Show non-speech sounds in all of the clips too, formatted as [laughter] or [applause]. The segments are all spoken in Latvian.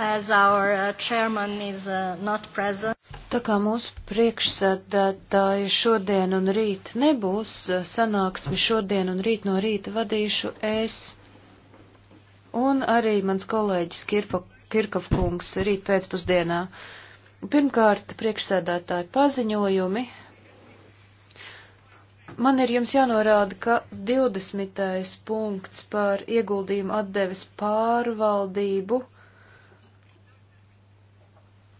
as our uh, chairman is uh, not present. Tā kā mūsu priekšsēdētāji šodien un rīt nebūs, sanāksmi šodien un rīt no rīta vadīšu es un arī mans kolēģis Kirpa, Kirkovkungs rīt pēcpusdienā. Pirmkārt, priekšsēdētāji paziņojumi. Man ir jums jānorāda, ka 20. punkts par ieguldījumu atdevis pārvaldību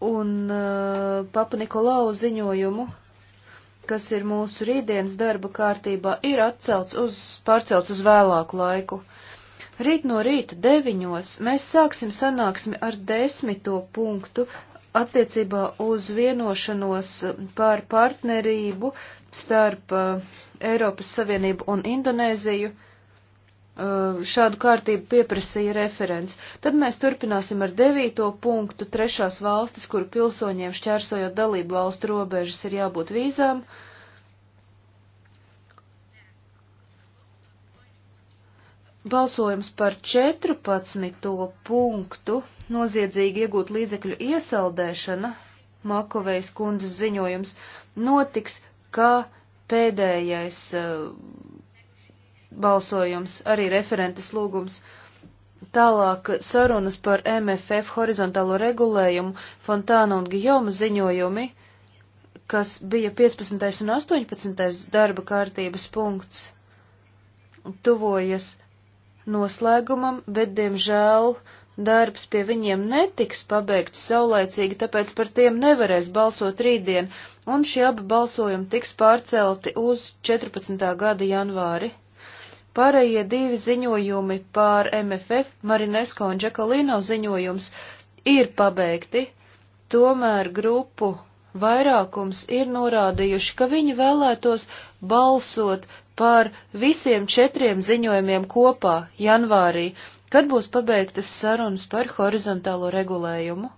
un uh, Papa Nikolau ziņojumu, kas ir mūsu rītdienas darba kārtībā, ir atcelts uz, pārcelts uz vēlāku laiku. Rīt no rīta deviņos mēs sāksim sanāksmi ar desmito punktu attiecībā uz vienošanos par partnerību starp uh, Eiropas Savienību un Indonēziju. Uh, Uh, šādu kārtību pieprasīja referents. Tad mēs turpināsim ar devīto punktu trešās valstis, kuru pilsoņiem šķērsojot dalību valstu robežas ir jābūt vīzām. Balsojums par 14. punktu noziedzīgi iegūt līdzekļu iesaldēšana, Makovejas kundzes ziņojums, notiks kā pēdējais uh, balsojums, arī referentes lūgums. Tālāk sarunas par MFF horizontālo regulējumu, Fontāna un Gijoma ziņojumi, kas bija 15. un 18. darba kārtības punkts, tuvojas noslēgumam, bet, diemžēl, darbs pie viņiem netiks pabeigts saulēcīgi, tāpēc par tiem nevarēs balsot rītdien, un šie abi balsojumi tiks pārcelti uz 14. gada janvāri. Pārējie divi ziņojumi par MFF, Marinesko un Džakolino ziņojums, ir pabeigti, tomēr grupu vairākums ir norādījuši, ka viņi vēlētos balsot par visiem četriem ziņojumiem kopā janvārī, kad būs pabeigtas sarunas par horizontālo regulējumu.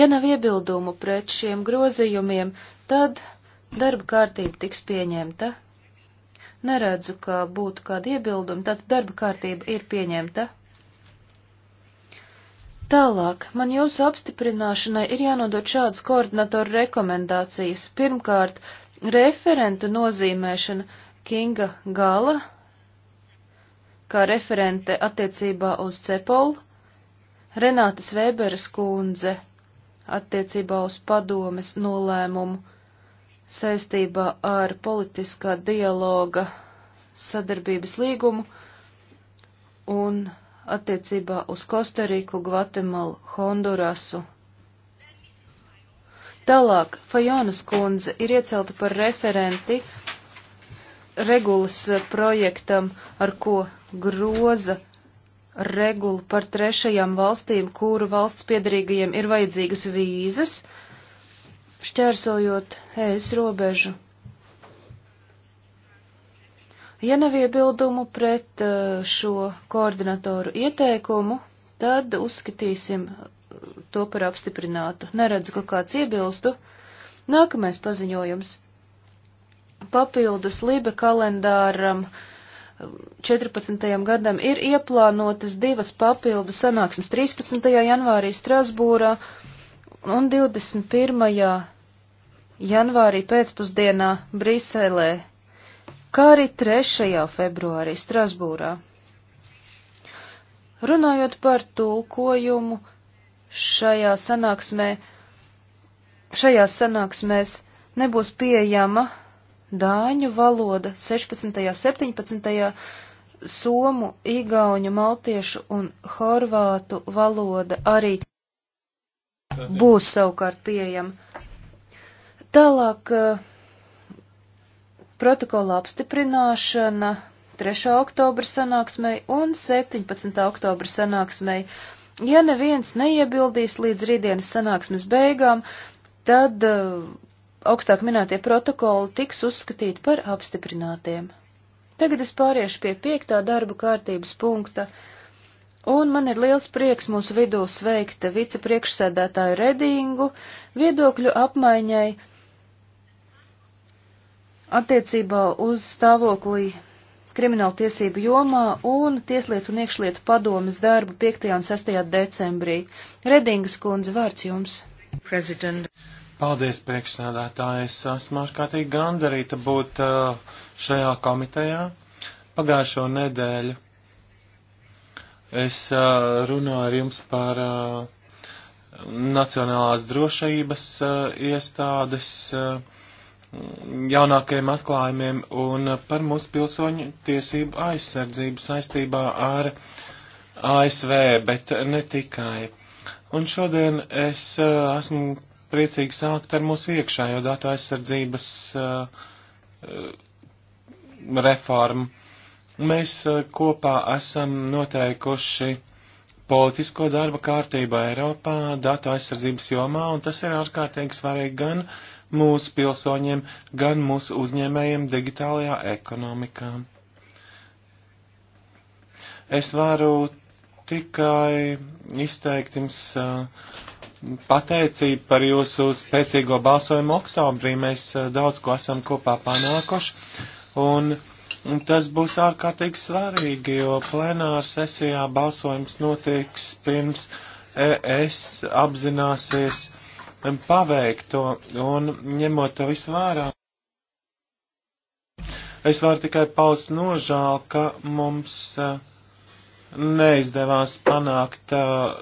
Ja nav iebildumu pret šiem grozījumiem, tad darba kārtība tiks pieņemta. Neredzu, ka būtu kādi iebildumi, tātad darba kārtība ir pieņemta. Tālāk, man jūsu apstiprināšanai ir jānodot šādas koordinatoru rekomendācijas. Pirmkārt, referentu nozīmēšana Kinga Gala kā referente attiecībā uz Cepolu, Renātas Vēberas kundze attiecībā uz padomes nolēmumu saistībā ar politiskā dialoga sadarbības līgumu un attiecībā uz Kostariku, Gvatemalu, Hondurasu. Tālāk Fajonas kundze ir iecelta par referenti regulas projektam, ar ko groza regulu par trešajām valstīm, kuru valsts piedarīgajiem ir vajadzīgas vīzes, uh, šķērsojot ēs robežu. Ja nav iebildumu pret eh, šo koordinatoru ieteikumu, tad uzskatīsim eh, to par apstiprinātu. Neredzu, ka kāds iebilstu. Nākamais paziņojums. Papildus Libe kalendāram 14. Eh, gadam ir ieplānotas divas papildu sanāksmes 13. janvārī Strasbūrā Un 21. janvārī pēcpusdienā Briselē, kā arī 3. februārī Strasbūrā. Runājot par tulkojumu, šajā sanāksmē, šajās sanāksmēs nebūs pieejama dāņu valoda 16., 17., somu, igauņu, maltiešu un horvātu valoda arī būs savukārt pieejama. Tālāk eh, protokola apstiprināšana 3. oktobra sanāksmei un 17. oktobra sanāksmei. Ja neviens neiebildīs līdz rītdienas sanāksmes beigām, tad eh, augstāk minētie protokoli tiks uzskatīti par apstiprinātiem. Tagad es pāriešu pie piektā darba kārtības punkta un man ir liels prieks mūsu vidū sveikt vicepriekšsēdētāju Redingu viedokļu apmaiņai attiecībā uz stāvoklī krimināla tiesību jomā un Tieslietu un iekšlietu padomas darbu 5. un 6. decembrī. Redingas kundze, vārds jums. President. Paldies, priekšsēdētāji. Es esmu ārkārtīgi gandarīta būt uh, šajā komitejā. Pagājušo nedēļu Es runāju ar jums par Nacionālās drošības iestādes jaunākajiem atklājumiem un par mūsu pilsoņu tiesību aizsardzību saistībā ar ASV, bet ne tikai. Un šodien es esmu priecīgi sākt ar mūsu iekšējo datu aizsardzības reformu. Mēs e, kopā esam noteikuši politisko darba kārtību Eiropā datu aizsardzības jomā, un tas ir ārkārtīgi svarīgi gan mūsu pilsoņiem, gan mūsu uzņēmējiem digitālajā ekonomikā. Es varu tikai izteikt jums e, pateicību par jūsu spēcīgo balsojumu oktobrī. Mēs e, daudz ko esam kopā panākuši. Un Un tas būs ārkārtīgi svarīgi, jo plenāra sesijā balsojums notiks pirms ES apzināsies paveikto un ņemot to visu vērā. Es varu tikai paust nožēlu, ka mums uh, neizdevās panākt uh,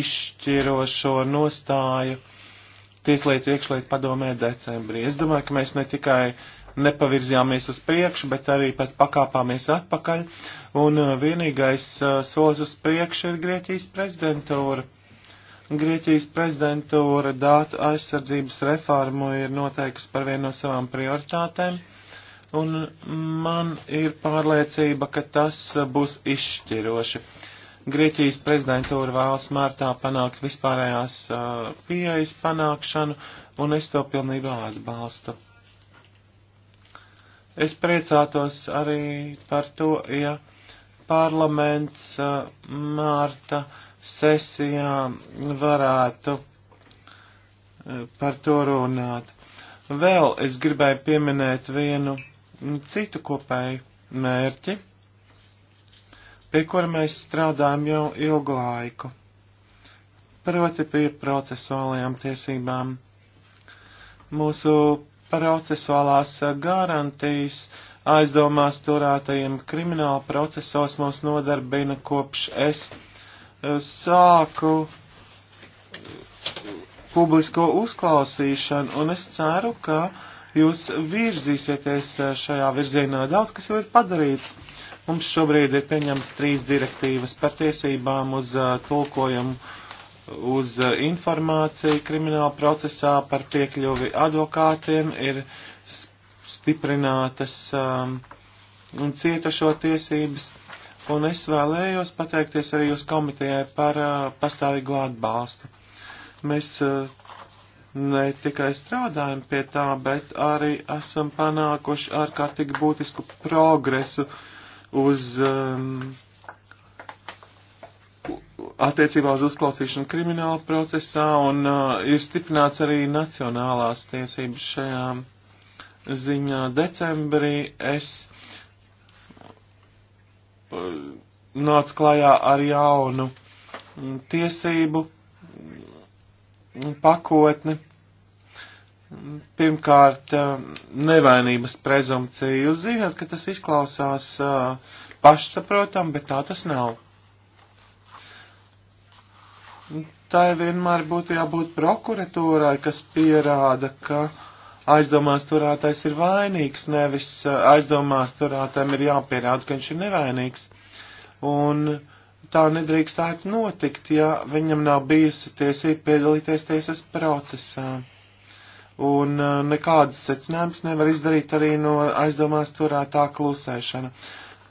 izšķirošo nostāju tieslietu iekšlietu padomē decembrī. Es domāju, ka mēs ne tikai nepavirzījāmies uz priekšu, bet arī pat pakāpāmies atpakaļ. Un uh, vienīgais uh, solis uz priekšu ir Grieķijas prezidentūra. Grieķijas prezidentūra dātu aizsardzības reformu ir noteikusi par vienu no savām prioritātēm, un man ir pārliecība, ka tas uh, būs izšķiroši. Grieķijas prezidentūra vēlas martā panākt vispārējās uh, pieejas panākšanu, un es to pilnībā atbalstu. Es priecātos arī par to, ja parlaments mārta sesijā varētu par to runāt. Vēl es gribēju pieminēt vienu citu kopēju mērķi, pie kura mēs strādājam jau ilgu laiku, proti pie procesuālajām tiesībām. Mūsu procesuālās garantijas aizdomās turētajiem krimināla procesos mūs nodarbina kopš es eh, sāku eh, publisko uzklausīšanu, un es ceru, ka jūs virzīsieties eh, šajā virzienā. Daudz kas jau ir padarīts. Mums šobrīd ir pieņemts trīs direktīvas par tiesībām uz uh, tulkojumu uz eh, informāciju krimināla procesā par piekļuvi advokātiem ir stiprinātas um, un cietušo tiesības. Un es vēlējos pateikties arī uz komitejai par uh, pastāvīgo atbalstu. Mēs uh, ne tikai strādājam pie tā, bet arī esam panākuši ārkārtīgi būtisku progresu uz um, attiecībā uz uzklausīšanu krimināla procesā un uh, ir stiprināts arī nacionālās tiesības šajā ziņā. Decembrī es uh, nācu klajā ar jaunu mm, tiesību mm, pakotni. Pirmkārt, uh, nevainības prezumcija. Jūs zināt, ka tas izklausās uh, pašsaprotam, bet tā tas nav tai vienmēr būtu jābūt prokuratūrai, kas pierāda, ka aizdomās turētais ir vainīgs, nevis eh, aizdomās turētājiem ir jāpierāda, ka viņš ir nevainīgs. Un tā nedrīkstētu notikt, ja viņam nav bijusi tiesība piedalīties tiesas procesā. Un eh, nekādas secinājums nevar izdarīt arī no aizdomās turētā klusēšana.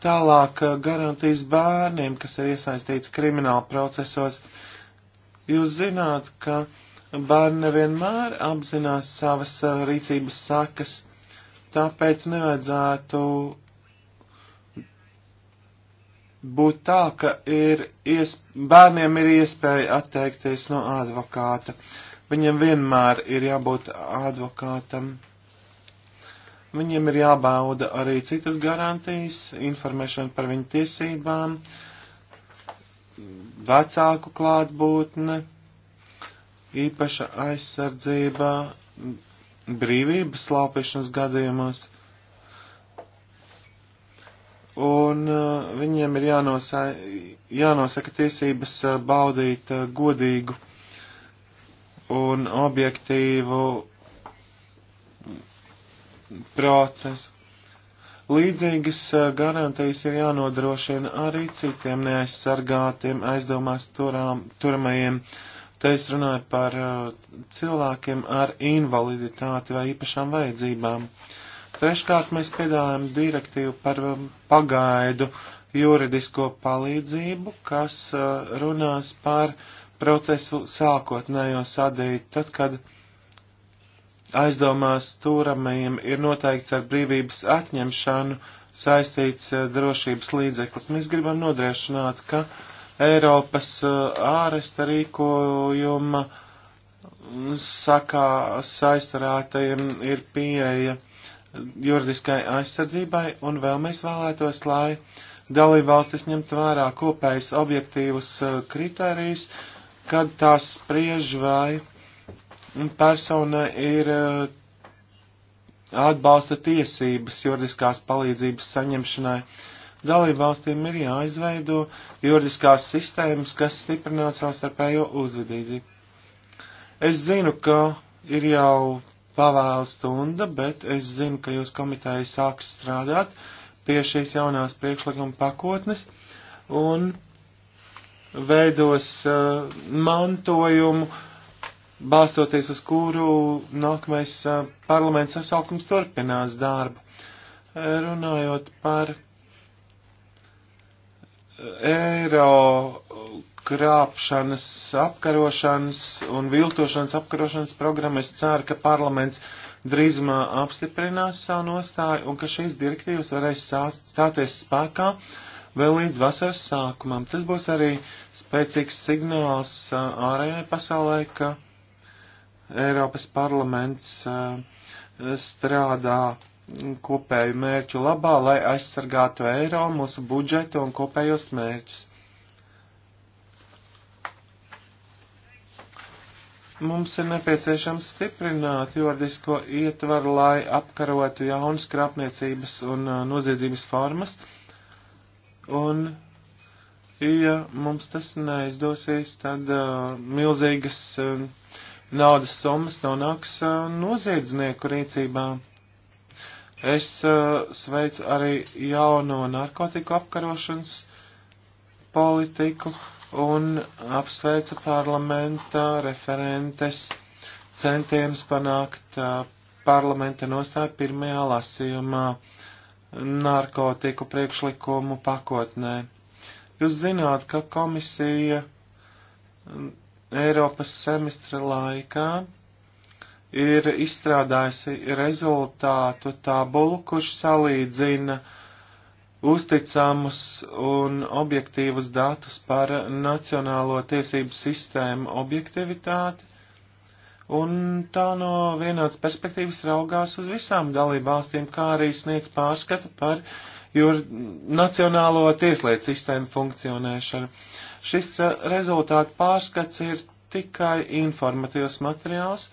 Tālāk eh, garantijas bērniem, kas ir iesaistīts krimināla procesos, uh, Jūs zināt, ka bērni nevienmēr apzinās savas eh, rīcības sakas, tāpēc nevajadzētu būt tā, ka ir ies, bērniem ir iespēja atteikties no advokāta. Viņam vienmēr ir jābūt advokātam. Viņiem ir jābauda arī citas garantijas, informēšana par viņu tiesībām. Uh, vecāku klātbūtne, īpaša aizsardzība brīvības laupīšanas gadījumos. Un uh, viņiem ir jānosa, jānosaka tiesības uh, baudīt uh, godīgu un objektīvu procesu. Līdzīgas garantijas ir jānodrošina arī citiem neaizsargātiem aizdomās turām, turamajiem. Te es runāju par cilvēkiem ar invaliditāti vai īpašām vajadzībām. Treškārt mēs piedāvājam direktīvu par pagaidu juridisko palīdzību, kas runās par procesu sākotnējo sadīt, tad, kad aizdomās turamajiem ir noteikts ar brīvības atņemšanu saistīts eh, drošības līdzeklis. Mēs gribam nodriešināt, ka Eiropas eh, āresta rīkojuma mm, sakā saistarētajiem ir pieeja juridiskai aizsardzībai, un vēl mēs vēlētos, lai dalībvalstis ņemtu vērā kopējas objektīvas eh, kritērijas, kad tās spriež vai persona ir eh, atbalsta tiesības juridiskās palīdzības saņemšanai. Dalībvalstīm ir jāizveido juridiskās sistēmas, kas stiprinātu savstarpējo uzvedību. Es zinu, ka ir jau pavēla stunda, bet es zinu, ka jūs komiteja sāks strādāt pie šīs jaunās priekšlikuma pakotnes un veidos uh, mantojumu uh, balstoties uz kuru nākamais parlaments sasaukums turpinās darbu. Runājot par eiro krāpšanas, apkarošanas un viltošanas apkarošanas programmu, es ceru, ka parlaments drīzumā apstiprinās savu nostāju un ka šīs direktīvas varēs stāties spēkā vēl līdz vasaras sākumam. Tas būs arī spēcīgs signāls ārējai pasaulē, ka Eiropas parlaments eh, strādā kopēju mērķu labā, lai aizsargātu eiro, mūsu budžetu un kopējos mērķus. Mums ir nepieciešams stiprināt juridisko ietvaru, lai apkarotu jaunas krāpniecības un eh, noziedzības formas. Un, ja mums tas neizdosies, tad uh, milzīgas uh, naudas summas nonāks noziedznieku rīcībā. Es sveicu arī jauno narkotiku apkarošanas politiku un apsveicu parlamenta referentes centienus panākt parlamenta nostāju pirmajā lasījumā narkotiku priekšlikumu pakotnē. Jūs zināt, ka komisija Eiropas semestra laikā ir izstrādājusi rezultātu tabulu, kurš salīdzina uzticamus un objektīvus datus par nacionālo tiesību sistēmu objektivitāti, un tā no vienāds perspektīvas raugās uz visām dalībvalstīm, kā arī sniedz pārskatu par uh, jur, nacionālo tieslietu sistēmu funkcionēšanu. Šis uh, rezultātu pārskats ir tikai informatīvs materiāls.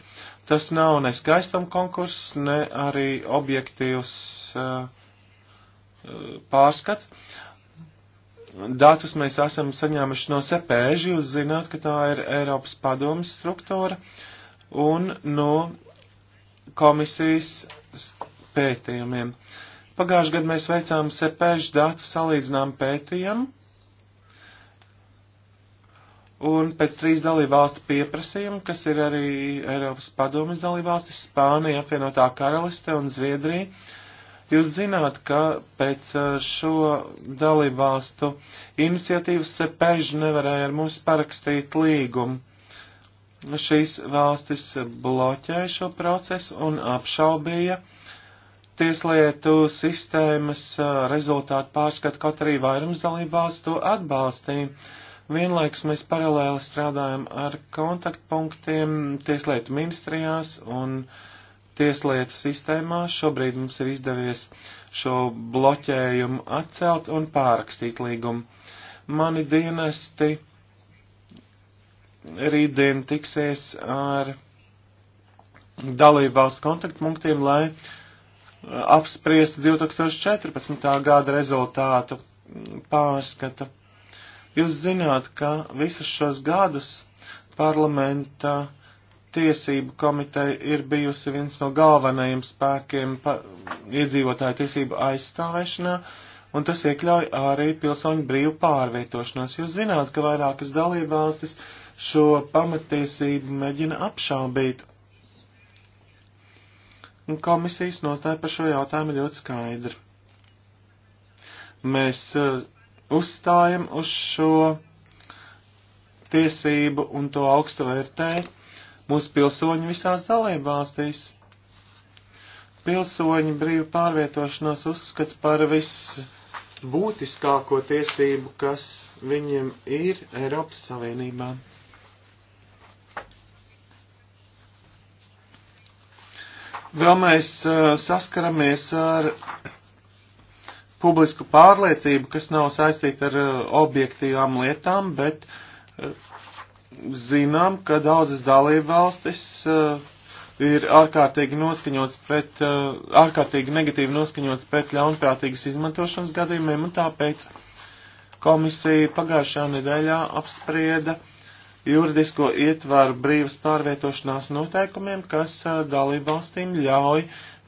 Tas nav ne skaistam konkurss, ne arī objektīvs uh, uh, pārskats. Datus mēs esam saņēmuši no sepēži, jūs zināt, ka tā ir Eiropas padomas struktūra un no komisijas pētījumiem. Uh, Pagājušajā gadā mēs veicām sepešu datu salīdzinām pētījumu, un pēc trīs dalībvalstu pieprasījumu, kas ir arī Eiropas padomjas dalībvalstis, Spānija, apvienotā karaliste un Zviedrija, jūs zināt, ka pēc šo dalībvalstu iniciatīvas sepežu nevarēja ar mums parakstīt līgumu šīs valstis bloķēja šo procesu un apšaubīja tieslietu sistēmas rezultātu pārskatu, kaut arī vairums dalību valsts to atbalstīja. Vienlaiks mēs paralēli strādājam ar kontaktpunktiem tieslietu ministrijās un tieslietu sistēmā. Šobrīd mums ir izdevies šo bloķējumu atcelt un pārakstīt līgumu. Mani dienesti rītdien tiksies ar dalībvalsts kontaktpunktiem, lai uh, apspriest 2014. gada rezultātu pārskata. Jūs zināt, ka visus šos gadus parlamenta tiesību komiteja ir bijusi viens no galvenajiem spēkiem pa, iedzīvotāju tiesību aizstāvēšanā, un tas iekļauj arī pilsoņu brīvu pārvietošanos. Jūs zināt, ka vairākas dalībvalstis šo pamatiesību mēģina apšaubīt Komisijas nostāja par šo jautājumu ļoti skaidri. Mēs eh, uzstājam uz šo tiesību un to augstu vērtē mūsu pilsoņi visās dalībvalstīs. Pilsoņi brīvu pārvietošanos uzskata par visbūtiskāko tiesību, kas viņiem ir Eiropas Savienībā. Vēl mēs saskaramies ar publisku pārliecību, kas nav saistīta ar objektīvām lietām, bet zinām, ka daudzas dalībvalstis ir ārkārtīgi noskaņots pret, ārkārtīgi negatīvi noskaņots pret ļaunprātīgas izmantošanas gadījumiem, un tāpēc komisija pagājušajā nedēļā apsprieda uh, juridisko ietvaru brīvas pārvietošanās noteikumiem, kas dalībvalstīm ļauj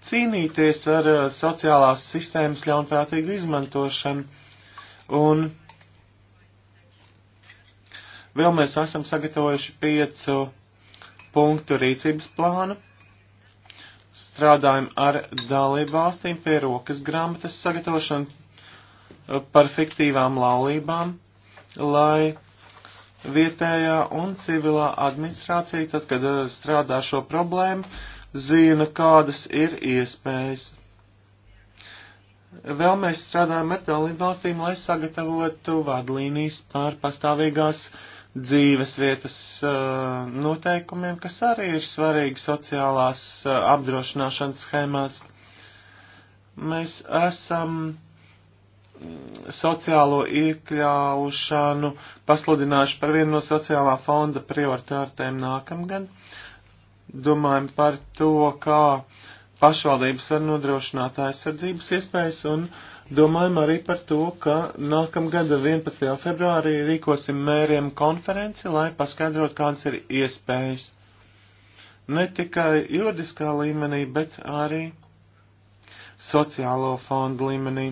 cīnīties ar sociālās sistēmas ļaunprātīgu izmantošanu. Un vēl mēs esam sagatavojuši piecu punktu rīcības plānu. Strādājam ar dalībvalstīm pie rokas grāmatas sagatavošanu par fiktīvām laulībām, lai vietējā un civilā administrācija, tad, kad eh, strādā šo problēmu, zina, kādas ir iespējas. Vēl mēs strādājam ar dalību valstīm, lai sagatavotu vadlīnijas par pastāvīgās dzīves vietas eh, noteikumiem, kas arī ir svarīgi sociālās eh, apdrošināšanas schēmās. Mēs esam Mm, sociālo iekļaušanu pasludināšu par vienu no sociālā fonda prioritātēm nākamgad. Domājam par to, kā pašvaldības var nodrošināt aizsardzības iespējas un domājam arī par to, ka nākamgada 11. februārī rīkosim mēriem konferenci, lai paskaidrot, kādas ir iespējas. Ne tikai juridiskā līmenī, bet arī sociālo fondu līmenī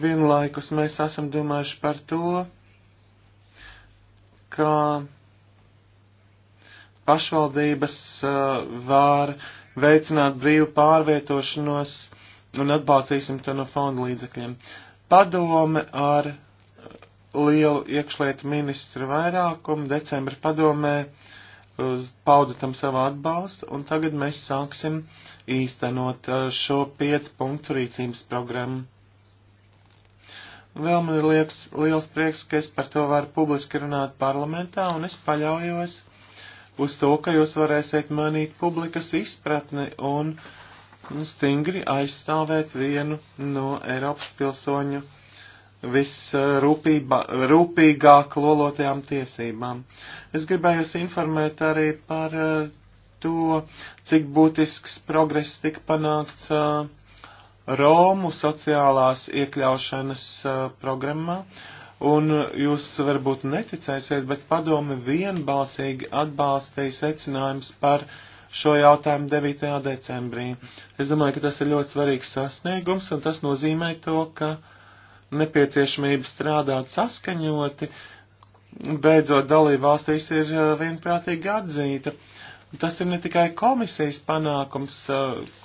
vienlaikus mēs esam domājuši par to, ka pašvaldības uh, var veicināt brīvu pārvietošanos un atbalstīsim to no fonda līdzekļiem. Padome ar lielu iekšlietu ministru vairākumu decembra padomē uh, pauda tam savu atbalstu, un tagad mēs sāksim īstenot uh, šo piecu punktu rīcības programmu. Vēl man ir liekas, liels prieks, ka es par to varu publiski runāt parlamentā, un es paļaujos uz to, ka jūs varēsiet manīt publikas izpratni un stingri aizstāvēt vienu no Eiropas pilsoņu visrūpīgāk lolotajām tiesībām. Es gribēju jūs informēt arī par eh, to, cik būtisks progress tika panākts eh, Romu sociālās iekļaušanas uh, programmā. Un jūs varbūt neticēsiet, bet padomi vienbalsīgi atbalstīja secinājumus par šo jautājumu 9. decembrī. Es domāju, ka tas ir ļoti svarīgs sasniegums, un tas nozīmē to, ka nepieciešamība strādāt saskaņoti beidzot dalību valstīs ir vienprātīgi atzīta. Uh, Tas ir ne tikai komisijas panākums,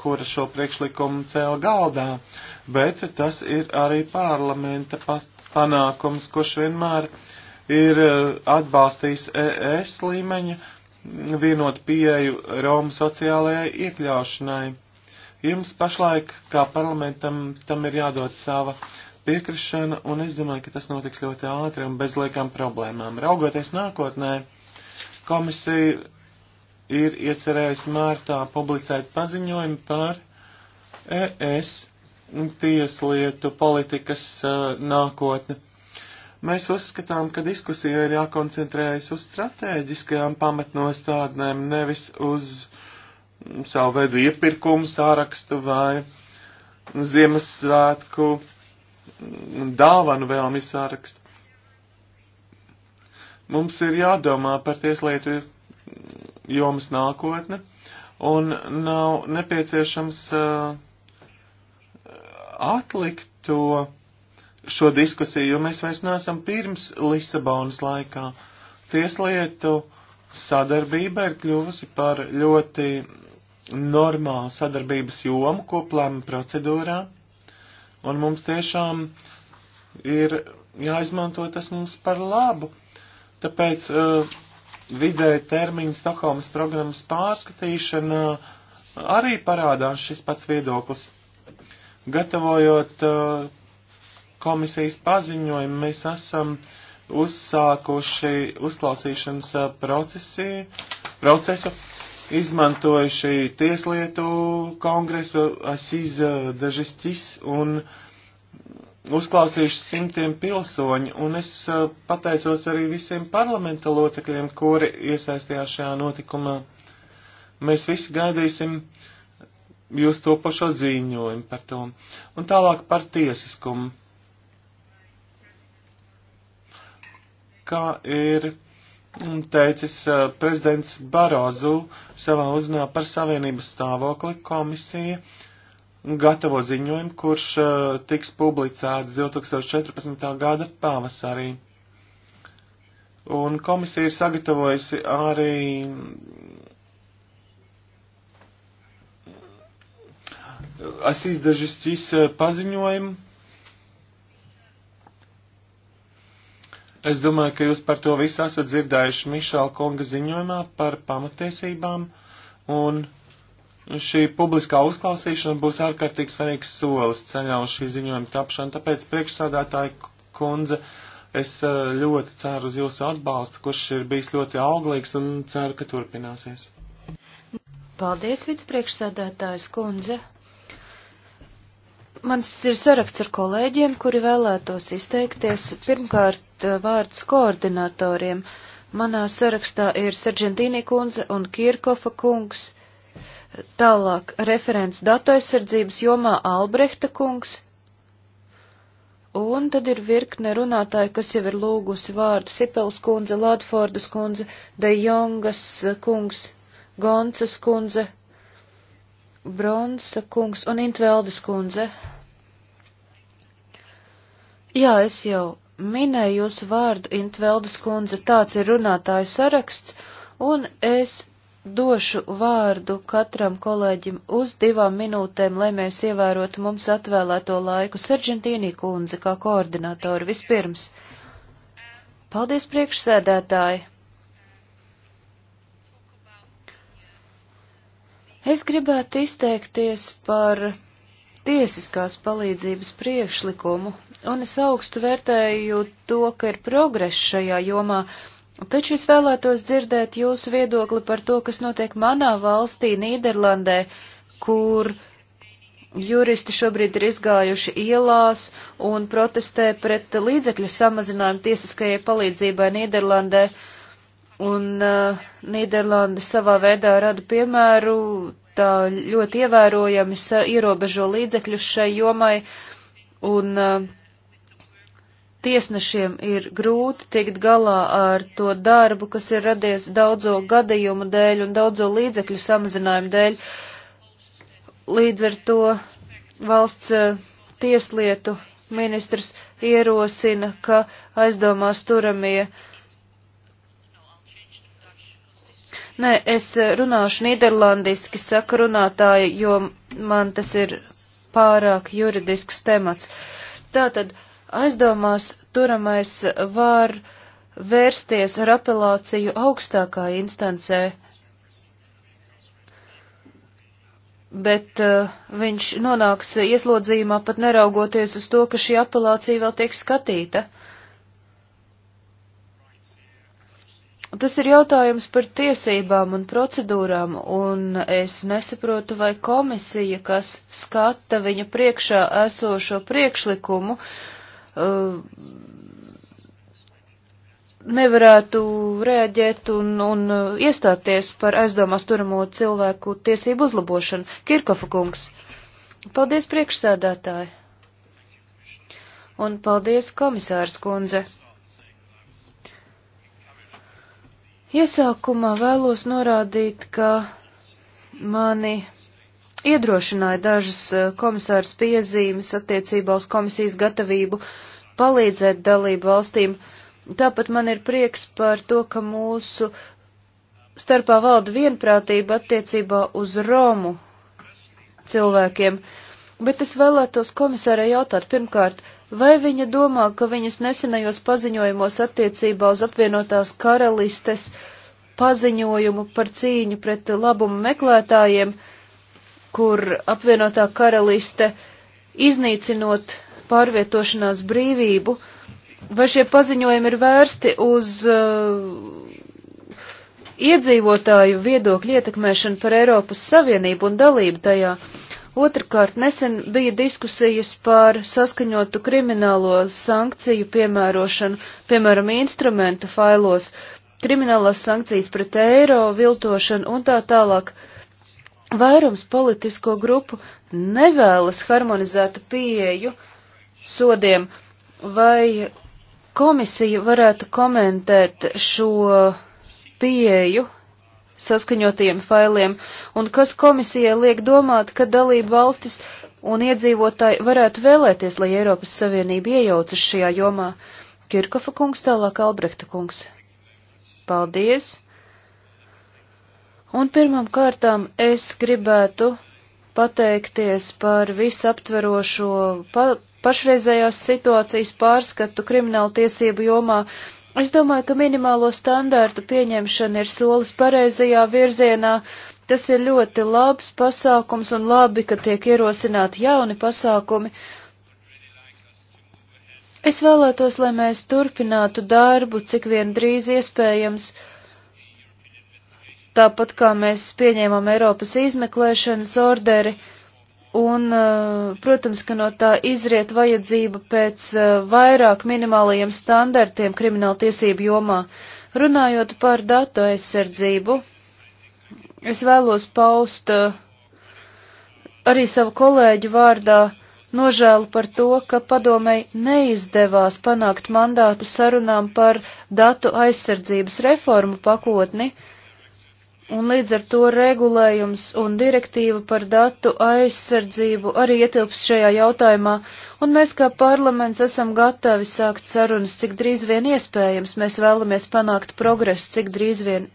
kura šo priekšlikumu cēla galdā, bet tas ir arī parlamenta panākums, kurš vienmēr ir atbalstījis ES līmeņa vienot pieeju Romu sociālajai iekļaušanai. Jums pašlaik, kā parlamentam, tam ir jādod sava piekrišana, un es domāju, ka tas notiks ļoti ātri un bez liekām problēmām. Raugoties nākotnē, komisija ir iecerējis mārtā publicēt paziņojumu par ES tieslietu politikas uh, nākotni. Mēs uzskatām, ka diskusija ir jākoncentrējas uz strateģiskajām pamatnostādnēm, nevis uz mm, savu veidu iepirkumu sārakstu vai Ziemassvētku mm, dāvanu vēlmi sārakstu. Mums ir jādomā par tieslietu jomas nākotne, un nav nepieciešams uh, atlikt to šo diskusiju, jo mēs vairs neesam pirms Lisabonas laikā. Tieslietu sadarbība ir kļuvusi par ļoti normālu sadarbības jomu koplēma procedūrā, un mums tiešām ir jāizmanto tas mums par labu. Tāpēc uh, vidē termiņa Stokholmas programmas pārskatīšana arī parādās šis pats viedoklis. Gatavojot uh, komisijas paziņojumu, mēs esam uzsākuši uzklausīšanas uh, procesi, procesu, izmantojuši tieslietu kongresu Asīza Dažistis un uzklausījuši simtiem pilsoņu, un es pateicos arī visiem parlamenta locekļiem, kuri iesaistījās šajā notikumā. Mēs visi gaidīsim jūs to pašo ziņojumu par to. Un tālāk par tiesiskumu. Kā ir teicis prezidents Barozu savā uzrunā par savienības stāvokli komisija, uh, gatavo ziņojumu, kurš e, tiks publicēts 2014. gada pavasarī. Un komisija ir sagatavojusi arī asīs dažas cīs e, paziņojumu. Es domāju, ka jūs par to visu esat dzirdējuši Mišāla kunga ziņojumā par pamatiesībām un šī publiskā uzklausīšana būs ārkārtīgi svarīgs solis ceļā uz šī ziņojuma tapšanu. Tāpēc priekšsādātāja kundze, es eh, ļoti ceru uz jūsu atbalstu, kurš ir bijis ļoti auglīgs un ceru, ka turpināsies. Paldies, vicepriekšsēdētājs kundze. Mans ir saraksts ar kolēģiem, kuri vēlētos izteikties. Pirmkārt, eh, vārds koordinatoriem. Manā sarakstā ir Sargentīni kundze un Kirkofa kungs. Tālāk referents datu aizsardzības jomā Albrehta kungs. Un tad ir virkne runātāji, kas jau ir lūgusi vārdu Sipels kundze, Latfordas kundze, De Jongas kungs, Goncas kundze, Bronsa kungs un Intveldes kundze. Jā, es jau minēju jūsu vārdu, Intveldes kundze, tāds ir runātāju saraksts, un es došu vārdu katram kolēģim uz divām minūtēm, lai mēs ievērotu mums atvēlēto laiku. Sergentīnī kundze kā koordinātori vispirms. Paldies priekšsēdētāji! Es gribētu izteikties par tiesiskās palīdzības priekšlikumu, un es augstu vērtēju to, ka ir progress šajā jomā. Taču es vēlētos dzirdēt jūsu viedokli par to, kas notiek manā valstī, Nīderlandē, kur juristi šobrīd ir izgājuši ielās un protestē pret līdzekļu samazinājumu tiesiskajai palīdzībai Nīderlandē. Un uh, Nīderlanda savā veidā rada piemēru, tā ļoti ievērojami ierobežo līdzekļus šai jomai. Un uh, tiesnešiem ir grūti tikt galā ar to darbu, kas ir radies daudzo gadījumu dēļ un daudzo līdzekļu samazinājumu dēļ. Līdz ar to valsts eh, tieslietu ministrs ierosina, ka aizdomās turamie. Nē, es eh, runāšu nīderlandiski, saka runātāji, jo man tas ir pārāk juridisks temats. Tātad, uh, aizdomās turamais var vērsties ar apelāciju augstākā instancē, bet uh, viņš nonāks ieslodzījumā pat neraugoties uz to, ka šī apelācija vēl tiek skatīta. Tas ir jautājums par tiesībām un procedūrām, un es nesaprotu, vai komisija, kas skata viņa priekšā esošo priekšlikumu, uh, Uh, nevarētu reaģēt un, un uh, iestāties par aizdomās turamo cilvēku tiesību uzlabošanu. Kirkofa kungs, paldies priekšsēdētāji. Un paldies komisārs kundze. Iesākumā vēlos norādīt, ka mani iedrošināja dažas eh, komisāras piezīmes attiecībā uz komisijas gatavību palīdzēt dalību valstīm. Tāpat man ir prieks par to, ka mūsu starpā valda vienprātība attiecībā uz Romu cilvēkiem. Bet es vēlētos komisārai jautāt pirmkārt, vai viņa domā, ka viņas nesenajos paziņojumos attiecībā uz apvienotās karalistes paziņojumu par cīņu pret labumu meklētājiem uh, kur apvienotā karaliste iznīcinot pārvietošanās brīvību, vai šie paziņojumi ir vērsti uz uh, iedzīvotāju viedokļu ietekmēšanu par Eiropas Savienību un dalību tajā. Otrakārt, nesen bija diskusijas par saskaņotu kriminālo sankciju piemērošanu, piemēram, instrumentu failos, kriminālās sankcijas pret eiro, viltošanu un tā tālāk. Uh, Vairums politisko grupu nevēlas harmonizētu pieeju sodiem, vai komisija varētu komentēt šo pieeju saskaņotajiem failiem, un kas komisijai liek domāt, ka dalība valstis un iedzīvotāji varētu vēlēties, lai Eiropas Savienība iejaucas šajā jomā. Kirkofa kungs, tālāk Albrehta kungs. Paldies! Un pirmām kārtām es gribētu pateikties par visaptverošo pa pašreizējās situācijas pārskatu krimināla tiesību jomā. Es domāju, ka minimālo standārtu pieņemšana ir solis pareizajā virzienā. Tas ir ļoti labs pasākums un labi, ka tiek ierosināti jauni pasākumi. Es vēlētos, lai mēs turpinātu darbu, cik vien drīz iespējams tāpat kā mēs pieņēmām Eiropas izmeklēšanas orderi, un, eh, protams, ka no tā izriet vajadzība pēc eh, vairāk minimālajiem standartiem krimināla tiesību jomā. Runājot par datu aizsardzību, es vēlos paust eh, arī savu kolēģu vārdā nožēlu par to, ka padomei neizdevās panākt mandātu sarunām par datu aizsardzības reformu pakotni, uh, un līdz ar to regulējums un direktīva par datu aizsardzību arī ietilps šajā jautājumā, un mēs kā parlaments esam gatavi sākt sarunas, cik drīz vien iespējams. Mēs vēlamies panākt progresu, cik drīz vien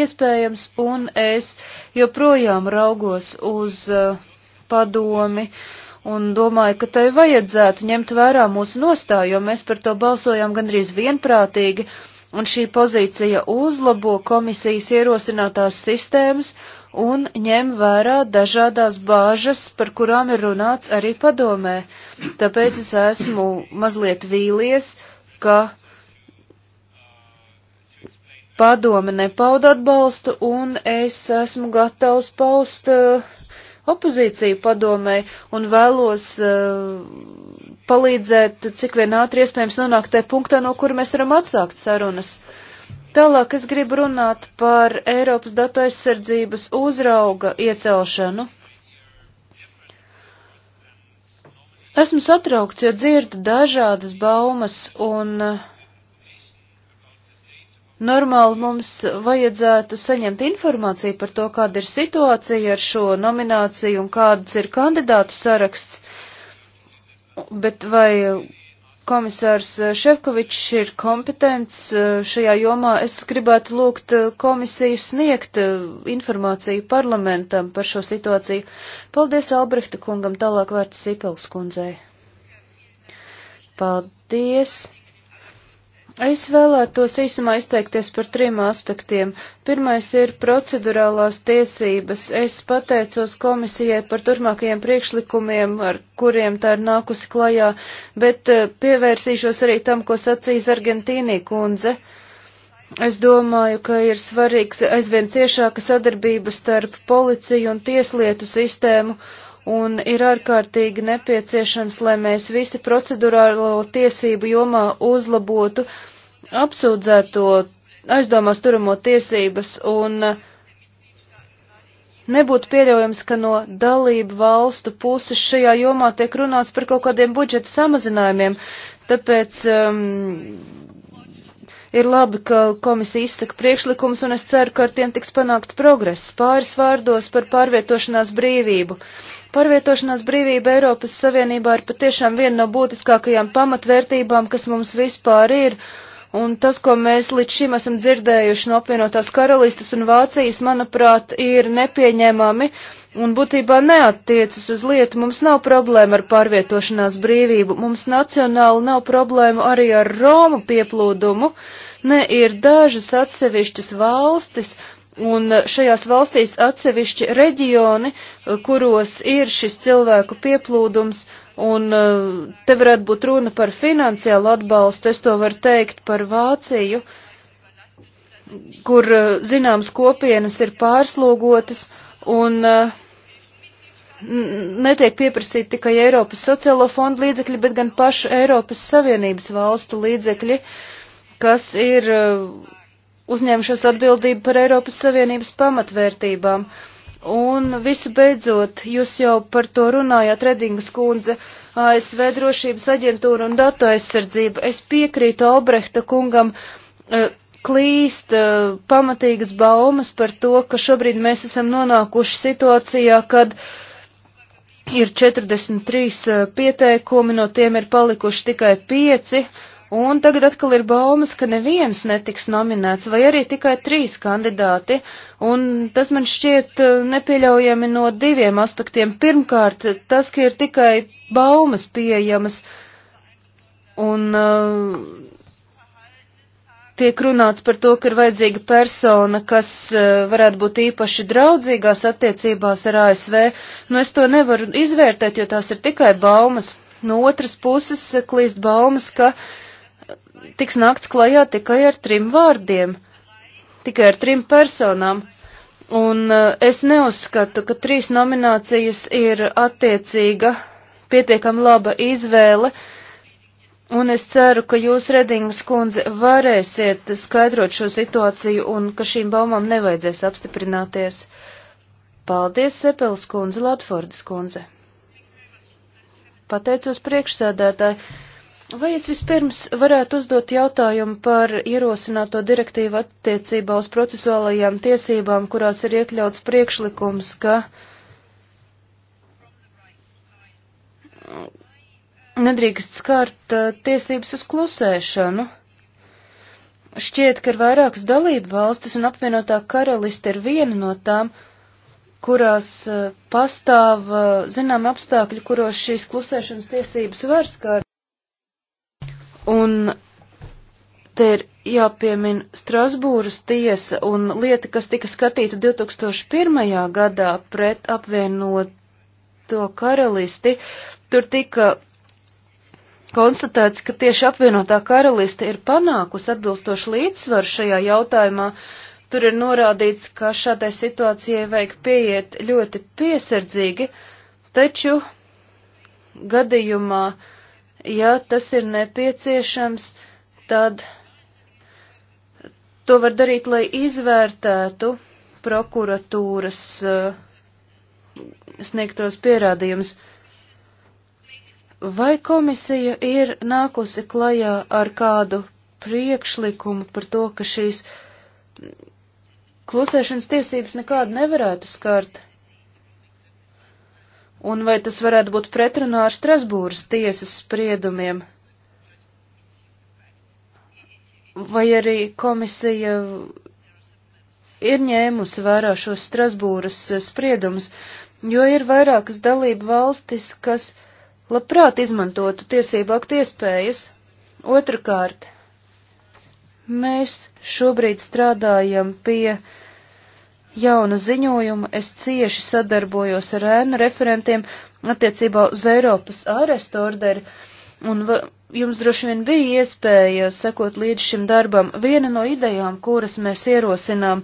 iespējams, un es joprojām raugos uz uh, padomi. Un domāju, ka tai vajadzētu ņemt vērā mūsu nostāju, jo mēs par to balsojām gandrīz vienprātīgi. Uh, un šī pozīcija uzlabo komisijas ierosinātās sistēmas un ņem vērā dažādās bāžas, par kurām ir runāts arī padomē. Tāpēc es esmu mazliet vīlies, ka padome nepauda atbalstu un es esmu gatavs paust uh, opozīciju padomē un vēlos uh, palīdzēt, cik vien ātri iespējams nonākt tajā punktā, no kura mēs varam atsākt sarunas. Tālāk es gribu runāt par Eiropas datu aizsardzības uzrauga iecelšanu. Esmu satraukts, jo dzirdu dažādas baumas un eh, normāli mums vajadzētu saņemt informāciju par to, kāda ir situācija ar šo nomināciju un kāds ir kandidātu saraksts. Bet vai komisārs Šefkovičs ir kompetents e, šajā jomā? Es gribētu lūgt e, komisiju sniegt e, informāciju parlamentam par šo situāciju. Paldies Albrehta kungam, tālāk vārds Sipels kundzei. Paldies. Es vēlētos īsumā izteikties par trim aspektiem. Pirmais ir procedurālās tiesības. Es pateicos komisijai par turpmākajiem priekšlikumiem, ar kuriem tā ir nākusi klajā, bet eh, pievērsīšos arī tam, ko sacīja Argentīnī kundze. Es domāju, ka ir svarīgs aizvien ciešāka sadarbība starp policiju un tieslietu sistēmu un ir ārkārtīgi nepieciešams, lai mēs visi procedurālo tiesību jomā uzlabotu apsūdzēto aizdomās turamo tiesības un nebūtu pieļaujams, ka no dalību valstu puses šajā jomā tiek runāts par kaut kādiem budžeta samazinājumiem, tāpēc um, Ir labi, ka komisija izsaka priekšlikumus, un es ceru, ka ar tiem tiks panākts progress. Pāris vārdos par pārvietošanās brīvību. Pārvietošanās brīvība Eiropas Savienībā ir patiešām viena no būtiskākajām pamatvērtībām, kas mums vispār ir, un tas, ko mēs līdz šim esam dzirdējuši no apvienotās karalistas un Vācijas, manuprāt, ir nepieņemami un būtībā neattiecas uz lietu. Mums nav problēma ar pārvietošanās brīvību, mums nacionāli nav problēma arī ar Romu pieplūdumu. Uh, Nē, ir dažas atsevišķas valstis, un šajās valstīs atsevišķi reģioni, kuros ir šis cilvēku pieplūdums, un eh, te varētu būt runa par finansiālu atbalstu, es to varu teikt par Vāciju, kur eh, zināms kopienas ir pārslogotas, un uh, netiek pieprasīti tikai Eiropas sociālo fondu līdzekļi, bet gan pašu Eiropas Savienības valstu līdzekļi. Uh, kas ir eh, uzņēmušas atbildību par Eiropas Savienības pamatvērtībām. Un visu beidzot, jūs jau par to runājāt, Redingas kundze, ASV drošības aģentūra un datu aizsardzība. Es piekrītu Albrehta kungam, eh, klīst eh, pamatīgas baumas par to, ka šobrīd mēs esam nonākuši situācijā, kad ir 43 pieteikumi, no tiem ir palikuši tikai 5 Un tagad atkal ir baumas, ka neviens netiks nominēts, vai arī tikai trīs kandidāti, un tas man šķiet eh, nepieļaujami no diviem aspektiem. Pirmkārt, tas, ka ir tikai baumas pieejamas, un uh, tiek runāts par to, ka ir vajadzīga persona, kas uh, varētu būt īpaši draudzīgās attiecībās ar ASV. Nu, es to nevaru izvērtēt, jo tās ir tikai baumas. No otras puses klīst baumas, ka uh, tiks nākts klajā tikai ar trim vārdiem, tikai ar trim personām. Un eh, es neuzskatu, ka trīs nominācijas ir attiecīga, pietiekami laba izvēle, un es ceru, ka jūs, Redingas kundze, varēsiet skaidrot šo situāciju un ka šīm baumām nevajadzēs apstiprināties. Paldies, Sepels kundze, Latfordas kundze. Pateicos priekšsēdētāji. Vai es vispirms varētu uzdot jautājumu par ierosināto direktīvu attiecībā uz procesuālajām tiesībām, kurās ir iekļauts priekšlikums, ka nedrīkst skārt uh, tiesības uz klusēšanu? Šķiet, ka ir vairākas dalību valstis un apvienotā karaliste ir viena no tām, kurās uh, pastāv uh, zinām apstākļi, kuros šīs klusēšanas tiesības var skārt. Un te ir jāpiemina Strasbūras tiesa un lieta, kas tika skatīta 2001. gadā pret apvienoto karalisti. Tur tika konstatēts, ka tieši apvienotā karaliste ir panākusi atbilstošu līdzsvaru šajā jautājumā. Tur ir norādīts, ka šādai situācijai vajag pieiet ļoti piesardzīgi, taču gadījumā, uh, ja tas ir nepieciešams, tad to var darīt, lai izvērtētu prokuratūras uh, sniegtos pierādījumus. Vai komisija ir nākusi klajā ar kādu priekšlikumu par to, ka šīs klusēšanas tiesības nekādu nevarētu skart? Un vai tas varētu būt pretrunā ar Strasbūras tiesas spriedumiem? Vai arī komisija ir ņēmusi vērā šos Strasbūras eh, spriedumus, jo ir vairākas dalība valstis, kas labprāt izmantotu tiesību aktu iespējas. Otrakārt, mēs šobrīd strādājam pie uh, jauna ziņojuma. Es cieši sadarbojos ar ēnu referentiem attiecībā uz Eiropas ārestu orderi, un jums droši vien bija iespēja sekot līdz šim darbam. Viena no idejām, kuras mēs ierosinām,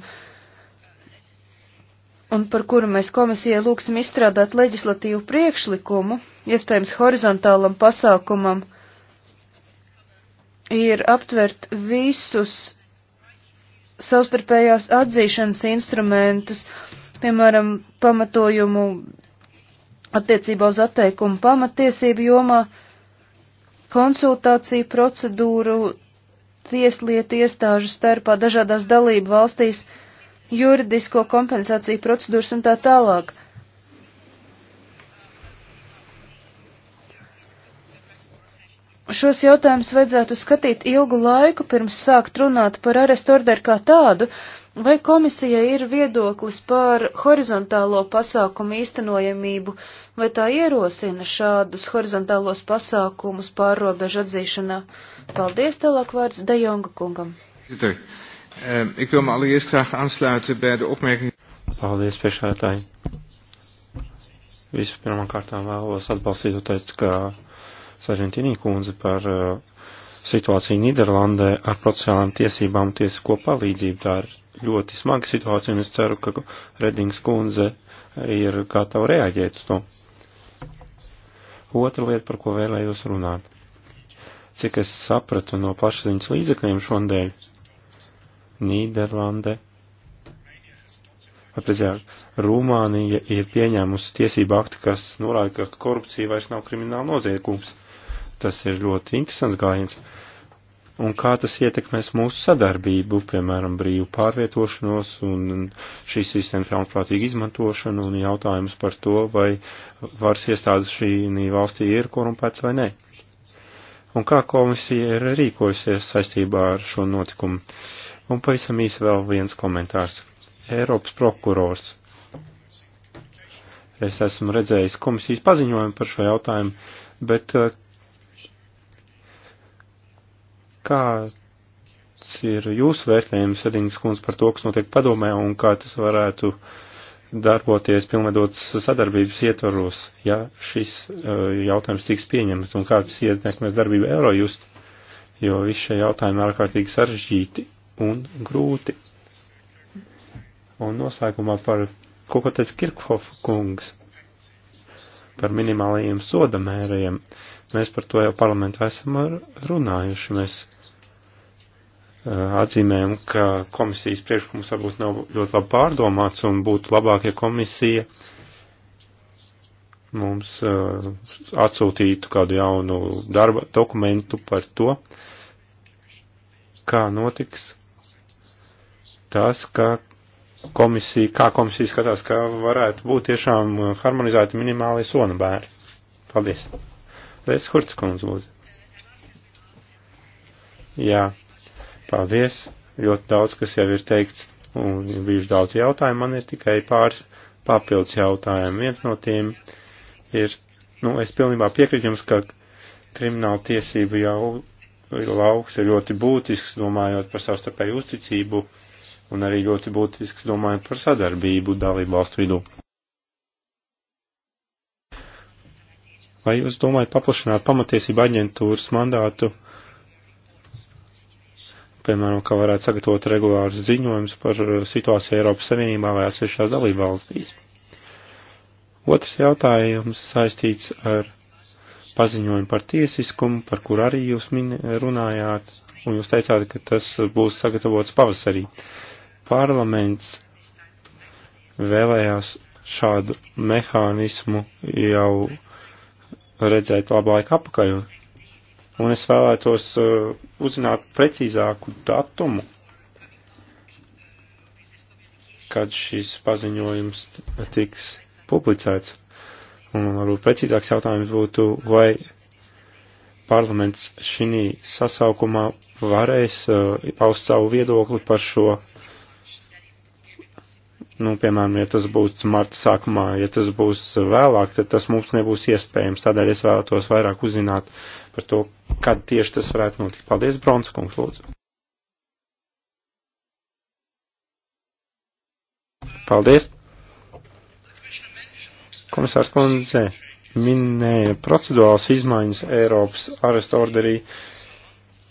un par kuru mēs komisijai lūksim izstrādāt leģislatīvu priekšlikumu, iespējams horizontālam pasākumam, ir aptvert visus savstarpējās atzīšanas instrumentus, piemēram, pamatojumu attiecībā uz atteikumu pamatiesību jomā, konsultāciju procedūru tieslietu iestāžu starpā dažādās dalību valstīs, juridisko kompensāciju procedūras un tā tālāk. šos jautājumus vajadzētu skatīt ilgu laiku pirms sākt runāt par arestu orderu kā tādu, vai komisijai ir viedoklis par horizontālo pasākumu īstenojamību, vai tā ierosina šādus horizontālos pasākumus pārrobežu atzīšanā. Paldies, tālāk vārds Dejonga kungam. Ehm, Paldies, priekšētāji. Visu pirmkārtām vēlos atbalstīt, teicu, ka Sažentīnī kundze par uh, situāciju Niderlandē ar procesuālām tiesībām un tiesisko palīdzību. Tā ir ļoti smaga situācija, un es ceru, ka Redings kundze ir gatava reaģēt uz to. Otra lieta, par ko vēlējos runāt. Cik es sapratu no pašziņas līdzekļiem šodien, Nīderlande, vai precīzāk, Rumānija ir pieņēmusi tiesību aktu, kas norāda, ka korupcija vairs nav krimināla noziegums. Tas ir ļoti interesants gājiens. Un kā tas ietekmēs mūsu sadarbību, piemēram, brīvu pārvietošanos un šīs sistēmas ļaunprātīgu izmantošanu un jautājumus par to, vai varas iestādes šī valstī ir korumpēts vai nē. Un kā komisija ir rīkojusies saistībā ar šo notikumu? Un pavisam īsi vēl viens komentārs. Eiropas prokurors es esmu redzējis komisijas paziņojumu par šo jautājumu, bet eh, Kāds ir jūsu vērtējums, Edīnas kundze, par to, kas notiek padomē un kā tas varētu darboties pilnvedotas sadarbības ietvaros, ja šis uh, jautājums tiks pieņemts un kāds ietekmēs darbību Eurojust, jo visi šie jautājumi ārkārtīgi sarežģīti un grūti. Un noslēgumā par ko, ko teica Kirkhofa kungs par minimālajiem soda mēriem. Mēs par to jau parlamentā esam runājuši. Mēs atzīmējam, ka komisijas priekšlikums varbūt nav ļoti labi pārdomāts un būtu labāk, ja komisija mums atsūtītu kādu jaunu darba dokumentu par to, kā notiks tas, ka komisija, kā komisija skatās, ka varētu būt tiešām harmonizēti minimālie sona bēri. Paldies. Reiz Hurts kundze, lūdzu. Jā, paldies. Ļoti daudz, kas jau ir teikts, un bijuši daudz jautājumu, man ir tikai pāris papildus jautājumu. Viens no tiem ir, nu, es pilnībā piekrītu jums, ka krimināla tiesība jau lauks ir ļoti būtisks, domājot par savstarpēju uzticību un arī ļoti būtisks domājot par sadarbību dalību valstu vidū. Vai jūs domājat paplašināt pamatiesību aģentūras mandātu, piemēram, ka varētu sagatavot regulārus ziņojumus par uh, situāciju Eiropas Savienībā vai atsevišķās dalību valstīs? Otrs jautājums saistīts ar paziņojumu par tiesiskumu, par kur arī jūs runājāt, un jūs teicāt, ka tas būs sagatavots pavasarī. Uh, Parlaments vēlējās šādu mehānismu jau redzēt labu laiku apakaļ. Un es vēlētos uh, uzzināt precīzāku datumu, kad šis paziņojums tiks publicēts. Un varbūt precīzāks jautājums būtu, vai parlaments šī sasaukumā varēs uh, paust savu viedokli par šo nu, piemēram, ja tas būs marta sākumā, ja tas būs vēlāk, tad tas mums nebūs iespējams. Tādēļ es vēlētos vairāk uzzināt par to, kad tieši tas varētu notikt. Paldies, Bronskungs, lūdzu. Paldies. Komisārs Kundze minēja procedūrāls izmaiņas Eiropas arestu orderī,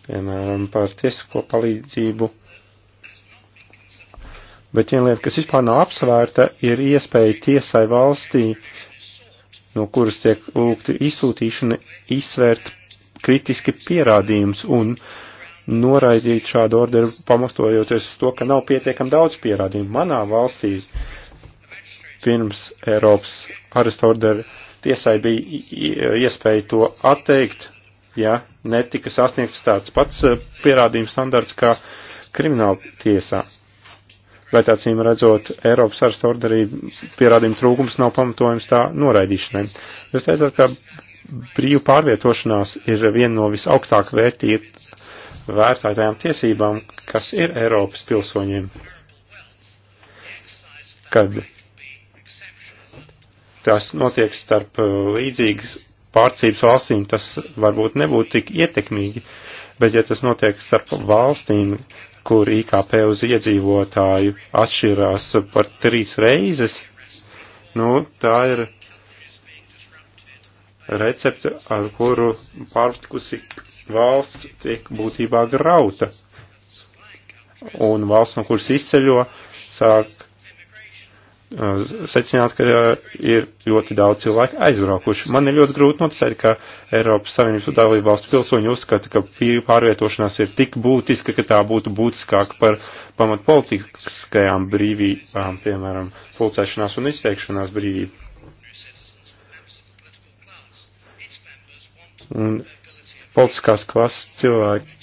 piemēram, par tiesisko palīdzību Bet viena lieta, kas vispār nav apsvērta, ir iespēja tiesai valstī, no kuras tiek lūgta izsūtīšana, izsvērt kritiski pierādījums un noraidīt šādu orderu pamastojoties uz to, ka nav pietiekam daudz pierādījumu. Manā valstī pirms Eiropas arestu orderu tiesai bija iespēja to atteikt, ja netika sasniegts tāds pats eh, pierādījums standarts kā krimināla tiesā bet acīm redzot, Eiropas arestu orderī pierādījuma trūkums nav pamatojums tā noraidīšanai. Jūs teicāt, ka brīvu pārvietošanās ir viena no visaugstāk vērtīt vērtētajām tiesībām, kas ir Eiropas pilsoņiem. Kad tas notiek starp uh, līdzīgas pārcības valstīm, tas varbūt nebūtu tik ietekmīgi, bet ja tas notiek starp valstīm, kur IKP uz iedzīvotāju atšķirās par trīs reizes, nu, tā ir recepte, ar kuru pārtikusi valsts tiek būtībā grauta. Un valsts, no kuras izceļo, sāk secināt, ka ir ļoti daudz cilvēku aizbraukuši. Man ir ļoti grūti noticēt, ka Eiropas Savienības dalību valstu pilsoņi uzskata, ka pārvietošanās ir tik būtiska, ka tā būtu būtiskāka par pamat politiskajām brīvībām, piemēram, pulcēšanās un izteikšanās brīvību. Un politiskās klases cilvēki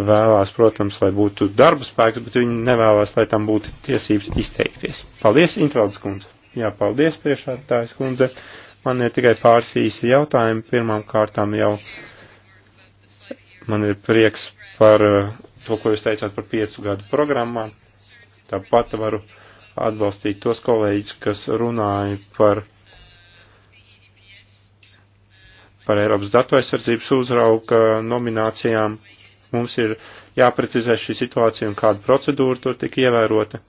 vēlās, protams, lai būtu darba spēks, bet viņi nevēlās, lai tam būtu tiesības izteikties. Paldies, Intraudas kundze. Jā, paldies, priekšādātājs kundze. Man ir tikai pāris īsi jautājumi. Pirmām kārtām jau man ir prieks par eh, to, ko jūs teicāt par piecu gadu programmā. Tāpat varu atbalstīt tos kolēģis, kas runāja par, par Eiropas datu aizsardzības uzrauga nominācijām. Uh, Mums ir jāprecizē šī situācija un kāda procedūra tur tika ievērota.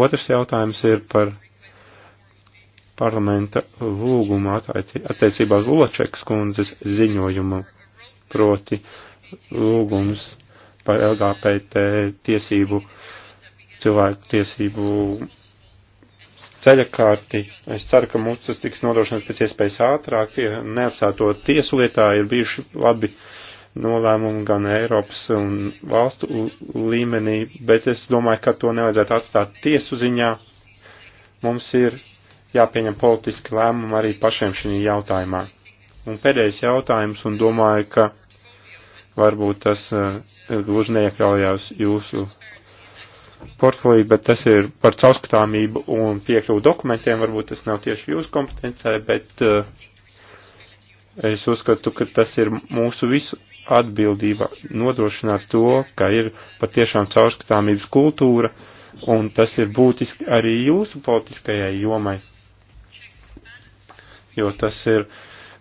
Otrs jautājums ir par parlamenta lūgumu attiecībā uz Ločekas kundzes ziņojumu, proti lūgums par LGBT tiesību uh, cilvēku tiesību ceļa kārti. Es ceru, ka mums tas tiks nodrošināts pēc iespējas ātrāk. Tie neatsāto tiesu lietā ir bijuši labi nolēmumi gan Eiropas un valstu līmenī, bet es domāju, ka to nevajadzētu atstāt tiesu ziņā. Mums ir jāpieņem politiski lēmumi arī pašiem šī jautājumā. Un pēdējais jautājums, un domāju, ka varbūt tas uh, gluži neiekļaujās jūsu portfelī, bet tas ir par caurskatāmību un piekļuvu dokumentiem. Varbūt tas nav tieši jūsu kompetencē, bet eh, es uzskatu, ka tas ir mūsu visu atbildība nodrošināt to, ka ir patiešām caurskatāmības kultūra, un tas ir būtiski arī jūsu politiskajai jomai, jo tas ir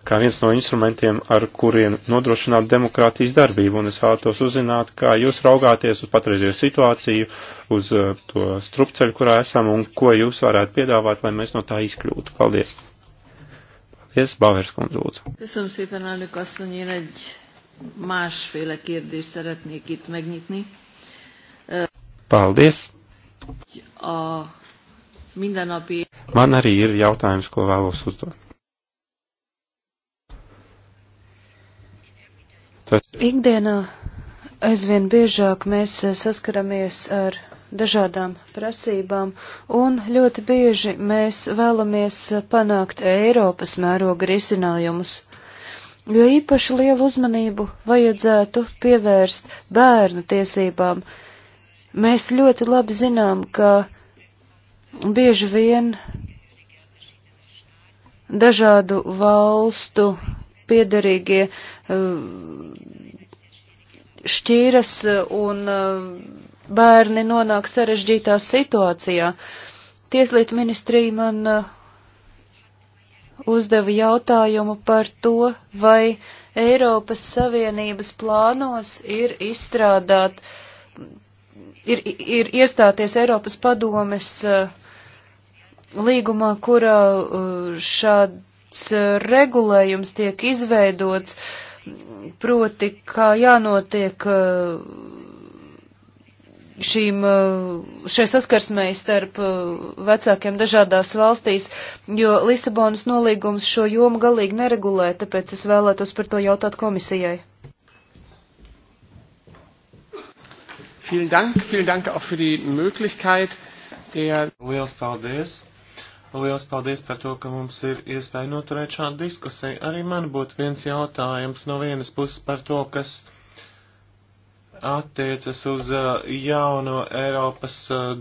kā viens no instrumentiem, ar kuriem nodrošināt demokrātijas darbību, un es vēlētos uzzināt, kā jūs raugāties uz patreizējo situāciju, uz eh, to strupceļu, kurā esam, un ko jūs varētu piedāvāt, lai mēs no tā izkļūtu. Paldies! Paldies, Bavers kundze, lūdzu! Köszönöm szépen, elnök asszony, én egy másféle kérdést szeretnék itt megnyitni. Paldies! A mindennapi... Man arī ir jautājums, ko vēlos uzdot. Tas... Ikdienā aizvien biežāk mēs eh, saskaramies ar dažādām prasībām, un ļoti bieži mēs vēlamies eh, panākt Eiropas mēroga risinājumus, jo īpaši lielu uzmanību vajadzētu pievērst bērnu tiesībām. Mēs ļoti labi zinām, ka bieži vien dažādu valstu piederīgie uh, Ehm, šķīras eh, un eh, bērni nonāk sarežģītā situācijā. Tieslietu ministrija man eh, uzdeva jautājumu par to, vai Eiropas Savienības plānos ir izstrādāt, ir, ir iestāties Eiropas padomes līgumā, kurā šāds regulējums tiek izveidots, uh, proti, kā jānotiek uh, šīm, uh, šai saskarsmēji starp uh, vecākiem dažādās valstīs, jo Lisabonas nolīgums šo jomu galīgi neregulē, tāpēc es vēlētos par to jautāt komisijai. Vielen Dank, vielen Dank auch für die Möglichkeit der. Liels paldies! Liels paldies par to, ka mums ir iespēja noturēt šādu diskusiju. Arī man būtu viens jautājums no vienas puses par to, kas attiecas uz jauno Eiropas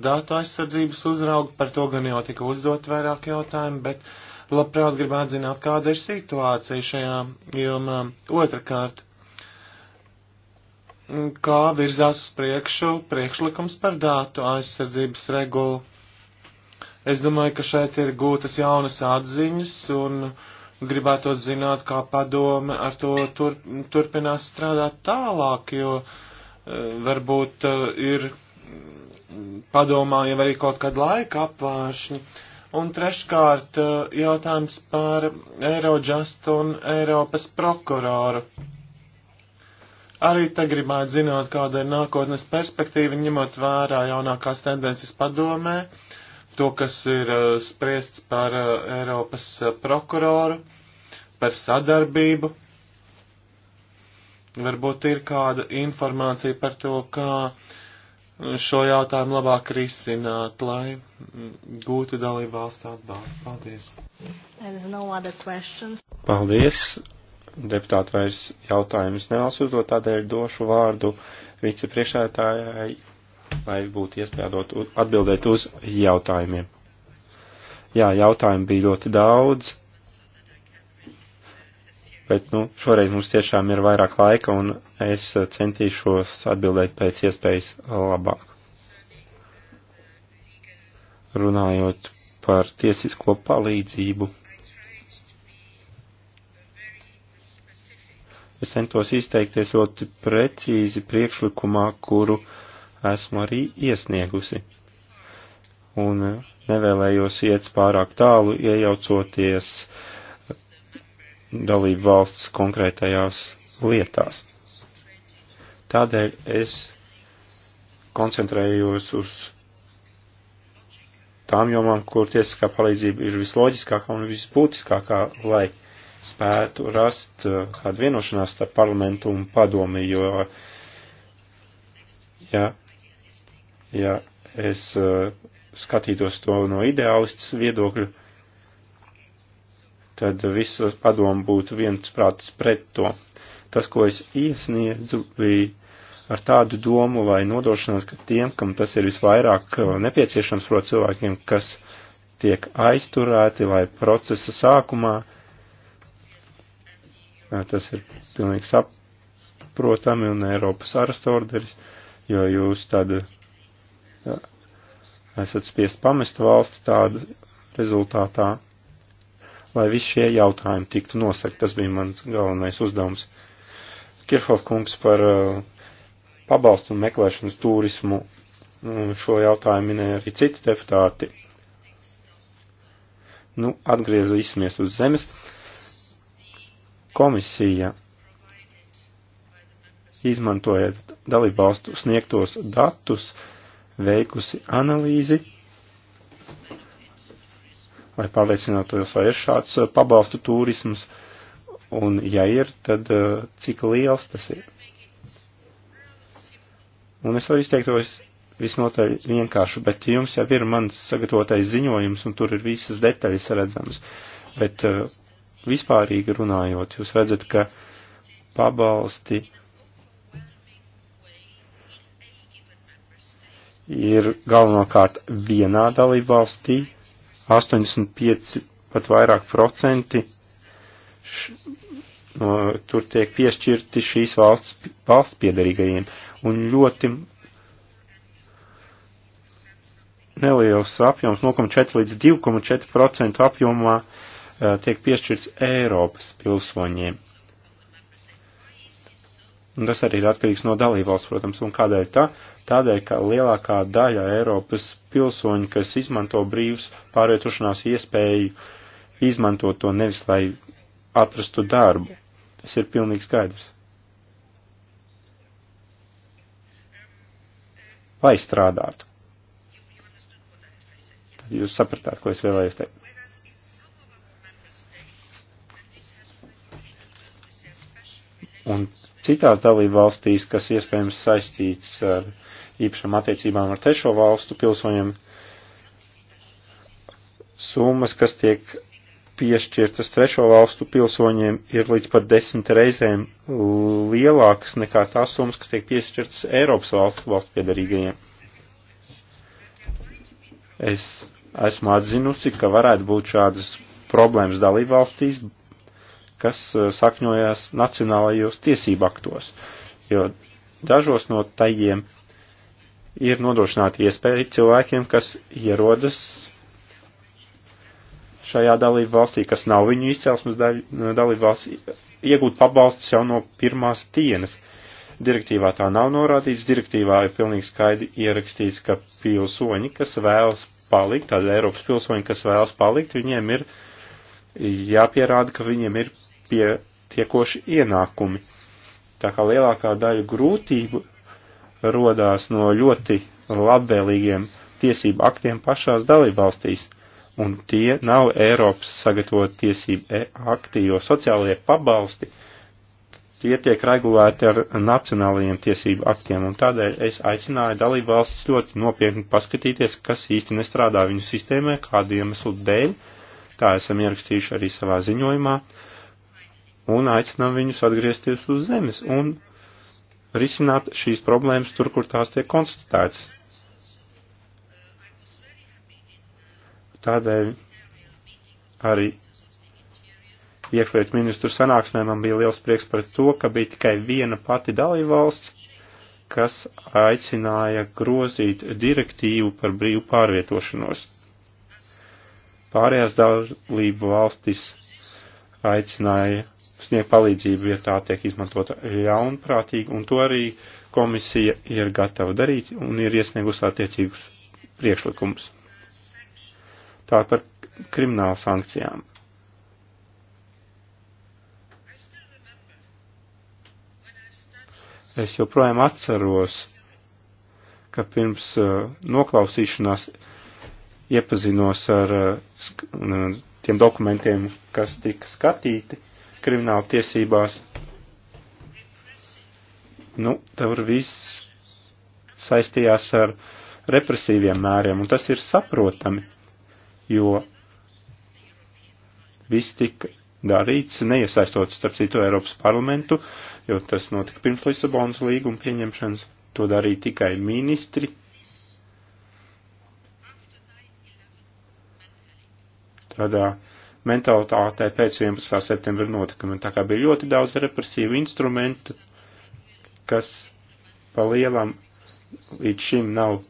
datu aizsardzības uzraugu. Par to gan jau tika uzdot vairāk jautājumu, bet labprāt gribētu zināt, kāda ir situācija šajā jomā. Otrakārt, kā virzās uz priekšu priekšlikums par datu aizsardzības regulu? Es domāju, ka šeit ir gūtas jaunas atziņas un gribētu zināt, kā padome ar to tur, turpinās strādāt tālāk, jo e, varbūt e, ir padomā jau arī kaut kāda laika apvāršņa. Un treškārt e, jautājums par Eurojust un Eiropas prokuroru. Arī te gribētu zināt, kāda ir nākotnes perspektīva, ņemot vērā jaunākās tendences padomē. Uh, to, kas ir uh, spriests par uh, Eiropas uh, prokuroru, par sadarbību. Varbūt ir kāda informācija par to, kā šo jautājumu labāk risināt, lai mm, gūtu dalību valstu atbalstu. Paldies! No Paldies! Deputāti vairs jautājumus nevēlas uzdot, tādēļ došu vārdu vicepriekšētājai lai būtu iespēja atbildēt uz jautājumiem. Jā, jautājumu bija ļoti daudz, bet nu, šoreiz mums tiešām ir vairāk laika un es eh, centīšos atbildēt pēc iespējas labāk. Runājot par tiesisko palīdzību. Es centos izteikties ļoti precīzi priekšlikumā, kuru uh, esmu arī iesniegusi. Un nevēlējos iet pārāk tālu, iejaucoties dalību valsts konkrētajās lietās. Tādēļ es koncentrējos uz tām jomām, kur tiesiskā palīdzība ir visloģiskākā un visbūtiskākā, lai spētu rast uh, kādu vienošanās starp parlamentu un padomi, jo, ja ja es eh, skatītos to no ideālists viedokļa, tad visas padomu būtu viensprātis pret to. Tas, ko es iesniedzu, bija ar tādu domu, lai nodošanos, ka tiem, kam tas ir visvairāk eh, nepieciešams, proti cilvēkiem, kas tiek aizturēti, lai procesa sākumā, eh, tas ir pilnīgi saprotami un Eiropas arestorderis, jo jūs tad ja esat spiest pamest valsts tādu rezultātā, lai visi šie jautājumi tiktu nosakt. Tas bija mans galvenais uzdevums. Kirchhoff kungs par uh, pabalstu un meklēšanas turismu nu, šo jautājumu minēja arī citi deputāti. Nu, atgriezīsimies uz zemes. Komisija izmantojot dalībvalstu sniegtos datus, uh, veikusi analīzi, lai pārliecinātos, vai ir šāds pabalstu turisms, un ja ir, tad cik liels tas ir. Un es varu izteiktos visnotaļ vienkārši, bet jums jau ir mans sagatavotais ziņojums, un tur ir visas detaļas redzamas. Bet vispārīgi runājot, jūs redzat, ka pabalsti uh, ir galvenokārt vienā dalībvalstī, 85 pat vairāk procenti š, no, tur tiek piešķirti šīs valsts, valsts piedarīgajiem. Un ļoti neliels apjoms, 0,4 līdz 2,4% apjomā eh, tiek piešķirts Eiropas pilsoņiem. Un tas arī ir atkarīgs no dalībvalsts, protams, un kādēļ tā? Tādēļ, ka lielākā daļa Eiropas pilsoņu, kas izmanto brīvs pārvietošanās iespēju, izmanto to nevis, lai atrastu darbu. Tas ir pilnīgi skaidrs. Lai strādātu. Tad jūs sapratāt, ko es vēlējos teikt. Un citās dalībvalstīs, kas iespējams saistīts ar īpašām attiecībām ar trešo valstu pilsoņiem, summas, kas tiek piešķirtas trešo valstu pilsoņiem, ir līdz pat desmit reizēm lielākas nekā tās summas, kas tiek piešķirtas Eiropas valstu valstu piedarīgajiem. Es esmu atzinusi, ka varētu būt šādas problēmas dalībvalstīs, kas eh, sakņojās nacionālajos tiesību aktos, jo dažos no tajiem ir nodrošināta iespēja cilvēkiem, kas ierodas šajā dalību valstī, kas nav viņu izcelsmes eh, dalību valsts, iegūt pabalstus jau no pirmās dienas. Direktīvā tā nav norādīts, direktīvā ir pilnīgi skaidri ierakstīts, ka pilsoņi, kas vēlas palikt, tādi Eiropas pilsoņi, kas vēlas palikt, viņiem ir jāpierāda, ka viņiem ir pietiekoši ienākumi. Tā kā lielākā daļa grūtību rodās no ļoti labvēlīgiem tiesību aktiem pašās dalībvalstīs, un tie nav Eiropas sagatavot tiesību e- akti, jo sociālie pabalsti tie tiek regulēti ar nacionālajiem tiesību aktiem, un tādēļ es aicināju dalībvalstis ļoti nopietni paskatīties, kas īsti nestrādā viņu sistēmē, kādu iemeslu dēļ, tā esam ierakstījuši arī savā ziņojumā, uh, un aicinām viņus atgriezties uz zemes un risināt šīs problēmas tur, kur tās tiek konstatētas. Tādēļ arī iekšlietu ministru sanāksmē man bija liels prieks par to, ka bija tikai viena pati dalībvalsts, kas aicināja grozīt direktīvu par brīvu pārvietošanos. Pārējās dalību valstis aicināja sniegt palīdzību, ja tā tiek izmantota ļaunprātīgi, un to arī komisija ir gatava darīt un ir iesniegusi attiecīgus priekšlikumus. Tā par kriminālu sankcijām. Es joprojām atceros, ka pirms uh, noklausīšanās iepazinos ar uh, uh tiem dokumentiem, kas tika skatīti, krimināla tiesībās. Nu, tur viss saistījās ar represīviem mēriem, un tas ir saprotami, jo viss tika darīts, neiesaistot starp citu Eiropas parlamentu, jo tas notika pirms Lisabonas līguma pieņemšanas. To darīja tikai ministri. Tādā mentalitātē pēc 11. septembra notikumiem. Tā kā bija ļoti daudz represīvu instrumentu, kas pa lielam līdz šim nav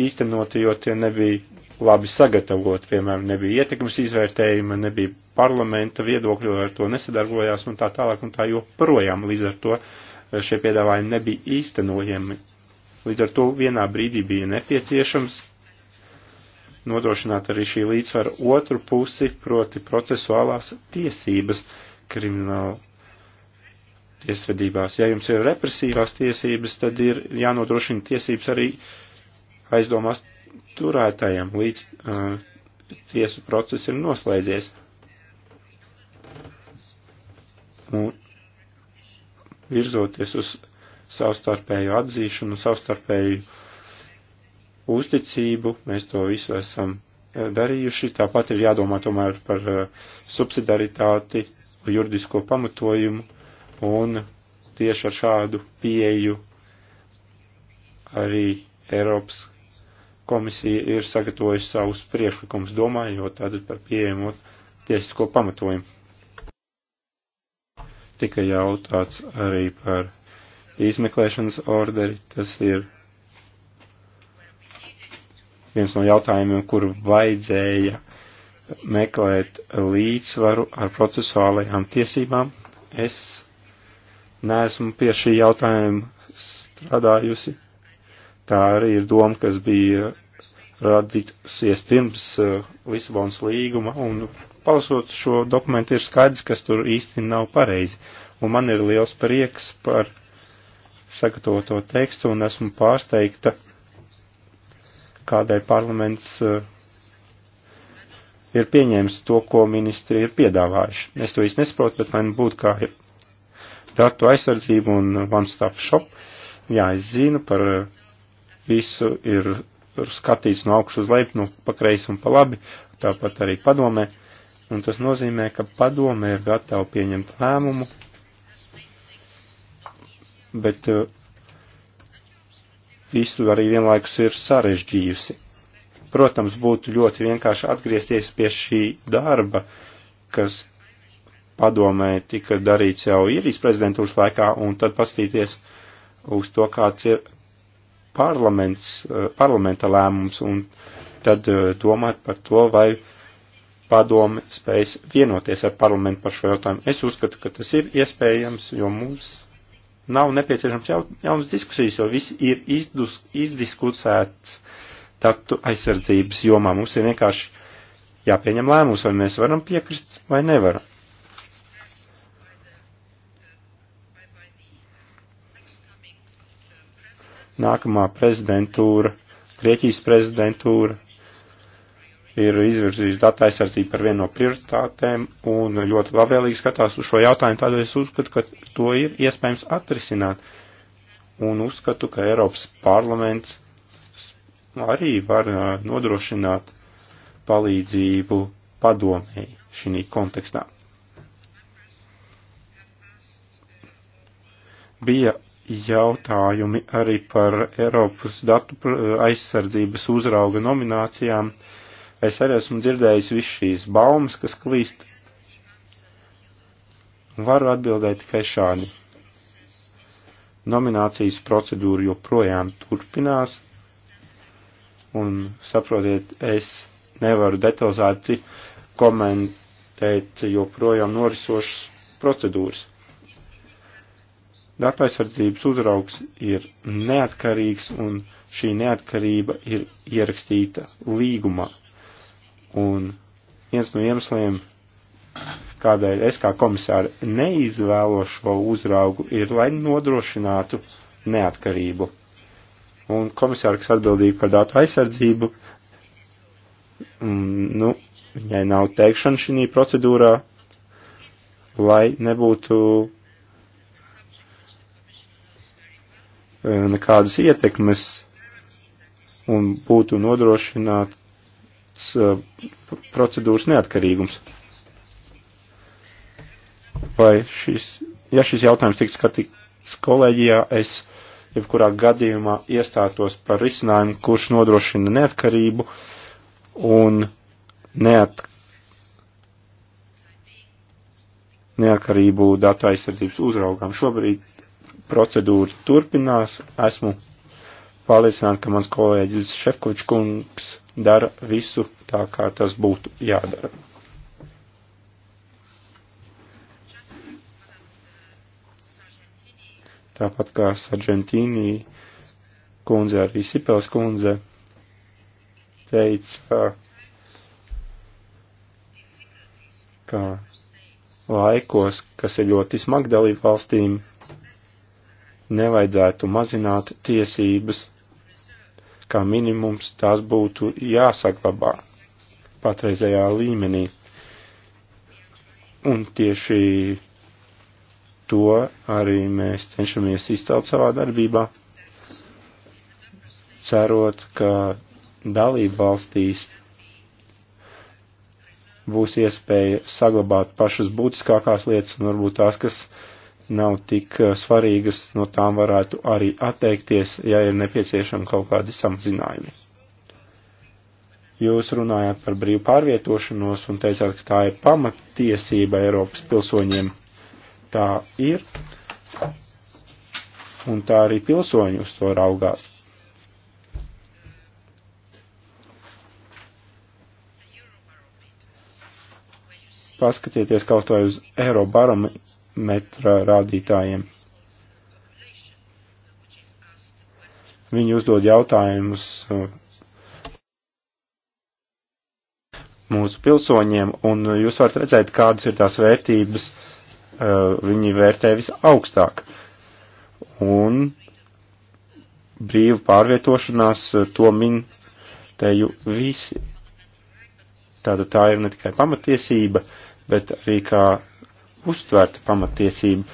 īstenoti, jo tie nebija labi sagatavot, piemēram, nebija ietekmes izvērtējuma, nebija parlamenta viedokļu, ar to nesadarbojās un tā tālāk un tā joprojām. Līdz ar to eh, šie piedāvājumi nebija īstenojami. Līdz ar to vienā brīdī bija nepieciešams nodrošināt arī šī līdzsvara otru pusi, proti procesuālās tiesības krimināla tiesvedībās. Ja jums ir represīvās tiesības, tad ir jānodrošina tiesības arī aizdomās turētājiem, līdz uh, tiesu process ir noslēdzies. Un virzoties uz savstarpēju atzīšanu, savstarpēju uh, uzticību, mēs to visu esam eh, darījuši. Tāpat ir jādomā tomēr par eh, subsidaritāti, juridisko pamatojumu un tieši ar šādu pieeju arī Eiropas komisija ir sagatavojusi savus priekšlikumus, domājot tātad par pieejamo tiesisko pamatojumu. Tika jautāts arī par izmeklēšanas orderi, tas ir viens no jautājumiem, kur vajadzēja meklēt līdzsvaru ar procesuālajām tiesībām. Es neesmu pie šī jautājuma strādājusi. Tā arī ir doma, kas bija radīsies pirms eh, Lisabonas līguma, un palsot šo dokumentu ir skaidrs, kas tur īsti nav pareizi. Un man ir liels prieks par sagatavoto tekstu, un esmu pārsteigta, uh, kādēļ parlaments eh, ir pieņēmis to, ko ministri ir piedāvājuši. Es to īsti nesaprotu, bet lai nu būtu kā ir datu aizsardzība un one-stop shop, jā, es zinu par eh, visu ir skatīts no augšu uz leju, nu, pa kreisi un pa labi, tāpat arī padomē. Un tas nozīmē, ka padome ir gatava pieņemt lēmumu, bet eh, visu arī vienlaikus ir sarežģījusi. Protams, būtu ļoti vienkārši atgriezties pie šī darba, kas padomē tika darīts jau īrijas prezidentūras laikā, un tad pastīties uz to, kāds ir parlaments, eh, parlamenta lēmums, un tad eh, domāt par to, vai padome spējas vienoties ar parlamentu par šo jautājumu. Es uzskatu, ka tas ir iespējams, jo mums nav nepieciešams jaunas diskusijas, jo viss ir izdus, izdiskusēts datu aizsardzības jomā. Mums ir vienkārši jāpieņem lēmums, vai mēs varam piekrist vai nevaram. Nākamā prezidentūra, Grieķijas prezidentūra ir izvirzījusi datu aizsardzību par vienu no prioritātēm un ļoti labvēlīgi skatās uz šo jautājumu, tādēļ es uzskatu, ka to ir iespējams atrisināt. Un uzskatu, ka Eiropas parlaments arī var nodrošināt palīdzību padomēji šī kontekstā. Bija jautājumi arī par Eiropas datu aizsardzības uzrauga nominācijām. Uh, Es arī esmu dzirdējis visu šīs baumas, kas klīst. Varu atbildēt tikai šādi. Nominācijas procedūra joprojām turpinās, un saprotiet, es nevaru detalizēti komentēt joprojām norisošas procedūras. Data aizsardzības uzraugs ir neatkarīgs un šī neatkarība ir ierakstīta līgumā. Un viens no iemesliem, kādēļ es kā komisāri neizvēlos šo uzraugu, ir, lai nodrošinātu neatkarību. Un komisāri, kas atbildīgi par datu aizsardzību, mm, nu, viņai nav teikšana šī procedūrā, lai nebūtu eh, nekādas ietekmes un būtu nodrošināta Uh, procedūras neatkarīgums. Vai šis, ja šis jautājums tiks skatīts kolēģijā, es jebkurā gadījumā iestātos par risinājumu, kurš nodrošina neatkarību un neat, neatkarību datu aizsardzības uzraugām. Šobrīd procedūra turpinās, esmu pārliecināti, ka mans kolēģis Šefkovičs kungs dara visu tā, kā tas būtu jādara. Tāpat kā Sargentīnī kundze, arī Sipels kundze teica, ka laikos, kas ir ļoti smagi dalību valstīm, nevajadzētu mazināt tiesības kā minimums tās būtu jāsaglabā patreizējā līmenī. Un tieši to arī mēs cenšamies izcelt savā darbībā, cerot, ka dalību valstīs būs iespēja saglabāt pašas būtiskākās lietas un varbūt tās, kas nav tik eh, svarīgas, no tām varētu arī atteikties, ja ir nepieciešami kaut kādi samazinājumi. Jūs runājāt par brīvu pārvietošanos un teicāt, ka tā ir pamatiesība Eiropas pilsoņiem. Tā ir. Un tā arī pilsoņi uz to raugās. Paskatieties kaut vai uz Eirobarometru metra rādītājiem. Viņi uzdod jautājumus uh, mūsu pilsoņiem, un jūs varat redzēt, kādas ir tās vērtības uh, viņi vērtē visaugstāk. Un brīva pārvietošanās uh, to min teju visi. Tātad tā ir ne tikai pamatiesība, bet arī kā uztverta pamatiesība.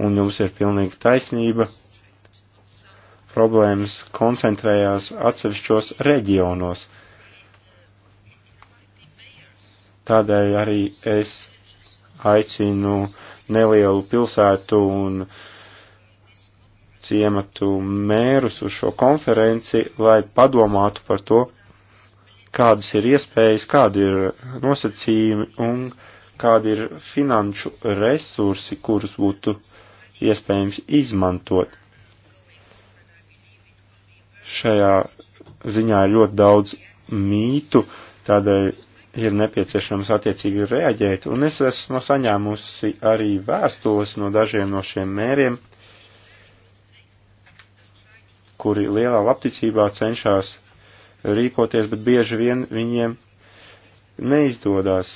Un jums ir pilnīga taisnība. Problēmas koncentrējās atsevišķos reģionos. Tādēļ arī es aicinu nelielu pilsētu un ciematu mērus uz šo konferenci, lai padomātu par to, kādas ir iespējas, kādi ir nosacījumi un kādi ir finanšu resursi, kurus būtu iespējams izmantot. Šajā ziņā ir ļoti daudz mītu, tādēļ ir nepieciešams attiecīgi reaģēt, un es esmu saņēmusi arī vēstules no dažiem no šiem mēriem, kuri lielā labticībā cenšas rīkoties, bet bieži vien viņiem neizdodas,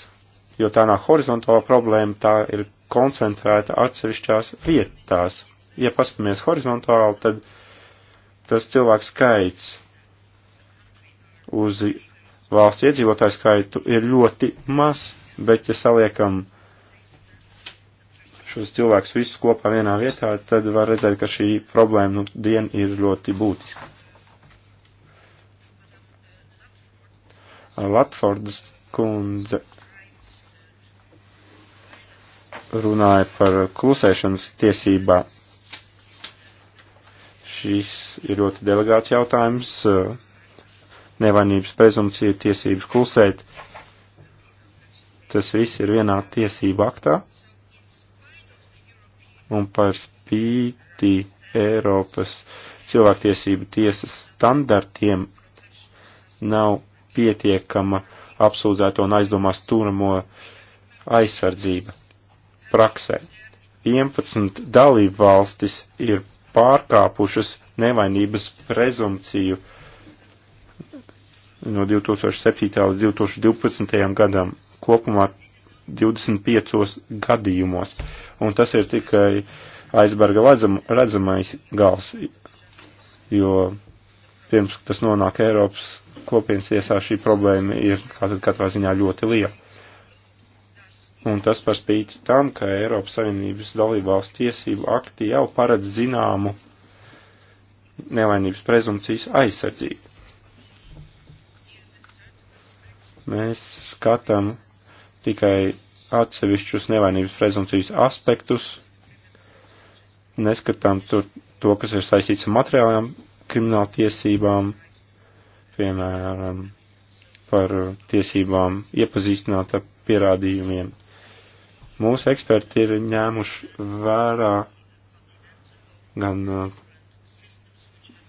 jo tā nav horizontāla problēma, tā ir koncentrēta atsevišķās vietās. Ja paskatāmies horizontāli, tad tas cilvēks skaits uz valsts iedzīvotāju skaitu ir ļoti maz, bet ja saliekam šos cilvēkus visus kopā vienā vietā, tad var redzēt, ka šī problēma nu, diena ir ļoti būtiska. Latfordas kundze runāja par klusēšanas tiesībā. Šis ir ļoti delegāts jautājums. Nevainības prezumcija tiesības klusēt. Tas viss ir vienā tiesība aktā. Un par spīti Eiropas cilvēktiesību tiesas standartiem nav pietiekama apsūdzēto un aizdomās turamo aizsardzība praksē. 11 dalību valstis ir pārkāpušas nevainības prezumciju no 2007. līdz 2012. gadam kopumā 25 gadījumos. Un tas ir tikai aizberga redzam, redzamais gals, jo pirms tas nonāk Eiropas kopienas tiesā šī problēma ir katrā ziņā ļoti liela. Un tas par spīti tam, ka Eiropas Savienības dalībvalstu tiesību akti jau paredz zināmu nevainības prezumcijas aizsardzību. Mēs skatām tikai atsevišķus nevainības prezumcijas aspektus, neskatām tur to, kas ir saistīts ar materiālajām krimināltiesībām, piemēram, par tiesībām iepazīstināt ar pierādījumiem. Mūsu eksperti ir ņēmuši vērā gan uh,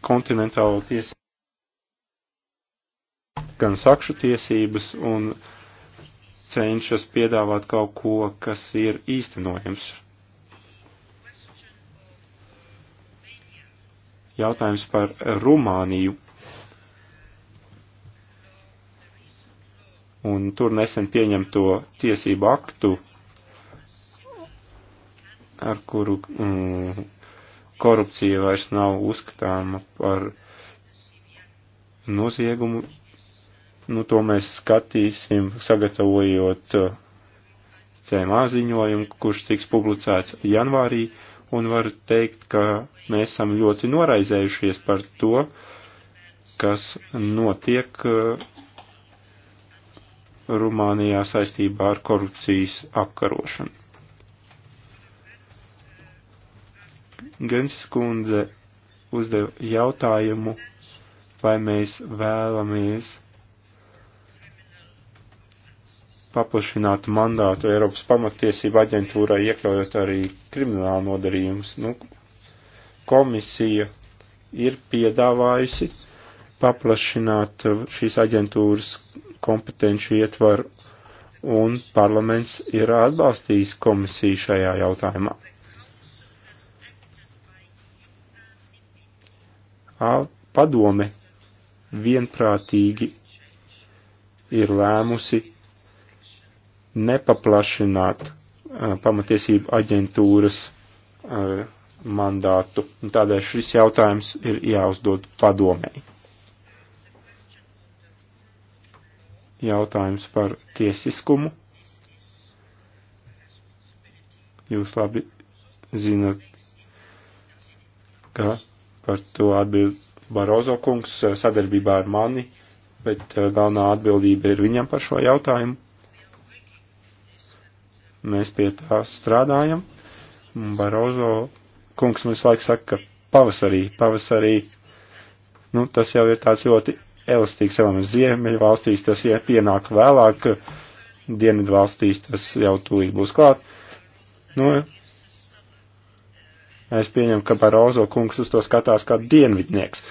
kontinentālo tiesību, gan sakšu tiesības un cenšas piedāvāt kaut ko, kas ir īstenojams. Jautājums par Rumāniju un tur nesen pieņemto tiesību aktu, ar kuru mm, korupcija vairs nav uzskatāma par noziegumu. Nu, to mēs skatīsim, sagatavojot eh, CMA ziņojumu, kurš tiks publicēts janvārī, un var teikt, ka mēs esam ļoti noraizējušies par to, kas notiek eh, Rumānijā saistībā ar korupcijas apkarošanu. Gens kundze uzdeva jautājumu, vai mēs vēlamies paplašināt mandātu Eiropas pamatiesību aģentūrai, iekļaujot arī kriminālu nodarījumus. Nu, komisija ir piedāvājusi paplašināt uh, šīs aģentūras kompetenci ietvaru, un parlaments ir atbalstījis komisiju šajā jautājumā. Padome vienprātīgi ir lēmusi nepaplašināt pamatiesību aģentūras mandātu. Tādēļ šis jautājums ir jāuzdod padomēji. jautājums par tiesiskumu. Jūs labi zinat, ka par to atbild Barozo kungs eh, sadarbībā ar mani, bet eh, galvenā atbildība ir viņam par šo jautājumu. Mēs pie tā strādājam. Barozo kungs mums laik saka, ka pavasarī, pavasarī, nu tas jau ir tāds ļoti elastīgs elements ziemeļu valstīs, tas ja pienāk vēlāk, dienvidu valstīs tas jau tūlīt būs klāt. Nu, es pieņemu, ka Barozo kungs uz to skatās kā dienvidnieks.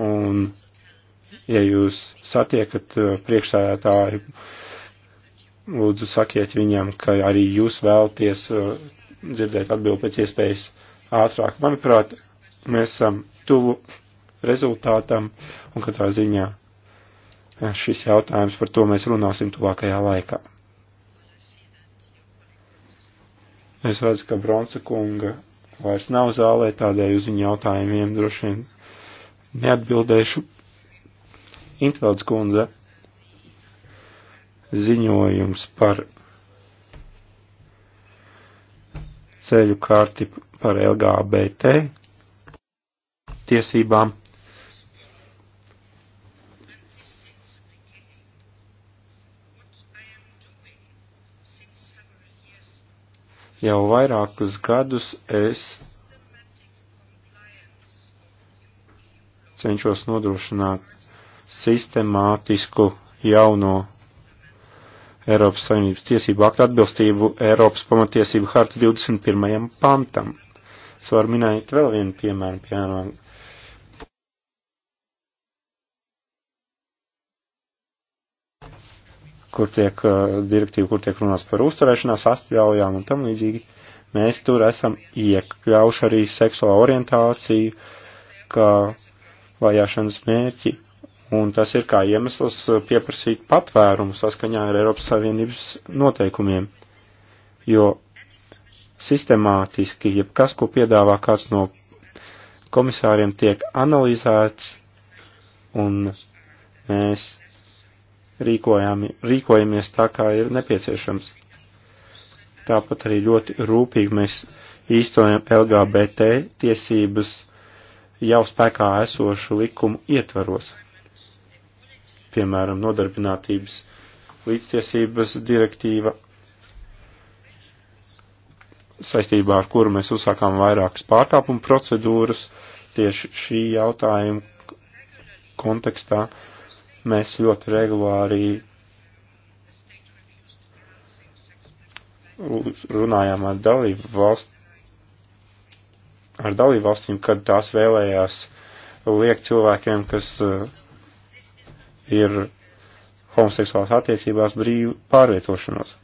Un, ja jūs satiekat uh, priekšsēdētāju, lūdzu sakiet viņam, ka arī jūs vēlties uh, dzirdēt atbildi pēc iespējas ātrāk. Manuprāt, mēs esam tuvu rezultātam, un katrā ziņā šis jautājums par to mēs runāsim tuvākajā laikā. Es redzu, ka Bronsa kunga vairs nav zālē, tādēļ uz viņu jautājumiem droši vien neatbildēšu. Intvelds kundze ziņojums par ceļu kārti par LGBT tiesībām Jau vairākus gadus es cenšos nodrošināt sistemātisku jauno Eiropas Savienības tiesību aktu atbilstību Eiropas pamatiesību hartas 21. pantam. Es varu minēt vēl vienu piemēru, piemēram, kur tiek uh, direktīva, kur tiek runāts par uzturēšanās atļaujām un tam līdzīgi, mēs tur esam iekļauši arī seksuālo orientāciju, kā vajāšanas mērķi, un tas ir kā iemesls uh, pieprasīt patvērumu saskaņā ar Eiropas Savienības noteikumiem, jo sistemātiski, ja kas, ko piedāvā kāds no komisāriem, tiek analizēts, un mēs rīkojamies tā, kā ir nepieciešams. Tāpat arī ļoti rūpīgi mēs īstojam LGBT tiesības jau spēkā esošu likumu ietvaros. Piemēram, nodarbinātības līdztiesības direktīva, saistībā ar kuru mēs uzsākām vairākas pārkāpuma procedūras tieši šī jautājuma kontekstā. Uh, Mēs ļoti regulāri runājām ar dalību valstu, ar dalību valstīm, kad tās vēlējās liek cilvēkiem, kas eh, ir homoseksuālās attiecībās brīvu pārvietošanos.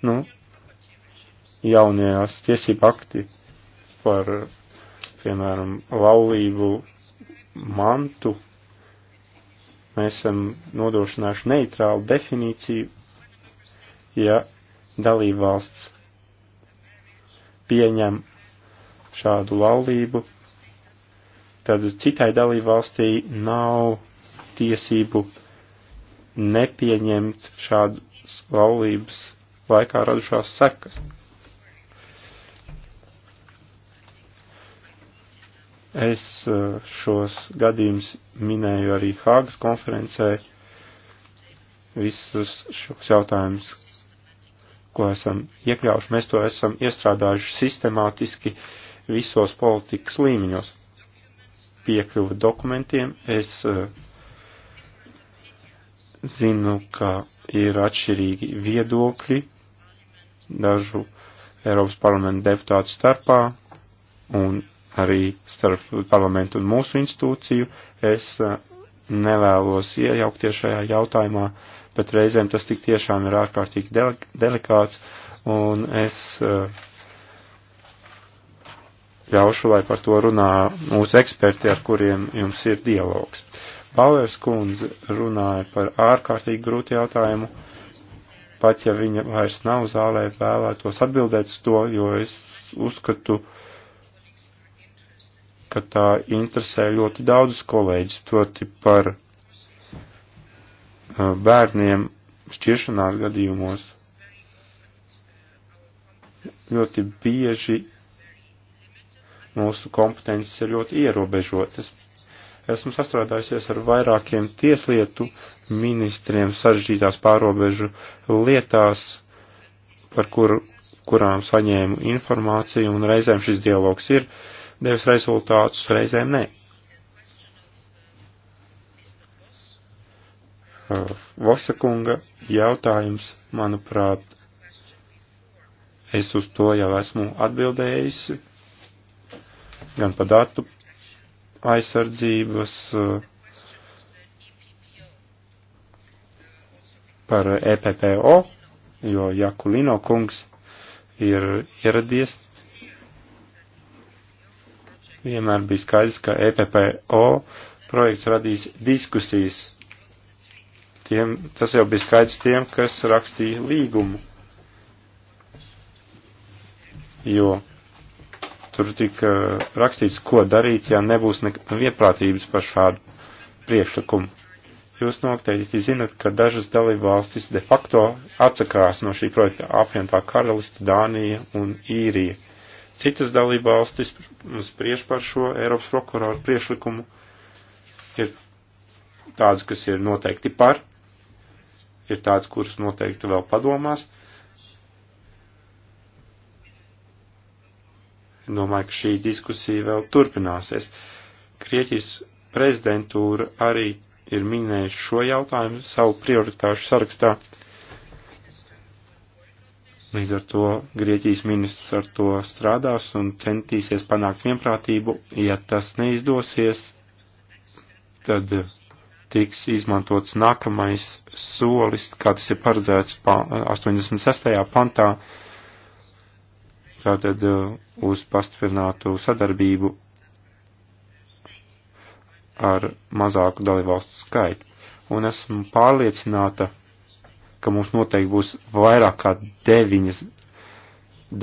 Nu, jaunajās tiesība akti par, piemēram, laulību mantu Mēs esam nodrošinājuši neitrālu definīciju, ja dalībvalsts pieņem šādu laulību, tad citai dalībvalstī nav tiesību nepieņemt šādas laulības laikā radušās sekas. Es eh, šos gadījumus minēju arī Hāgas konferencē, visus šos jautājumus, ko esam iekļauši, mēs to esam iestrādājuši sistemātiski visos politikas līmeņos. Piekļuva dokumentiem, es eh, zinu, ka ir atšķirīgi viedokļi dažu Eiropas parlamenta deputātu starpā, un arī starp parlamentu un mūsu institūciju. Es eh, nevēlos iejaukties šajā jautājumā, bet reizēm tas tik tiešām ir ārkārtīgi delikāts, un es eh, ļaušu, lai par to runā mūsu eksperti, ar kuriem jums ir dialogs. Bauers kundze runāja par ārkārtīgi grūtu jautājumu pat ja viņa vairs nav zālē, vēlētos atbildēt uz to, jo es uzskatu, ka tā interesē ļoti daudzus kolēģis, proti par uh, bērniem šķiršanās gadījumos. Ļoti bieži mūsu kompetences ir ļoti ierobežotas. Esmu sastrādājusies ar vairākiem tieslietu ministriem sarežģītās pārobežu lietās, par kur, kurām saņēmu informāciju, un reizēm šis dialogs ir uh, devis rezultātus, reizēm ne. Uh, Vosakunga jautājums, manuprāt, es uz to jau esmu atbildējusi, gan par datu aizsardzības, uh, par EPPO, jo Jakulino kungs ir ieradies vienmēr bija skaidrs, ka EPPO projekts radīs diskusijas. Tiem, tas jau bija skaidrs tiem, kas rakstīja līgumu. Jo tur tika uh, rakstīts, ko darīt, ja nebūs vienprātības par šādu priekšlikumu. Jūs noteikti zinat, ka dažas dalībvalstis de facto atsakās no šī projekta apvienotā karalista Dānija un Īrija citas dalībvalstis spriež par šo Eiropas prokuroru priešlikumu. Ir tādas, kas ir noteikti par, ir tādas, kuras noteikti vēl padomās. Domāju, ka šī diskusija vēl turpināsies. Krieķis prezidentūra arī ir minējusi šo jautājumu savu prioritāšu sarakstā. Līdz ar to Grieķijas ministrs ar to strādās un centīsies panākt vienprātību. Ja tas neizdosies, tad tiks izmantots nākamais solis, kā tas ir paredzēts 86. pantā, tātad uh, uz pastiprinātu sadarbību ar mazāku dalībvalstu skaitu. Un esmu pārliecināta, ka mums noteikti būs vairāk kā deviņas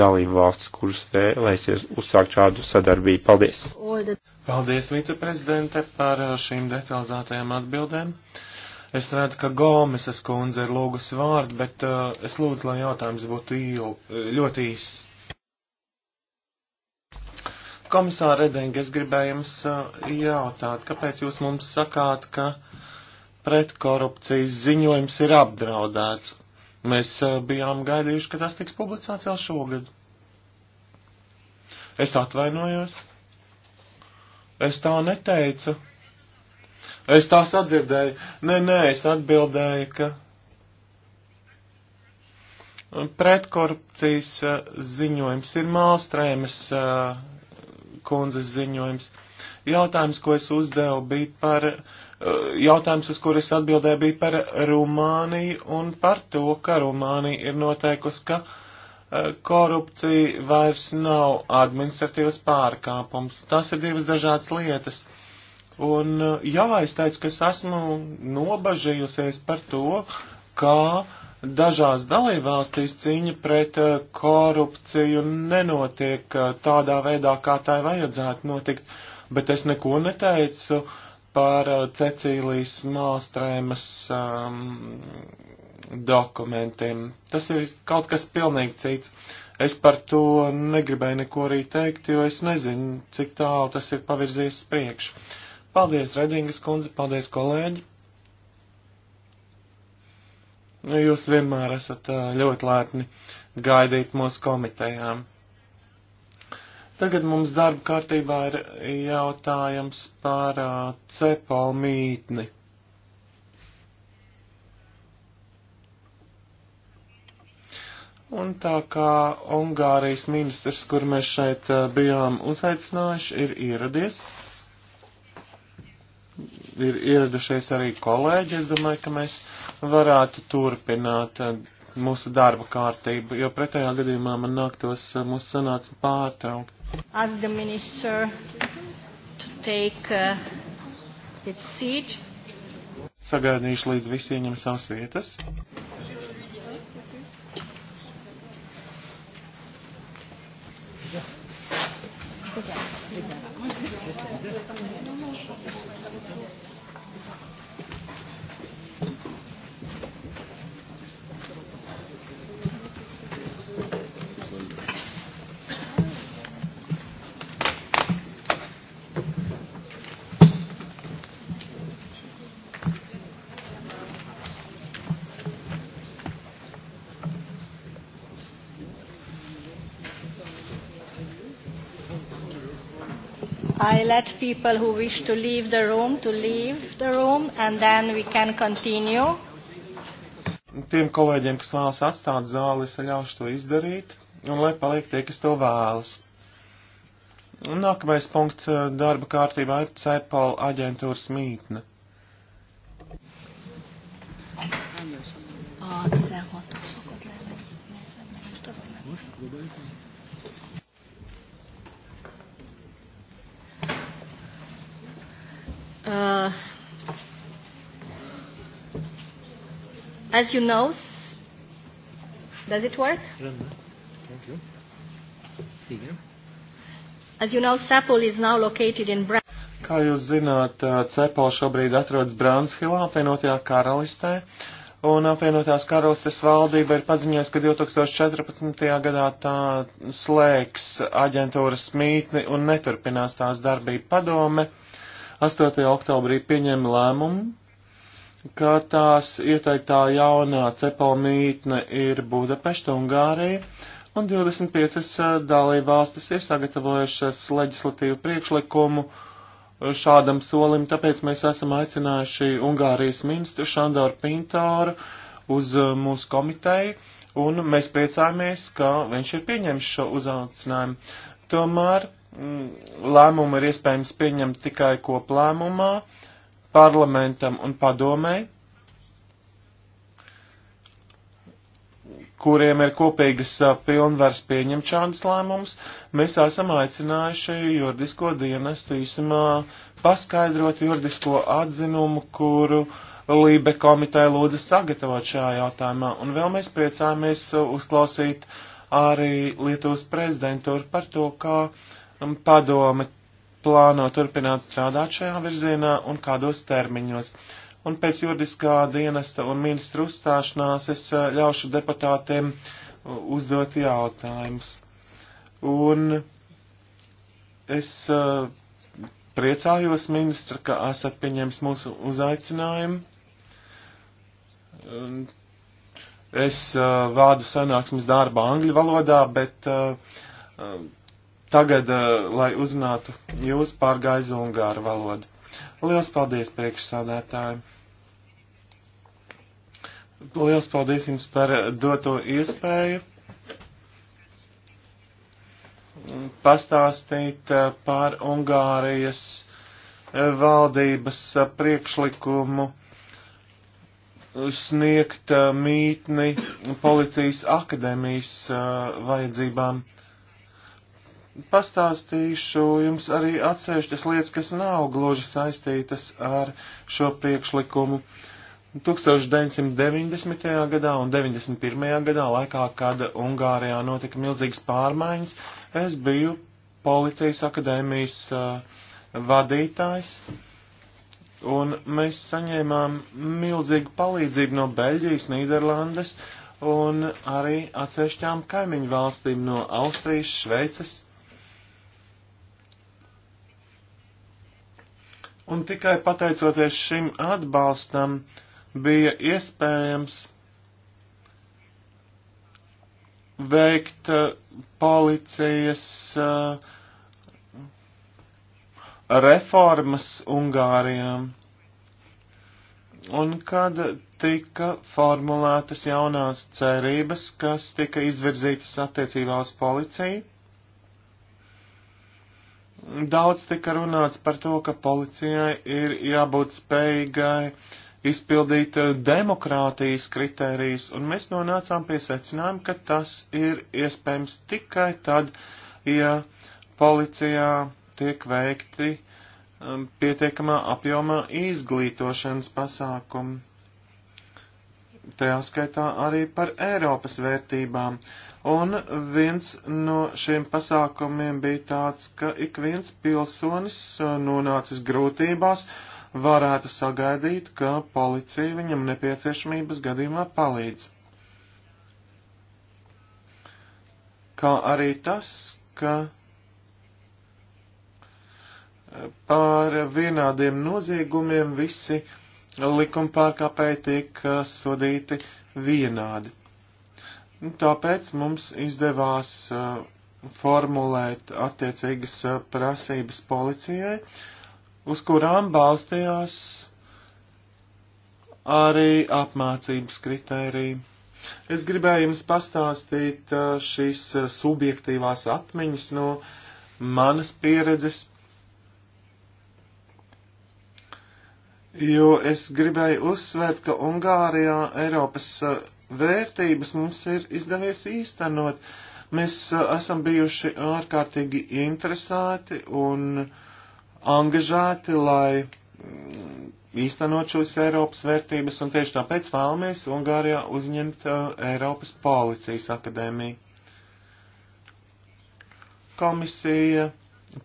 dalību valstis, kuras vēlēsies uzsākt šādu sadarbību. Paldies! Paldies, viceprezidente, par šīm detalizētajām atbildēm. Es redzu, ka Gomeses kundze ir lūgusi vārdu, bet uh, es lūdzu, lai jautājums būtu īl, uh, ļoti īss. Komisāra Redenga, es gribēju jums uh, jautāt, kāpēc jūs mums sakāt, ka uh, pretkorupcijas ziņojums ir apdraudēts. Mēs eh, bijām gaidījuši, ka tas tiks publicēts jau šogad. Es atvainojos. Es tā neteicu. Es tā sadzirdēju. Nē, nē, es atbildēju, ka pretkorupcijas eh, ziņojums ir Mālstrēmas eh, kundzes ziņojums. Jautājums, ko es uzdevu, bija par uh, Eh, jautājums, uz kuras atbildēju, bija par Rumāniju un par to, ka Rumānija ir noteikusi, ka eh, korupcija vairs nav administratīvas pārkāpums. Tas ir divas dažādas lietas. Un eh, jau es teicu, ka es esmu nobažījusies par to, kā dažās dalībvalstīs cīņa pret korupciju nenotiek tādā veidā, kā tai vajadzētu notikt. Bet es neko neteicu uh, par uh, Cecīlijas Mālstrēmas um, dokumentiem. Tas ir kaut kas pilnīgi cits. Es par to negribēju neko arī teikt, jo es nezinu, cik tālu tas ir pavirzies priekš. Paldies, Redingas kundze, paldies, kolēģi! Nu, jūs vienmēr esat uh, ļoti lētni gaidīt mūsu komitejām. Tagad mums darba kārtībā ir jautājums par uh, cepal mītni. Un tā kā Ungārijas ministrs, kur mēs šeit uh, bijām uzaicinājuši, ir ieradies, ir ieradušies arī kolēģi, es domāju, ka mēs varētu turpināt uh, mūsu darba kārtību, jo pretējā gadījumā man nāktos mūsu sanāksmi pārtraukt. Ask the minister to take uh, its seat. Sagaidīšu līdz visi ieņem savas vietas. let people who wish to leave the room to leave the room and then we can continue. Tiem kolēģiem, kas vēlas atstāt zāli, es ļaušu to izdarīt un lai paliek tie, kas to vēlas. Nākamais punkts eh, darba kārtībā ir CEPAL aģentūras mītne. A, 16 szokott lenni. Most próbáljuk Uh, as you know, does it work? As you know, Sapol is now located in Bra Kā jūs zināt, Cepol uh, šobrīd atrodas Brānshilā, apvienotajā karalistē, un apvienotās karalistes valdība ir paziņojusi, ka 2014. gadā tā slēgs aģentūras mītni un neturpinās tās darbību padome. Uh, 8. oktobrī pieņēma lēmumu, ka tās ieteiktā jaunā cepala mītne ir Budapešta, Ungārija, un 25 uh, dalībvalstis ir sagatavojušas leģislatīvu priekšlikumu šādam solim, tāpēc mēs esam aicinājuši Ungārijas ministru Šandoru Pintāru uz uh, mūsu komiteju, un mēs priecājamies, ka viņš ir pieņēmis šo uzaicinājumu. Tomēr Mm, lēmumu ir iespējams pieņemt tikai koplēmumā, parlamentam un padomēji, kuriem ir kopīgas pilnvars pieņemt šādus lēmumus, mēs esam aicinājuši juridisko dienestu īsumā paskaidrot juridisko atzinumu, kuru Lībe komiteja lūdza sagatavot šajā jautājumā, un vēl mēs priecāmies uzklausīt arī Lietuvas prezidentūru par to, kā uh, padome plāno turpināt strādāt šajā virzienā un kādos termiņos. Un pēc juridiskā dienesta un ministra uzstāšanās es eh, ļaušu deputātiem uzdot jautājumus. Un es eh, priecājos, ministra, ka esat pieņēmis mūsu uzaicinājumu. Es eh, vādu sanāksmes darba angļu valodā, bet Tagad, eh, lai uzrunātu jūs pārgaizu ungāru valodu. Liels paldies priekšsādētājiem! Liels paldies jums par eh, doto iespēju mm, pastāstīt eh, par Ungārijas valdības priekšlikumu sniegt mītni policijas akadēmijas vajadzībām. Uh, pastāstīšu jums arī atsevišķas lietas, kas nav gluži saistītas ar šo priekšlikumu. 1990. gadā un 91. gadā, laikā, kad Ungārijā notika milzīgas pārmaiņas, es biju policijas akadēmijas uh, vadītājs, un mēs saņēmām milzīgu palīdzību no Beļģijas, Nīderlandes un arī atsevišķām kaimiņu valstīm no Austrijas, Šveices Un tikai pateicoties šim atbalstam bija iespējams veikt eh, policijas eh, reformas Ungārijām. Un kad tika formulētas jaunās cerības, kas tika izvirzītas attiecībā uz policiju, Daudz tika runāts par to, ka policijai ir jābūt spējīgai izpildīt eh, demokrātijas kritērijas, un mēs nonācām pie secinājuma, ka tas ir iespējams tikai tad, ja policijā tiek veikti um, pietiekamā apjomā izglītošanas pasākumi. Tajā skaitā arī par Eiropas vērtībām. Uh, Un viens no šiem pasākumiem bija tāds, ka ik viens pilsonis uh, nonācis grūtībās, varētu sagaidīt, ka policija viņam nepieciešamības gadījumā palīdz. Kā arī tas, ka uh, par vienādiem noziegumiem visi likumpārkāpēji tiek uh, sodīti vienādi. Nu, tāpēc mums izdevās uh, formulēt attiecīgas uh, prasības policijai, uz kurām balstījās arī apmācības kritērija. Es gribēju jums pastāstīt uh, šīs subjektīvās atmiņas no manas pieredzes, jo es gribēju uzsvērt, ka Ungārijā Eiropas vērtības mums ir izdevies īstenot. Mēs uh, esam bijuši ārkārtīgi interesēti un angažēti, lai mm, īstenot šos Eiropas vērtības, un tieši tāpēc vēlamies Ungārijā uzņemt uh, Eiropas policijas akadēmiju. Komisija,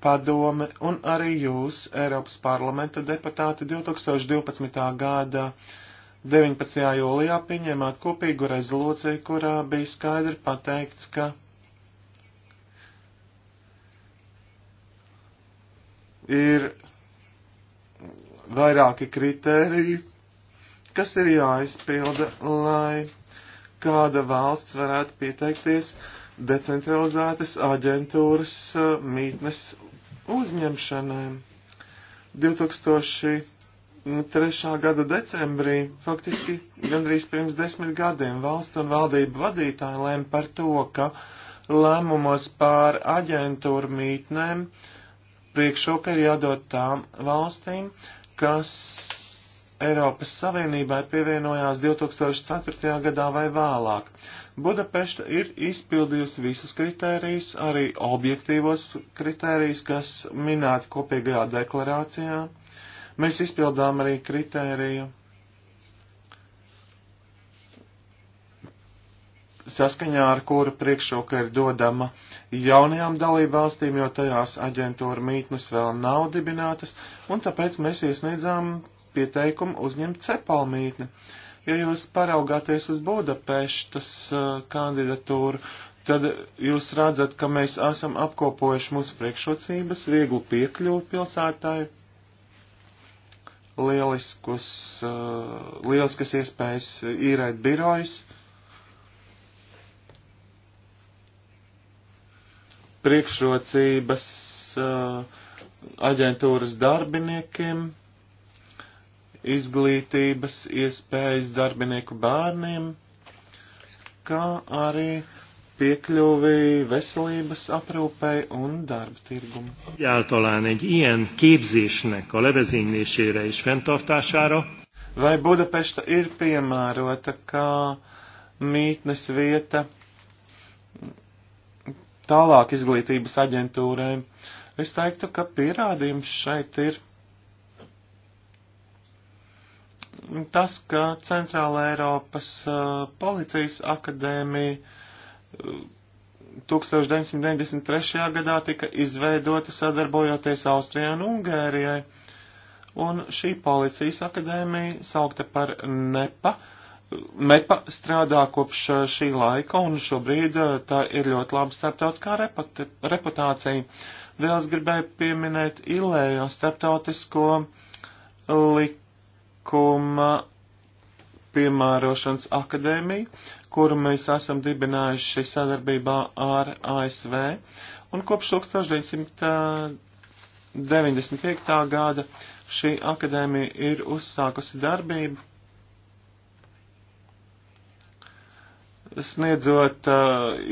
padome un arī jūs, Eiropas parlamenta deputāti, 2012. gada uh, 19. jūlijā pieņēmāt kopīgu rezolūciju, kurā bija skaidri pateikts, ka ir vairāki kriteriji, kas ir jāizpilda, lai kāda valsts varētu pieteikties decentralizētas aģentūras uh, mītnes uzņemšanai. 2000 Nu, trešā gada decembrī, faktiski gandrīz pirms desmit gadiem, valsts un valdību vadītāji lēma par to, ka lēmumos pār aģentūru mītnēm priekšroka ir jādod tām valstīm, kas Eiropas Savienībai pievienojās 2004. gadā vai vēlāk. Budapešta ir izpildījusi visus kritērijus, arī objektīvos kritērijus, kas minēti kopīgajā deklarācijā Mēs izpildām arī kritēriju saskaņā ar kuru priekšroka ir dodama jaunajām dalībvalstīm, jo tajās aģentūra mītnes vēl nav dibinātas, un tāpēc mēs iesniedzām pieteikumu uzņemt cepalmītni. Ja jūs paraugāties uz Budapeštas uh, kandidatūru, tad jūs redzat, ka mēs esam apkopojuši mūsu priekšrocības, vieglu piekļuvu pilsētāju lieliskus, eh, lieliskas iespējas īrēt birojas. Priekšrocības eh, aģentūras darbiniekiem, izglītības iespējas darbinieku bērniem, kā arī uh, piekļuvi veselības aprūpei un darba tirgumu. Jātalán egy ilyen képzésnek a levezénylésére és fenntartására. Vai Budapesta ir piemērota kā mītnes vieta tālāk izglītības aģentūrai? Es teiktu, ka pierādījums šeit ir tas, ka Centrāla Eiropas uh, policijas akadēmija 1993. gadā tika izveidota sadarbojoties Austrijai un Ungērijai, un šī policijas akadēmija saukta par NEPA. MEPA strādā kopš šī laika, un šobrīd eh, tā ir ļoti laba starptautiskā reputācija. Vēl es gribēju pieminēt ILEJO starptautisko likuma piemērošanas akadēmiju, kuru mēs esam dibinājuši sadarbībā ar ASV, un kopš 1995. gada šī akadēmija ir uzsākusi darbību, sniedzot uh,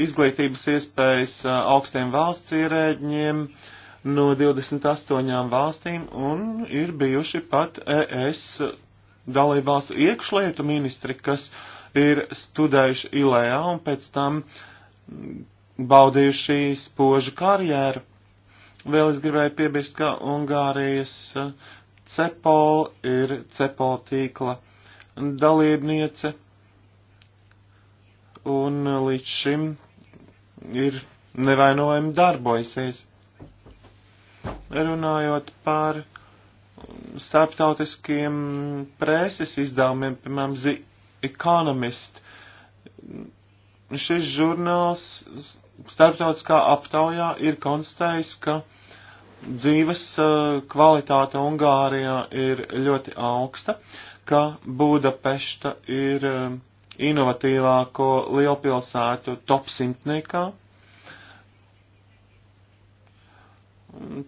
izglītības iespējas uh, augstiem valsts ierēģiem no 28 valstīm un ir bijuši pat ES dalībvalstu iekšlietu ministri, kas uh, ir studējuši Ilējā e un pēc tam baudījuši spožu karjeru. Vēl es gribēju piebilst, ka Ungārijas eh, Cepol ir Cepol tīkla dalībniece un eh, līdz šim ir nevainojami darbojusies. Runājot par starptautiskiem preses izdevumiem, piemēram, Economist. Šis žurnāls starptautiskā aptaujā ir konstatējis, ka dzīves eh, kvalitāte Ungārijā ir ļoti augsta, ka Budapešta ir eh, inovatīvāko lielpilsētu top simtniekā.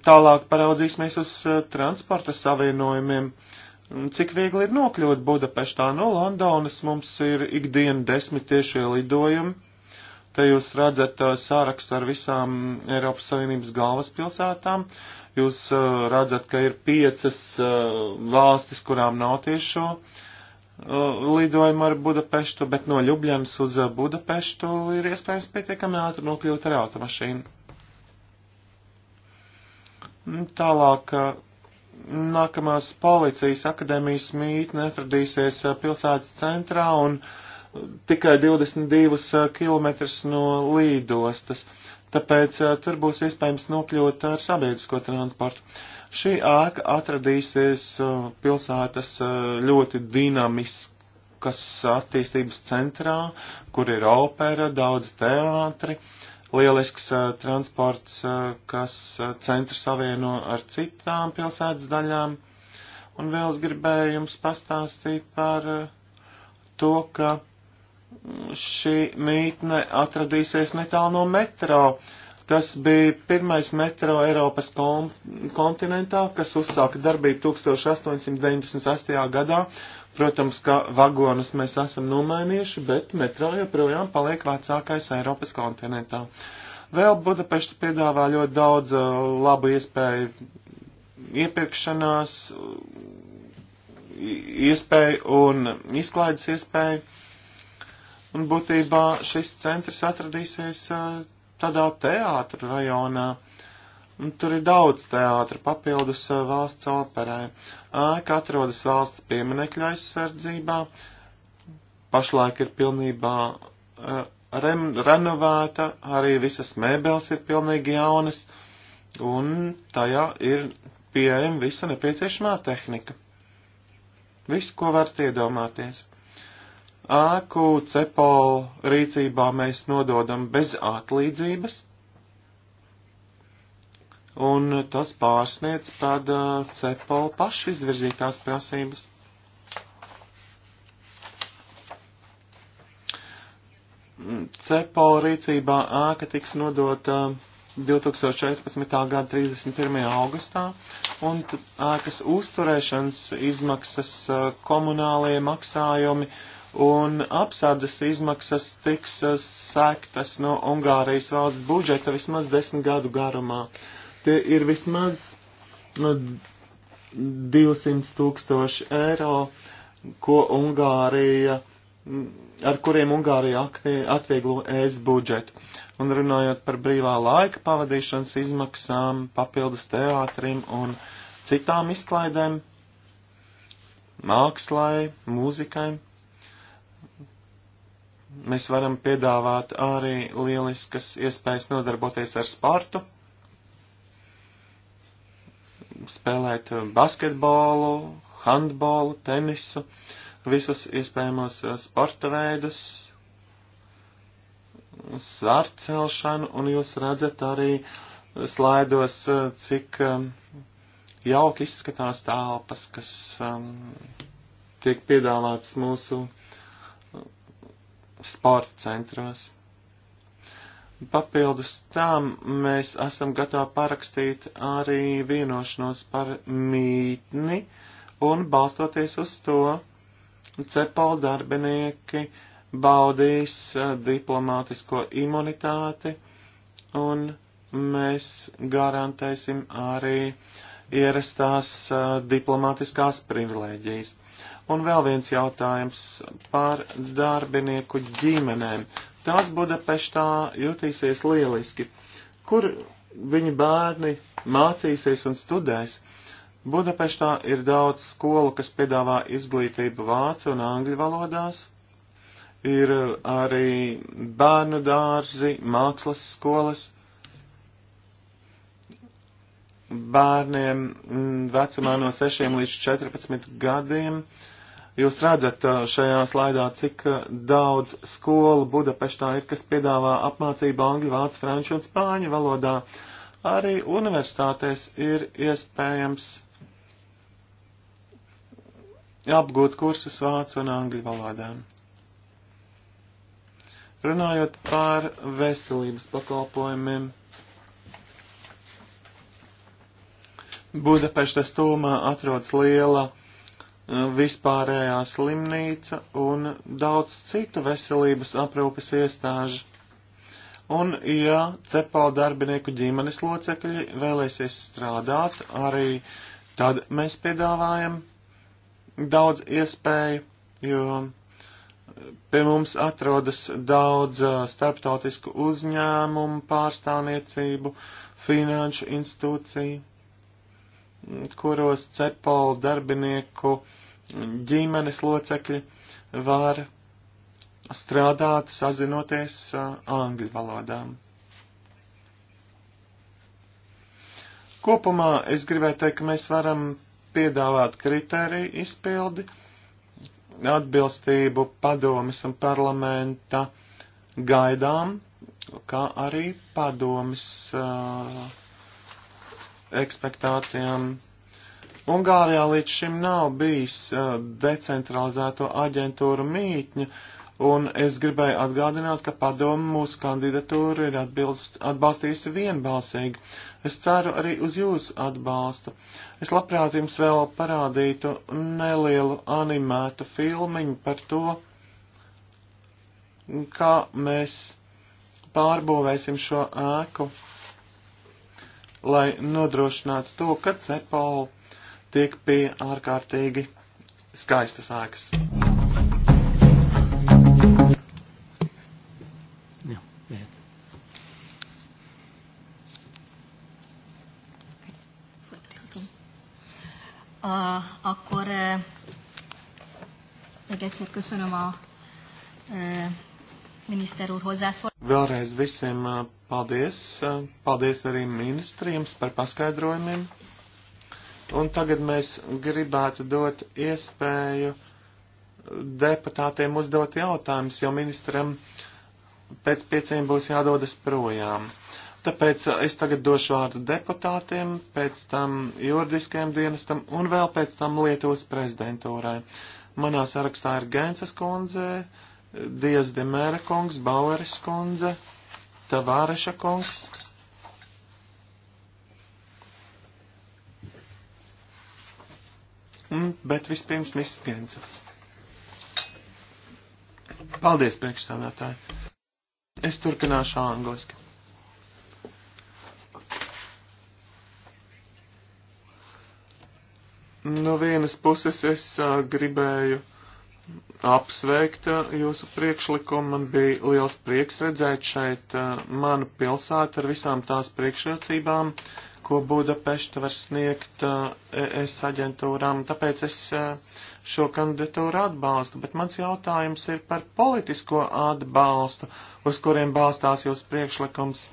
Tālāk paraudzīsimies uz eh, transporta savienojumiem. Uh, Cik viegli ir nokļūt Budapeštā no nu, Londonas, mums ir ikdiena desmit tiešie lidojumi. Te jūs redzat uh, sārakstu ar visām Eiropas Savienības galvaspilsētām. Jūs uh, redzat, ka ir piecas uh, valstis, kurām nav tiešo lidojumu ar Budapeštu, bet no Ljubļanas uz Budapeštu ir iespējams pietiekami ātri nokļūt ar automašīnu. Tālāk nākamās policijas akadēmijas mītne atradīsies uh, pilsētas centrā un uh, tikai 22 uh, km no līdostas, tāpēc tur būs iespējams nokļūt ar sabiedrisko transportu. Šī ēka atradīsies pilsētas ļoti dinamiskas attīstības centrā, kur ir opera, daudz teātri. Uh, lielisks uh, transports, uh, kas uh, centru savieno ar citām pilsētas daļām. Un vēl es gribēju jums pastāstīt par uh, to, ka mm, šī mītne atradīsies netālu no metro. Tas bija pirmais metro Eiropas kontinentā, kas uzsāka darbību 1898. gadā Protams, ka vagonus mēs esam nomainījuši, bet metro joprojām paliek vecākais Eiropas kontinentā. Vēl Budapešta piedāvā ļoti daudz uh, labu iespēju iepirkšanās, iespēju un izklaides iespēju. Un būtībā šis centrs atradīsies uh, tādā teātra rajonā. Un tur ir daudz teātra papildus eh, valsts operē. Ēka atrodas valsts pieminekļa aizsardzībā. Pašlaik ir pilnībā eh, rem, renovēta, arī visas mēbeles ir pilnīgi jaunas, un tajā ir pieejama visa nepieciešamā tehnika. Viss, ko varat iedomāties. Ēku cepolu rīcībā mēs nododam bez atlīdzības un tas pārsniedz pat uh, CEPOL pašu izvirzītās prasības. CEPOL rīcībā ēka tiks nodota uh, 2014. gada 31. augustā, un ēkas uzturēšanas izmaksas uh, komunālie maksājumi un apsardzes izmaksas tiks uh, sektas no Ungārijas valsts budžeta vismaz desmit gadu garumā. Uh, ir vismaz 200 nu, tūkstoši eiro, ko Ungārija, ar kuriem Ungārija atvieglo ES budžetu. Un runājot par brīvā laika pavadīšanas izmaksām, papildus teātrim un citām izklaidēm, mākslai, mūzikai, mēs varam piedāvāt arī lieliskas iespējas nodarboties ar sportu spēlēt um, basketbolu, handbolu, tenisu, visus iespējamos uh, sporta veidus, sārcelšanu, un jūs redzat arī slaidos, uh, cik um, jauki izskatās tālpas, kas um, tiek piedāvāts mūsu uh, sporta centros. Papildus tam mēs esam gatavi parakstīt arī vienošanos par mītni un balstoties uz to cepal darbinieki baudīs eh, diplomātisko imunitāti un mēs garantēsim arī ierastās eh, diplomātiskās privilēģijas. Un vēl viens jautājums par darbinieku ģimenēm. Tās Budapeštā jutīsies lieliski, kur viņu bērni mācīsies un studēs. Budapeštā ir daudz skolu, kas piedāvā izglītību vācu un angļu valodās. Ir uh, arī bērnu dārzi, mākslas skolas. Bērniem mm, vecumā no 6 līdz 14 gadiem uh, Jūs redzat šajā slaidā, cik daudz skolu Budapeštā ir, kas piedāvā apmācību angļu, vācu, franču un spāņu valodā. Arī universitātēs ir iespējams apgūt kursus vācu un angļu valodām. Runājot par veselības pakalpojumiem, Budapeštas tūmā atrodas liela vispārējā slimnīca un daudz citu veselības aprūpes iestāžu. Un, ja cepāla darbinieku ģimenes locekļi vēlēsies strādāt, arī tad mēs piedāvājam daudz iespēju, jo pie mums atrodas daudz starptautisku uzņēmumu, pārstāvniecību, finanšu institūciju kuros cepolu darbinieku ģimenes locekļi var strādāt, sazinoties angļu valodām. Kopumā es gribēju teikt, ka mēs varam piedāvāt kritēriju izpildi, atbilstību padomis un parlamenta gaidām, kā arī padomis uh, ekspektācijām. Ungārijā līdz šim nav bijis uh, decentralizēto aģentūru mītņa, un es gribēju atgādināt, ka padomu mūsu kandidatūru ir atbilst, atbalstījusi vienbalsīgi. Es ceru arī uz jūsu atbalstu. Es labprāt jums vēl parādītu nelielu animētu filmiņu par to, kā mēs pārbūvēsim šo ēku lai nodrošinātu to, ka cepal tiek pie ārkārtīgi skaistas ēkas. Uh, akkor uh, még egyszer köszönöm a uh, miniszter úr hozzászól. Vēlreiz visiem paldies. Paldies arī ministriem par paskaidrojumiem. Un tagad mēs gribētu dot iespēju deputātiem uzdot jautājumus, jo ministram pēc pieciem būs jādodas projām. Tāpēc es tagad došu vārdu deputātiem, pēc tam juridiskajam dienestam un vēl pēc tam Lietuvas prezidentūrai. Manā sarakstā ir Gēnces kundze, uh, Dievs Demēra kungs, Baueris kundze, Tavāreša kungs. Un, bet vispirms Miss Genca. Paldies, priekšstādātāji. Es turpināšu angliski. No vienas puses es uh, gribēju apsveikt jūsu priekšlikumu. Man bija liels prieks redzēt šeit uh, manu pilsētu ar visām tās priekšrocībām, ko Budapešta var sniegt uh, ES aģentūrām. Tāpēc es uh, šo kandidatūru atbalstu, bet mans jautājums ir par politisko atbalstu, uz kuriem balstās jūsu priekšlikums.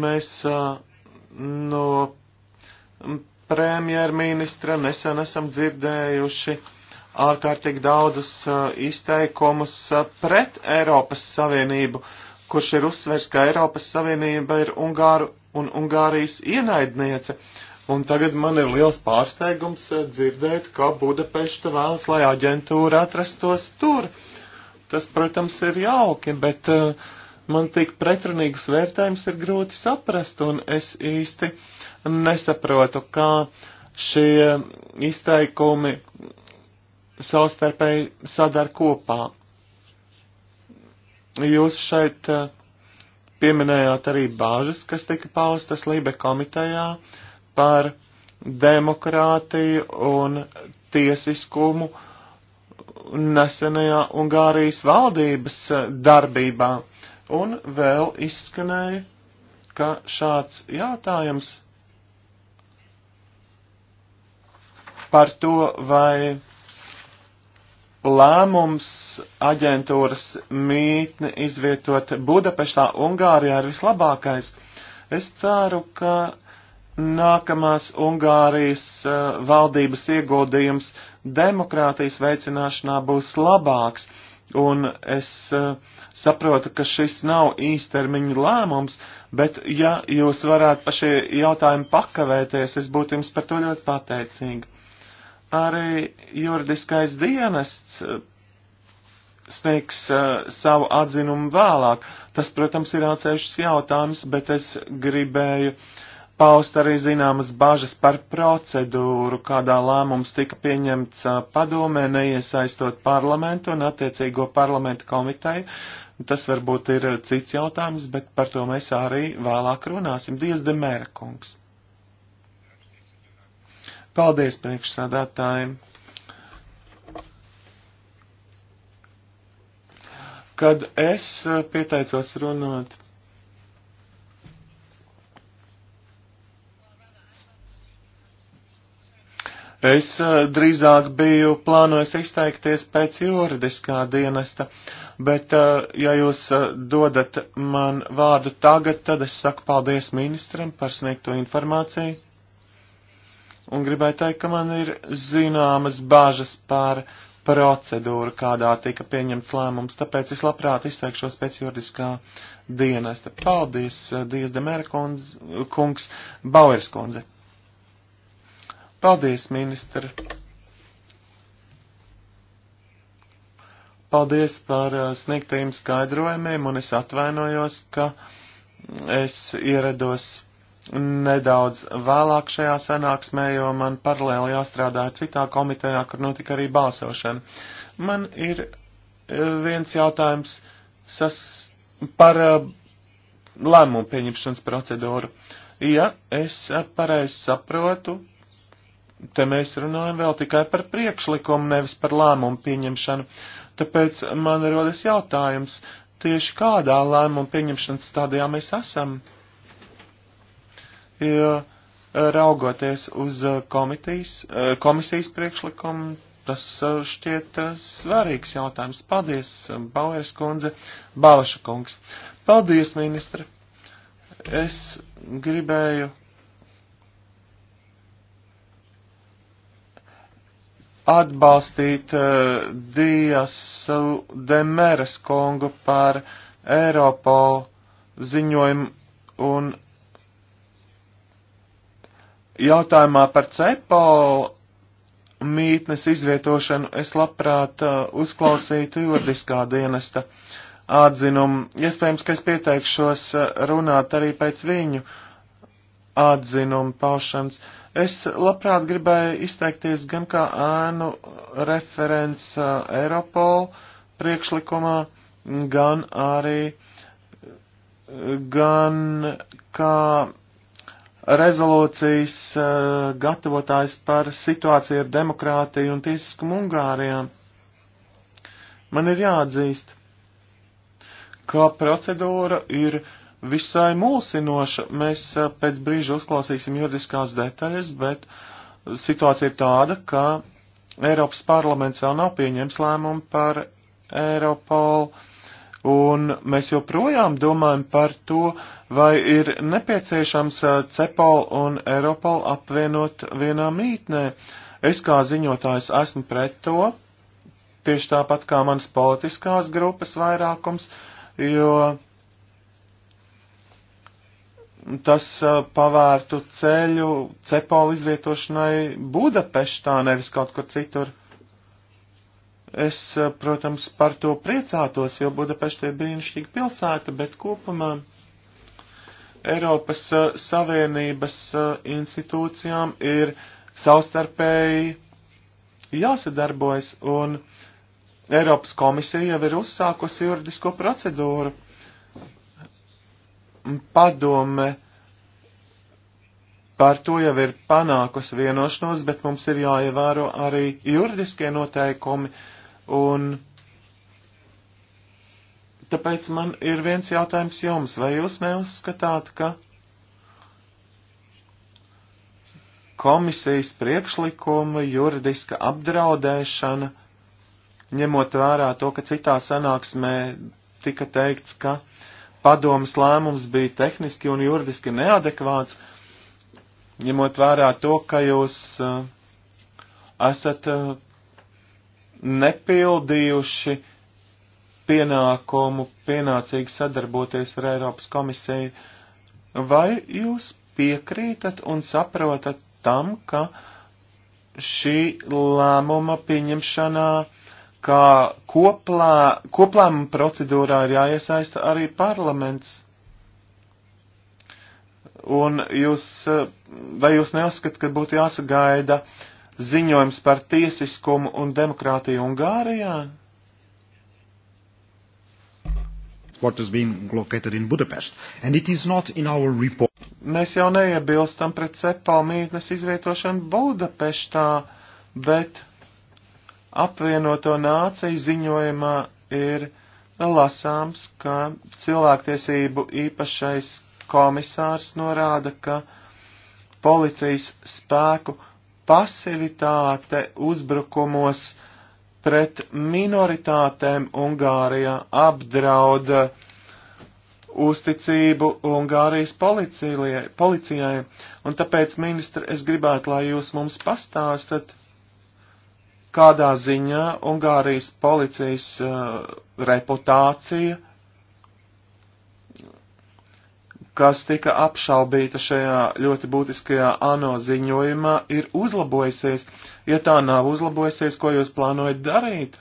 Mēs no premjerministra nesen esam dzirdējuši, ārkārtīgi daudzus izteikumus pret Eiropas Savienību, kurš ir uzsvers, ka Eiropas Savienība ir Ungāru un Ungārijas ienaidniece. Un tagad man ir liels pārsteigums dzirdēt, ka Budapešta vēlas, lai aģentūra atrastos tur. Tas, protams, ir jauki, bet uh, man tik pretrunīgus vērtējumus ir grūti saprast, un es īsti nesaprotu, kā šie izteikumi savstarpēji sadar kopā. Jūs šeit eh, pieminējāt arī bāžas, kas tika paustas Lībe komitejā par demokrātiju un tiesiskumu nesenajā Ungārijas valdības eh, darbībā. Un vēl izskanēja, ka šāds jautājums par to, vai lēmums aģentūras mītni izvietot Budapeštā, Ungārijā ir vislabākais. Es ceru, ka nākamās Ungārijas uh, valdības ieguldījums demokrātijas veicināšanā būs labāks. Un es uh, saprotu, ka šis nav īstermiņa lēmums, bet ja jūs varētu pa šie jautājumi pakavēties, es būtu jums par to ļoti pateicīgi arī juridiskais dienests eh, sniegs uh, savu atzinumu vēlāk. Tas, protams, ir atsevišķs jautājums, bet es gribēju paust arī zināmas bažas par procedūru, kādā lēmums tika pieņemts uh, padomē, neiesaistot parlamentu un attiecīgo parlamentu komiteju. Tas varbūt ir cits jautājums, bet par to mēs arī vēlāk runāsim. Dievs, Demērkungs. Paldies priekšsādātājiem! Kad es eh, pieteicos runāt Es eh, drīzāk biju plānojis izteikties pēc juridiskā dienesta, bet eh, ja jūs dodat man vārdu tagad, tad es saku paldies ministram par sniegto informāciju un gribēju teikt, ka man ir zināmas bažas par procedūru, kādā tika pieņemts lēmums, tāpēc es labprāt izteikšos pēc juridiskā dienesta. Paldies, eh, Dievs Demērkungs, kungs, Bauers kundze. Paldies, ministra. Paldies par eh, sniegtajiem skaidrojumiem, un es atvainojos, ka es ierados nedaudz vēlāk šajā sanāksmē, jo man paralēli jāstrādā citā komitejā, kur notika arī balsošana. Man ir e, viens jautājums sas, par e, lēmumu pieņemšanas procedūru. Ja es pareizi saprotu, te mēs runājam vēl tikai par priekšlikumu, nevis par lēmumu pieņemšanu, tāpēc man rodas jautājums, tieši kādā lēmumu pieņemšanas stadijā mēs esam? Uh, jo eh, raugoties uz eh, komitijas, eh, komisijas priekšlikumu, tas šķiet svarīgs jautājums. Paldies, Baueris kundze, Balaša kungs. Paldies, ministra. Es gribēju atbalstīt uh, Diesu Demeres kungu par Eiropolu ziņojumu un Jautājumā par cepo mītnes izvietošanu es labprāt uh, uzklausītu juridiskā dienesta atzinumu. Iespējams, ka es pieteikšos uh, runāt arī pēc viņu atzinumu paušanas. Es labprāt gribēju izteikties gan kā ēnu referents uh, Eiropol priekšlikumā, gan arī gan kā rezolūcijas eh, gatavotājs par situāciju ar demokrātiju un tiesiskumu Ungārijā. Man ir jāatzīst, ka procedūra ir visai mulsinoša. Mēs eh, pēc brīža uzklausīsim juridiskās detaļas, bet situācija ir tāda, ka Eiropas parlaments vēl nav pieņems lēmumu par Eiropolu un mēs joprojām domājam par to, vai ir nepieciešams Cepol un Eiropol apvienot vienā mītnē. Es kā ziņotājs esmu pret to, tieši tāpat kā manas politiskās grupas vairākums, jo tas pavērtu ceļu Cepol izvietošanai Budapeštā, nevis kaut kur citur. Es, eh, protams, par to priecātos, jo Budapešta ir brīnišķīga pilsēta, bet kopumā Eiropas eh, Savienības eh, institūcijām ir savstarpēji jāsadarbojas, un Eiropas komisija jau ir uzsākusi juridisko procedūru. Padome par to jau ir panākusi vienošanos, bet mums ir jāievēro arī juridiskie noteikumi, uh, Un tāpēc man ir viens jautājums jums. Vai jūs neuzskatāt, ka komisijas priekšlikuma juridiska apdraudēšana, ņemot vērā to, ka citā sanāksmē tika teikts, ka padomas lēmums bija tehniski un juridiski neadekvāts, ņemot vērā to, ka jūs uh, esat uh, nepildījuši pienākumu pienācīgi sadarboties ar Eiropas komisiju, vai jūs piekrītat un saprotat tam, ka šī lēmuma pieņemšanā, kā koplā, koplēmuma procedūrā ir jāiesaista arī parlaments? Un jūs, vai jūs neuzskat, ka būtu jāsagaida uh, ziņojums par tiesiskumu un demokrātiju Ungārijā? What has been located in Budapest, and it is not in our report. Mēs jau neiebilstam pret cepālu mītnes izvietošanu Budapeštā, bet apvienoto nāciju ziņojumā ir lasāms, ka cilvēktiesību īpašais komisārs norāda, ka policijas spēku pasivitāte uzbrukumos pret minoritātēm Ungārijā apdrauda uzticību Ungārijas policijai, policijai. Un tāpēc, ministri, es gribētu, lai jūs mums pastāstat, kādā ziņā Ungārijas policijas uh, reputācija kas tika apšaubīta šajā ļoti būtiskajā ANO ziņojumā, ir uzlabojusies. Ja tā nav uzlabojusies, ko jūs plānojat darīt?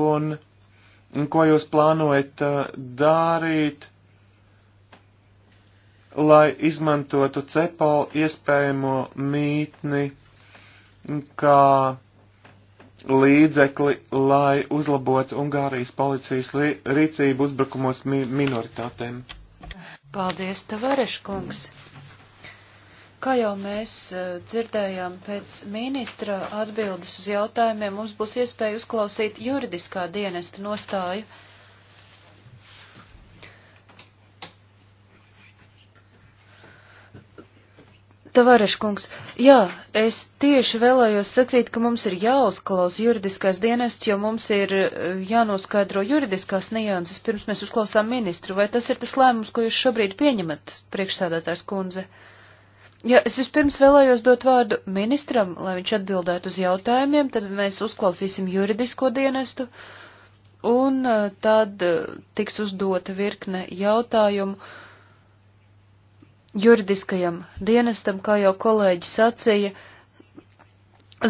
Un ko jūs plānojat uh, darīt, lai izmantotu cepalu iespējamo mītni kā līdzekli, lai uzlabotu Ungārijas policijas rīcību uzbrukumos mi minoritātēm. Paldies, Tavareškungs! Kā jau mēs eh, dzirdējām pēc ministra atbildes uz jautājumiem, mums būs iespēja uzklausīt juridiskā dienesta nostāju. Tavareškungs, jā, es tieši vēlējos sacīt, ka mums ir jāuzklaus juridiskais dienests, jo mums ir eh, jānoskaidro juridiskās nianses, pirms mēs uzklausām ministru. Vai tas ir tas lēmums, ko jūs šobrīd pieņemat, priekšstādātājs kundze? Jā, es vispirms vēlējos dot vārdu ministram, lai viņš atbildētu uz jautājumiem, tad mēs uzklausīsim juridisko dienestu, un eh, tad eh, tiks uzdota virkne jautājumu juridiskajam dienestam, kā jau kolēģi sacīja,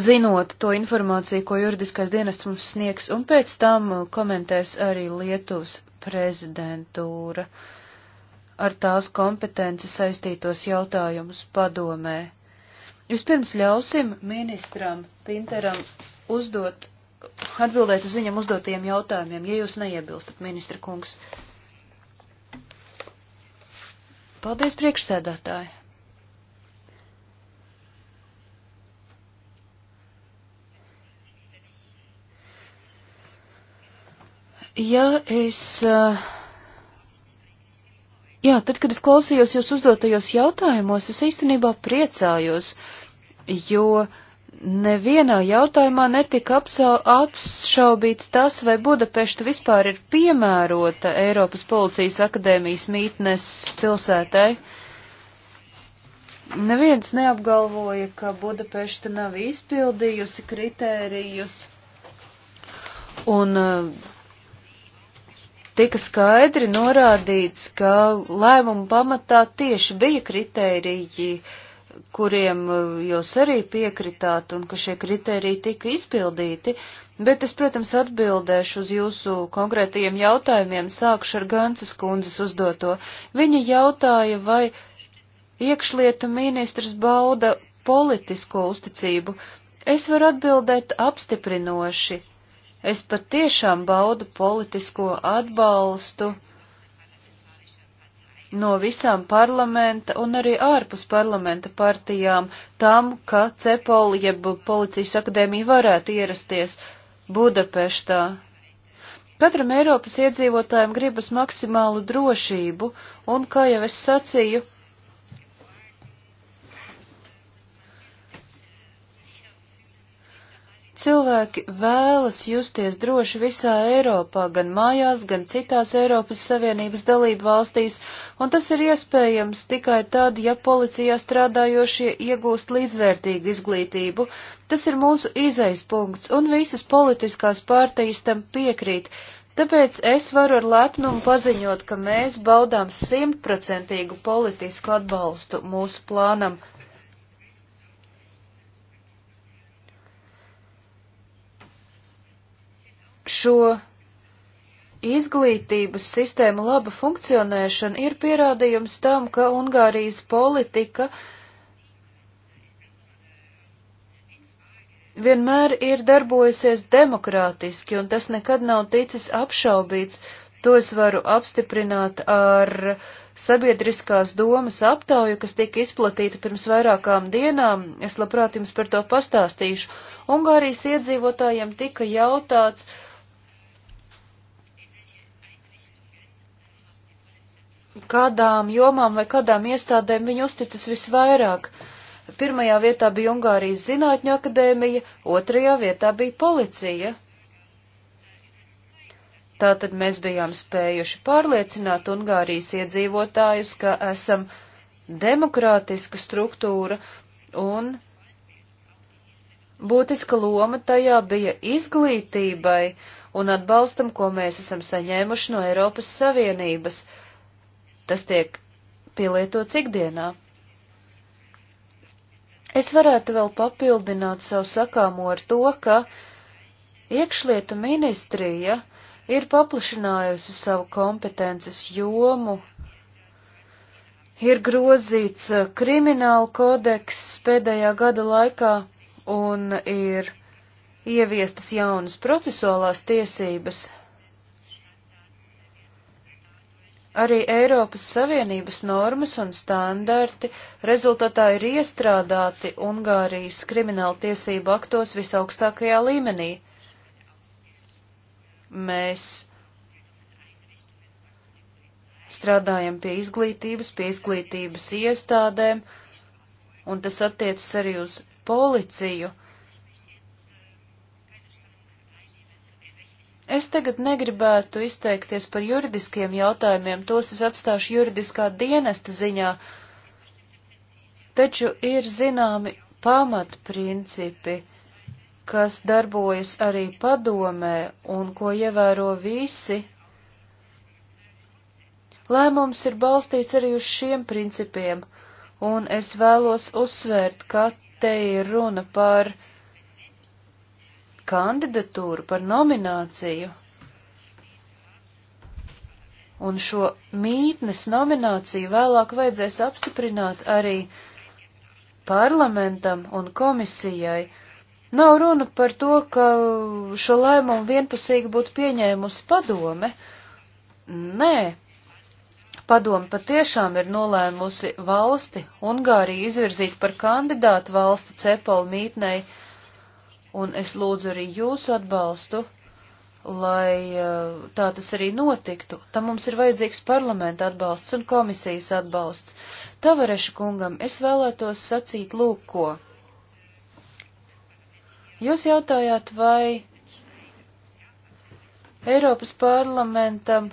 zinot to informāciju, ko juridiskais dienests mums sniegs, un pēc tam komentēs arī Lietuvas prezidentūra ar tās kompetenci saistītos jautājumus padomē. Vispirms ļausim ministram Pinteram uzdot, atbildēt uz viņam uzdotajiem jautājumiem, ja jūs neiebilstat, ministra kungs. Paldies, priekšsēdētāji! Ja es. Eh, jā, tad, kad es klausījos jūs uzdotajos jautājumos, es īstenībā priecājos, jo uh, Nevienā jautājumā netika apšaubīts tas, vai Budapešta vispār ir piemērota Eiropas Policijas akadēmijas mītnes pilsētai. Neviens neapgalvoja, ka Budapešta nav izpildījusi kritērijus. Un eh, tika skaidri norādīts, ka lēmumu pamatā tieši bija kritēriji kuriem uh, jūs arī piekritāt un ka šie kriteriji tika izpildīti, bet es, protams, atbildēšu uz jūsu konkrētajiem jautājumiem, sākšu ar Gancas kundzes uzdoto. Viņa jautāja, vai iekšlietu ministrs bauda politisko uzticību. Es varu atbildēt apstiprinoši. Es patiešām baudu politisko atbalstu no visām parlamenta un arī ārpus parlamenta partijām tam, ka Cepol jeb policijas akadēmija varētu ierasties Budapeštā. Katram Eiropas iedzīvotājiem gribas maksimālu drošību, un, kā jau es sacīju, Cilvēki vēlas justies droši visā Eiropā, gan mājās, gan citās Eiropas Savienības dalību valstīs, un tas ir iespējams tikai tad, ja policijā strādājošie iegūst līdzvērtīgu izglītību. Tas ir mūsu izejas punkts, un visas politiskās pārtejas tam piekrīt. Tāpēc es varu ar lepnumu paziņot, ka mēs baudām simtprocentīgu politisku atbalstu mūsu plānam šo izglītības sistēmu laba funkcionēšana ir pierādījums tam, ka Ungārijas politika vienmēr ir darbojusies demokrātiski, un tas nekad nav ticis apšaubīts. To es varu apstiprināt ar sabiedriskās domas aptauju, kas tika izplatīta pirms vairākām dienām. Es labprāt jums par to pastāstīšu. Ungārijas iedzīvotājiem tika jautāts, uh, kādām jomām vai kādām iestādēm viņi uzticas visvairāk. Pirmajā vietā bija Ungārijas Zinātņu akadēmija, otrajā vietā bija policija. Tātad mēs bijām spējuši pārliecināt Ungārijas iedzīvotājus, ka esam demokrātiska struktūra un būtiska loma tajā bija izglītībai un atbalstam, ko mēs esam saņēmuši no Eiropas Savienības tas tiek pielietots ikdienā. Es varētu vēl papildināt savu sakāmo ar to, ka iekšlietu ministrija ir paplašinājusi savu kompetences jomu, ir grozīts eh, krimināla kodeks pēdējā gada laikā un ir ieviestas jaunas procesuālās tiesības Arī Eiropas Savienības normas un standarti rezultatā ir iestrādāti Ungārijas krimināla tiesību aktos visaugstākajā līmenī. Mēs strādājam pie izglītības, pie izglītības iestādēm, un tas attiecas arī uz policiju. Es tagad negribētu izteikties par juridiskiem jautājumiem, tos es atstāšu juridiskā dienesta ziņā, taču ir zināmi pamatprincipi, kas darbojas arī padomē un ko ievēro visi. Lēmums ir balstīts arī uz šiem principiem, un es vēlos uzsvērt, ka te ir runa par kandidatūru, par nomināciju. Un šo mītnes nomināciju vēlāk vajadzēs apstiprināt arī parlamentam un komisijai. Nav runa par to, ka šo lēmumu vienpusīgi būtu pieņēmusi padome. Nē, padome patiešām ir nolēmusi valsti Ungāriju izvirzīt par kandidātu valsti Cepola mītnei un es lūdzu arī jūsu atbalstu, lai eh, tā tas arī notiktu. Tam mums ir vajadzīgs parlamenta atbalsts un komisijas atbalsts. Tavareša kungam es vēlētos sacīt lūko. Jūs jautājāt, vai Eiropas parlamentam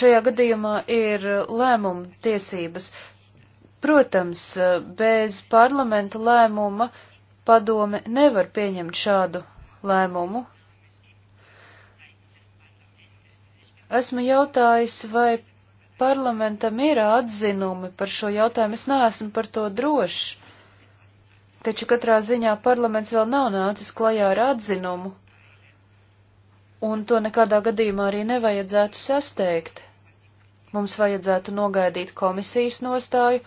šajā gadījumā ir lēmuma tiesības. Protams, bez parlamenta lēmuma padome nevar pieņemt šādu lēmumu. Esmu jautājis, vai parlamentam ir atzinumi par šo jautājumu. Es neesmu par to drošs. Taču katrā ziņā parlaments vēl nav nācis klajā ar atzinumu, un to nekādā gadījumā arī nevajadzētu sasteigt. Mums vajadzētu nogaidīt komisijas nostāju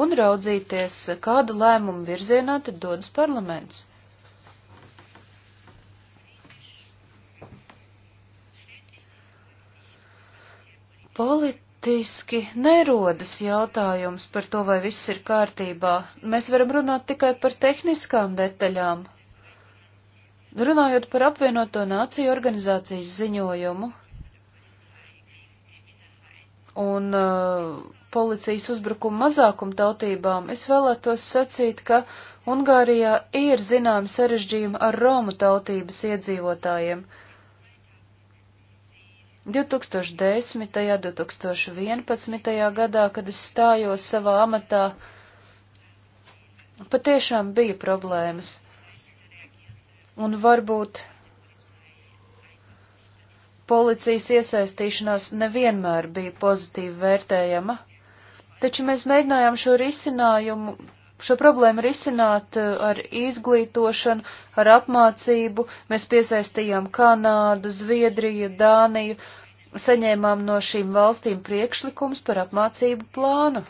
un raudzīties, kādu lēmumu virzienā tad dodas parlaments. Politiski nerodas jautājums par to, vai viss ir kārtībā. Mēs varam runāt tikai par tehniskām detaļām. Runājot par apvienoto nāciju organizācijas ziņojumu, un uh, policijas uzbrukumu mazākumtautībām, es vēlētos sacīt, ka Ungārijā ir zināmi sarežģījumi ar Romu tautības iedzīvotājiem. 2010. un 2011. gadā, kad es stājos savā amatā, patiešām bija problēmas. Un varbūt policijas iesaistīšanās nevienmēr bija pozitīvi vērtējama. Taču mēs mēģinājām šo risinājumu, šo problēmu risināt eh, ar izglītošanu, ar apmācību. Mēs piesaistījām Kanādu, Zviedriju, Dāniju, saņēmām no šīm valstīm priekšlikums par apmācību plānu.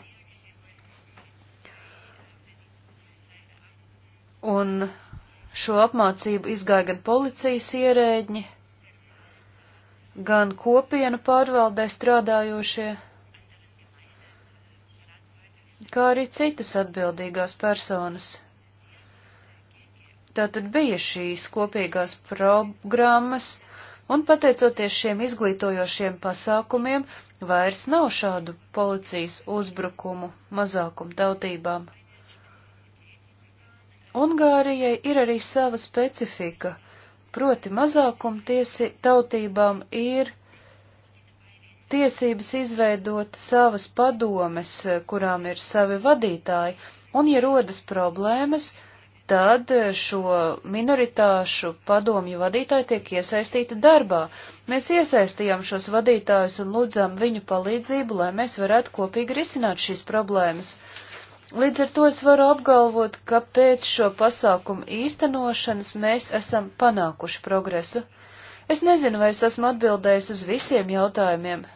Un šo apmācību izgāja gan policijas ierēģi, gan kopienu pārvaldē strādājošie kā arī citas atbildīgās personas. Tātad bija šīs kopīgās programmas, un pateicoties šiem izglītojošiem pasākumiem, vairs nav šādu policijas uzbrukumu mazākumtautībām. Ungārijai ir arī sava specifika, proti mazākumtiesi tautībām ir tiesības izveidot savas padomes, eh, kurām ir savi vadītāji, un ja rodas problēmas, tad eh, šo minoritāšu padomju vadītāji tiek iesaistīti darbā. Mēs iesaistījām šos vadītājus un lūdzām viņu palīdzību, lai mēs varētu kopīgi risināt šīs problēmas. Līdz ar to es varu apgalvot, ka pēc šo pasākumu īstenošanas mēs esam panākuši progresu. Es nezinu, vai es esmu atbildējis uz visiem jautājumiem,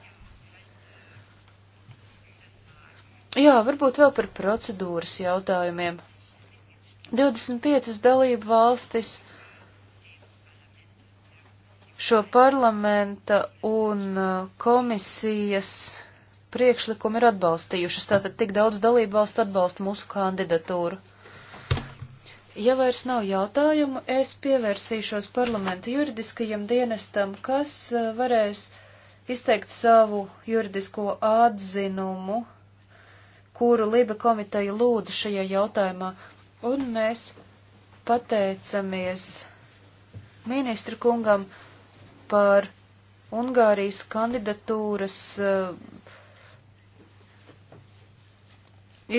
Jā, varbūt vēl par procedūras jautājumiem. 25 dalību valstis šo parlamenta un uh, komisijas priekšlikumu ir atbalstījušas, tātad tik daudz dalību valstu atbalsta mūsu kandidatūru. Ja vairs nav jautājumu, es pievērsīšos parlamenta juridiskajam dienestam, kas uh, varēs izteikt savu juridisko atzinumu kuru Liba komiteja lūdza šajā jautājumā, un mēs pateicamies ministra kungam par Ungārijas kandidatūras uh,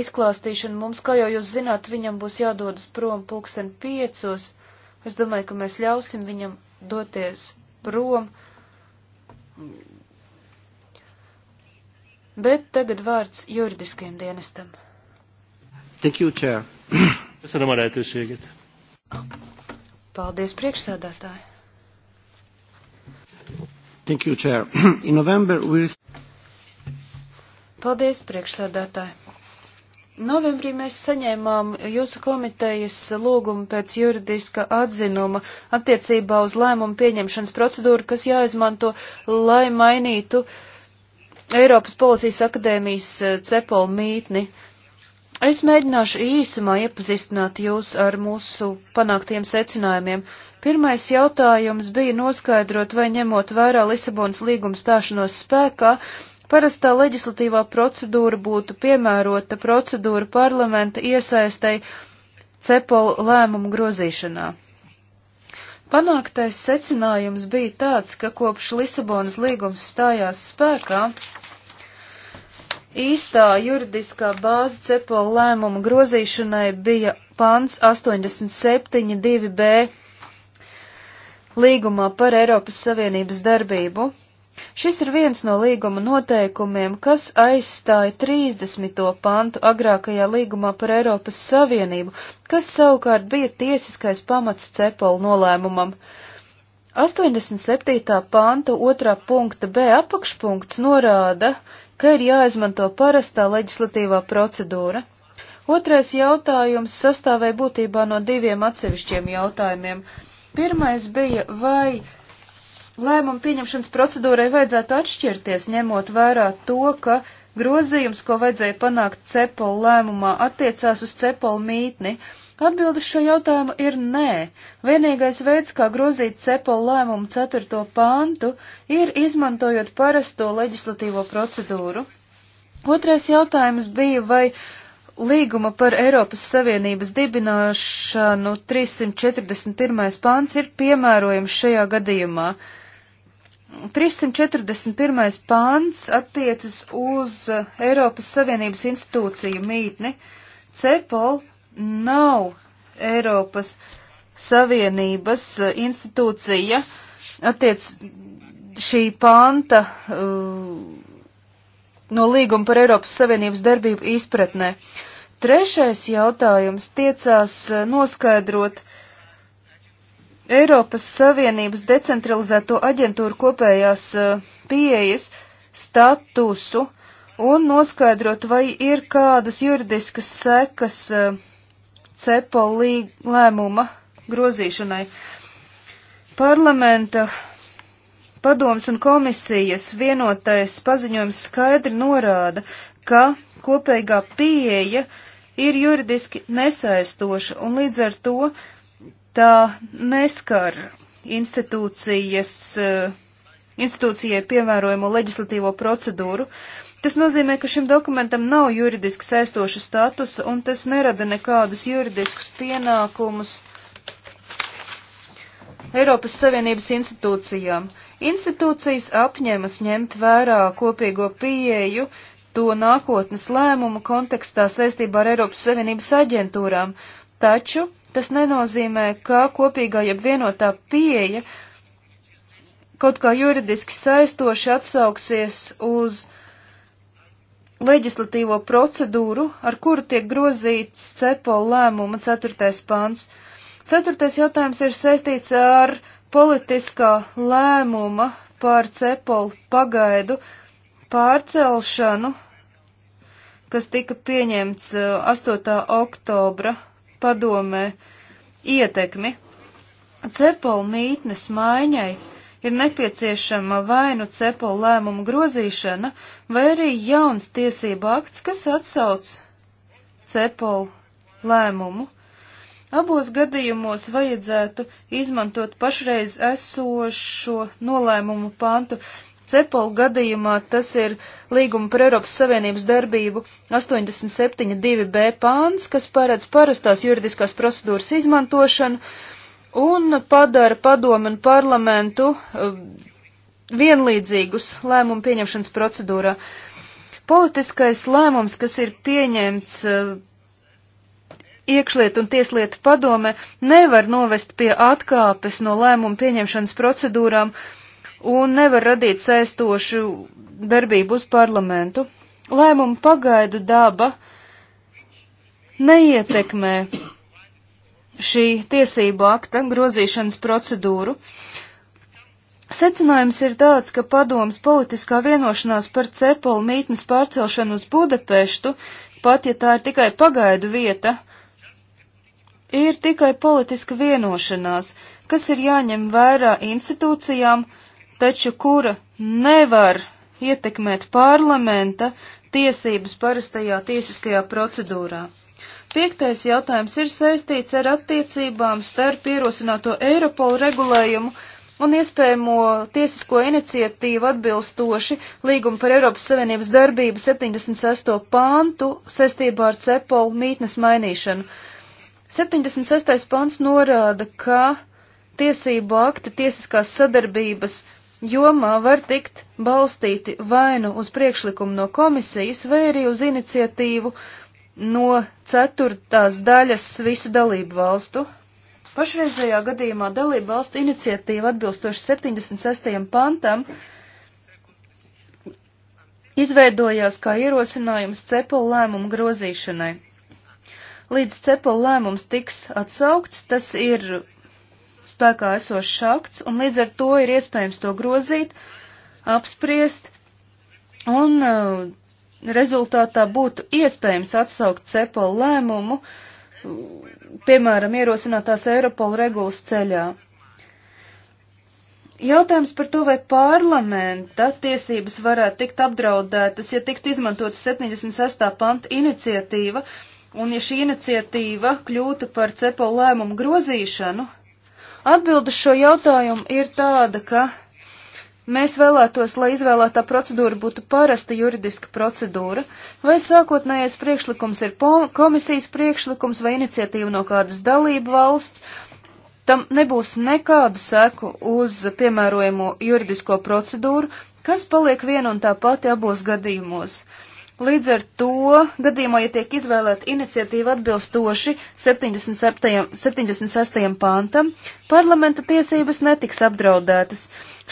izklāstīšanu. Mums, kā jau jūs zināt, viņam būs jādodas prom pulksten piecos. Es domāju, ka mēs ļausim viņam doties prom Bet tagad vārds juridiskajam dienestam. Thank you, Chair. [coughs] Köszönöm a lehetőséget. Paldies, priekšsēdētāji. Thank you, Chair. [coughs] In November we... Paldies, priekšsēdētāji. Novembrī mēs saņēmām jūsu komitejas lūgumu pēc juridiska atzinuma attiecībā uz lēmumu pieņemšanas procedūru, kas jāizmanto, lai mainītu uh, Eiropas Policijas akadēmijas eh, cepola mītni. Es mēģināšu īsumā iepazīstināt jūs ar mūsu panāktiem secinājumiem. Pirmais jautājums bija noskaidrot, vai ņemot vērā Lisabonas līguma stāšanos spēkā, parastā leģislatīvā procedūra būtu piemērota procedūra parlamenta iesaistei cepola lēmumu grozīšanā. Panāktais secinājums bija tāds, ka kopš Lisabonas līgums stājās spēkā, īstā juridiskā bāze cepola lēmumu grozīšanai bija pants 87.2b līgumā par Eiropas Savienības darbību. Šis ir viens no līguma noteikumiem, kas aizstāja 30. pantu agrākajā līgumā par Eiropas Savienību, kas savukārt bija tiesiskais pamats cepolu nolēmumam. 87. panta otrā punkta B apakšpunkts norāda, ka ir jāizmanto parastā leģislatīvā procedūra. Otrais jautājums sastāvēja būtībā no diviem atsevišķiem jautājumiem. Pirmais bija, vai lēmumu pieņemšanas procedūrai vajadzētu atšķirties, ņemot vērā to, ka grozījums, ko vajadzēja panākt cepola lēmumā, attiecās uz cepola mītni. Atbildes šo jautājumu ir nē. Vienīgais veids, kā grozīt cepola lēmumu 4. pāntu, ir izmantojot parasto leģislatīvo procedūru. Otrais jautājums bija, vai līguma par Eiropas Savienības dibināšanu 341. pāns ir piemērojams šajā gadījumā. 341. pāns attiecas uz eh, Eiropas Savienības institūciju mītni. CEPOL nav Eiropas Savienības eh, institūcija. Attiec šī panta eh, no līguma par Eiropas Savienības darbību izpratnē. Trešais jautājums tiecās noskaidrot, Eiropas Savienības decentralizēto aģentūru kopējās e, pieejas statusu un noskaidrot, vai ir kādas juridiskas sekas e, CEPO lēmuma grozīšanai. Parlamenta padoms un komisijas vienotais paziņojums skaidri norāda, ka kopīgā pieeja ir juridiski nesaistoša un līdz ar to tā neskar institūcijas, eh, institūcijai pievērojamo leģislatīvo procedūru. Tas nozīmē, ka šim dokumentam nav juridiski saistoša statusa un tas nerada nekādus juridiskus pienākumus Eiropas Savienības institūcijām. Institūcijas apņemas ņemt vērā kopīgo pieeju to nākotnes lēmumu kontekstā saistībā ar Eiropas Savienības aģentūrām, taču Tas nenozīmē, ka kopīgā jeb vienotā pieeja kaut kā juridiski saistoši atsauksies uz leģislatīvo procedūru, ar kuru tiek grozīts CEPO lēmuma 4. pāns. 4. jautājums ir saistīts ar politiskā lēmuma par CEPOL pagaidu pārcelšanu, kas tika pieņemts 8. Uh, oktobra padomē ietekmi. Cepola mītnes maiņai ir nepieciešama vai nu cepola lēmuma grozīšana, vai arī jauns tiesība akts, kas atsauc cepola lēmumu. Abos gadījumos vajadzētu izmantot pašreiz esošo nolēmumu pantu, Cepola gadījumā tas ir līguma par Eiropas Savienības darbību 87.2b pāns, kas paredz parastās juridiskās procedūras izmantošanu un padara padomu un parlamentu eh, vienlīdzīgus lēmumu pieņemšanas procedūrā. Politiskais lēmums, kas ir pieņemts eh, iekšlietu un tieslietu padome, nevar novest pie atkāpes no lēmumu pieņemšanas procedūrām, uh, un nevar radīt saistošu darbību uz parlamentu. Lēmumu pagaidu daba neietekmē šī tiesību akta grozīšanas procedūru. Secinājums ir tāds, ka padomas politiskā vienošanās par cepolu mītnes pārcelšanu uz Budapeštu, pat ja tā ir tikai pagaidu vieta, ir tikai politiska vienošanās, kas ir jāņem vērā institūcijām, taču kura nevar ietekmēt parlamenta tiesības parastajā tiesiskajā procedūrā. Piektais jautājums ir saistīts ar attiecībām starp ierosināto Eiropolu regulējumu un iespējamo tiesisko iniciatīvu atbilstoši līguma par Eiropas Savienības darbību 78. pantu saistībā ar cepolu mītnes mainīšanu. 76. pants norāda, ka tiesību akti tiesiskās sadarbības jomā var tikt balstīti vainu uz priekšlikumu no komisijas vai arī uz iniciatīvu no ceturtās daļas visu dalību valstu. Pašreizējā gadījumā dalību valstu iniciatīva atbilstoši 76. pantam izveidojās kā ierosinājums cepola lēmumu grozīšanai. Līdz cepola lēmums tiks atsaukts, tas ir spēkā esošs akts, un līdz ar to ir iespējams to grozīt, apspriest, un uh, rezultātā būtu iespējams atsaukt CEPOL lēmumu, uh, piemēram, ierosinātās Eiropola regulas ceļā. Jautājums par to, vai parlamenta tiesības varētu tikt apdraudētas, ja tikt izmantot 76. panta iniciatīva, un ja šī iniciatīva kļūtu par CEPO lēmumu grozīšanu, Atbildu šo jautājumu ir tāda, ka mēs vēlētos, lai izvēlētā procedūra būtu parasta juridiska procedūra, vai sākotnējais priekšlikums ir komisijas priekšlikums vai iniciatīva no kādas dalību valsts, tam nebūs nekādu seku uz piemērojamo juridisko procedūru, kas paliek viena un tā pati abos gadījumos. Uh, Līdz ar to, gadījumā, ja tiek izvēlēta iniciatīva atbilstoši 77, 76. pantam, parlamenta tiesības netiks apdraudētas.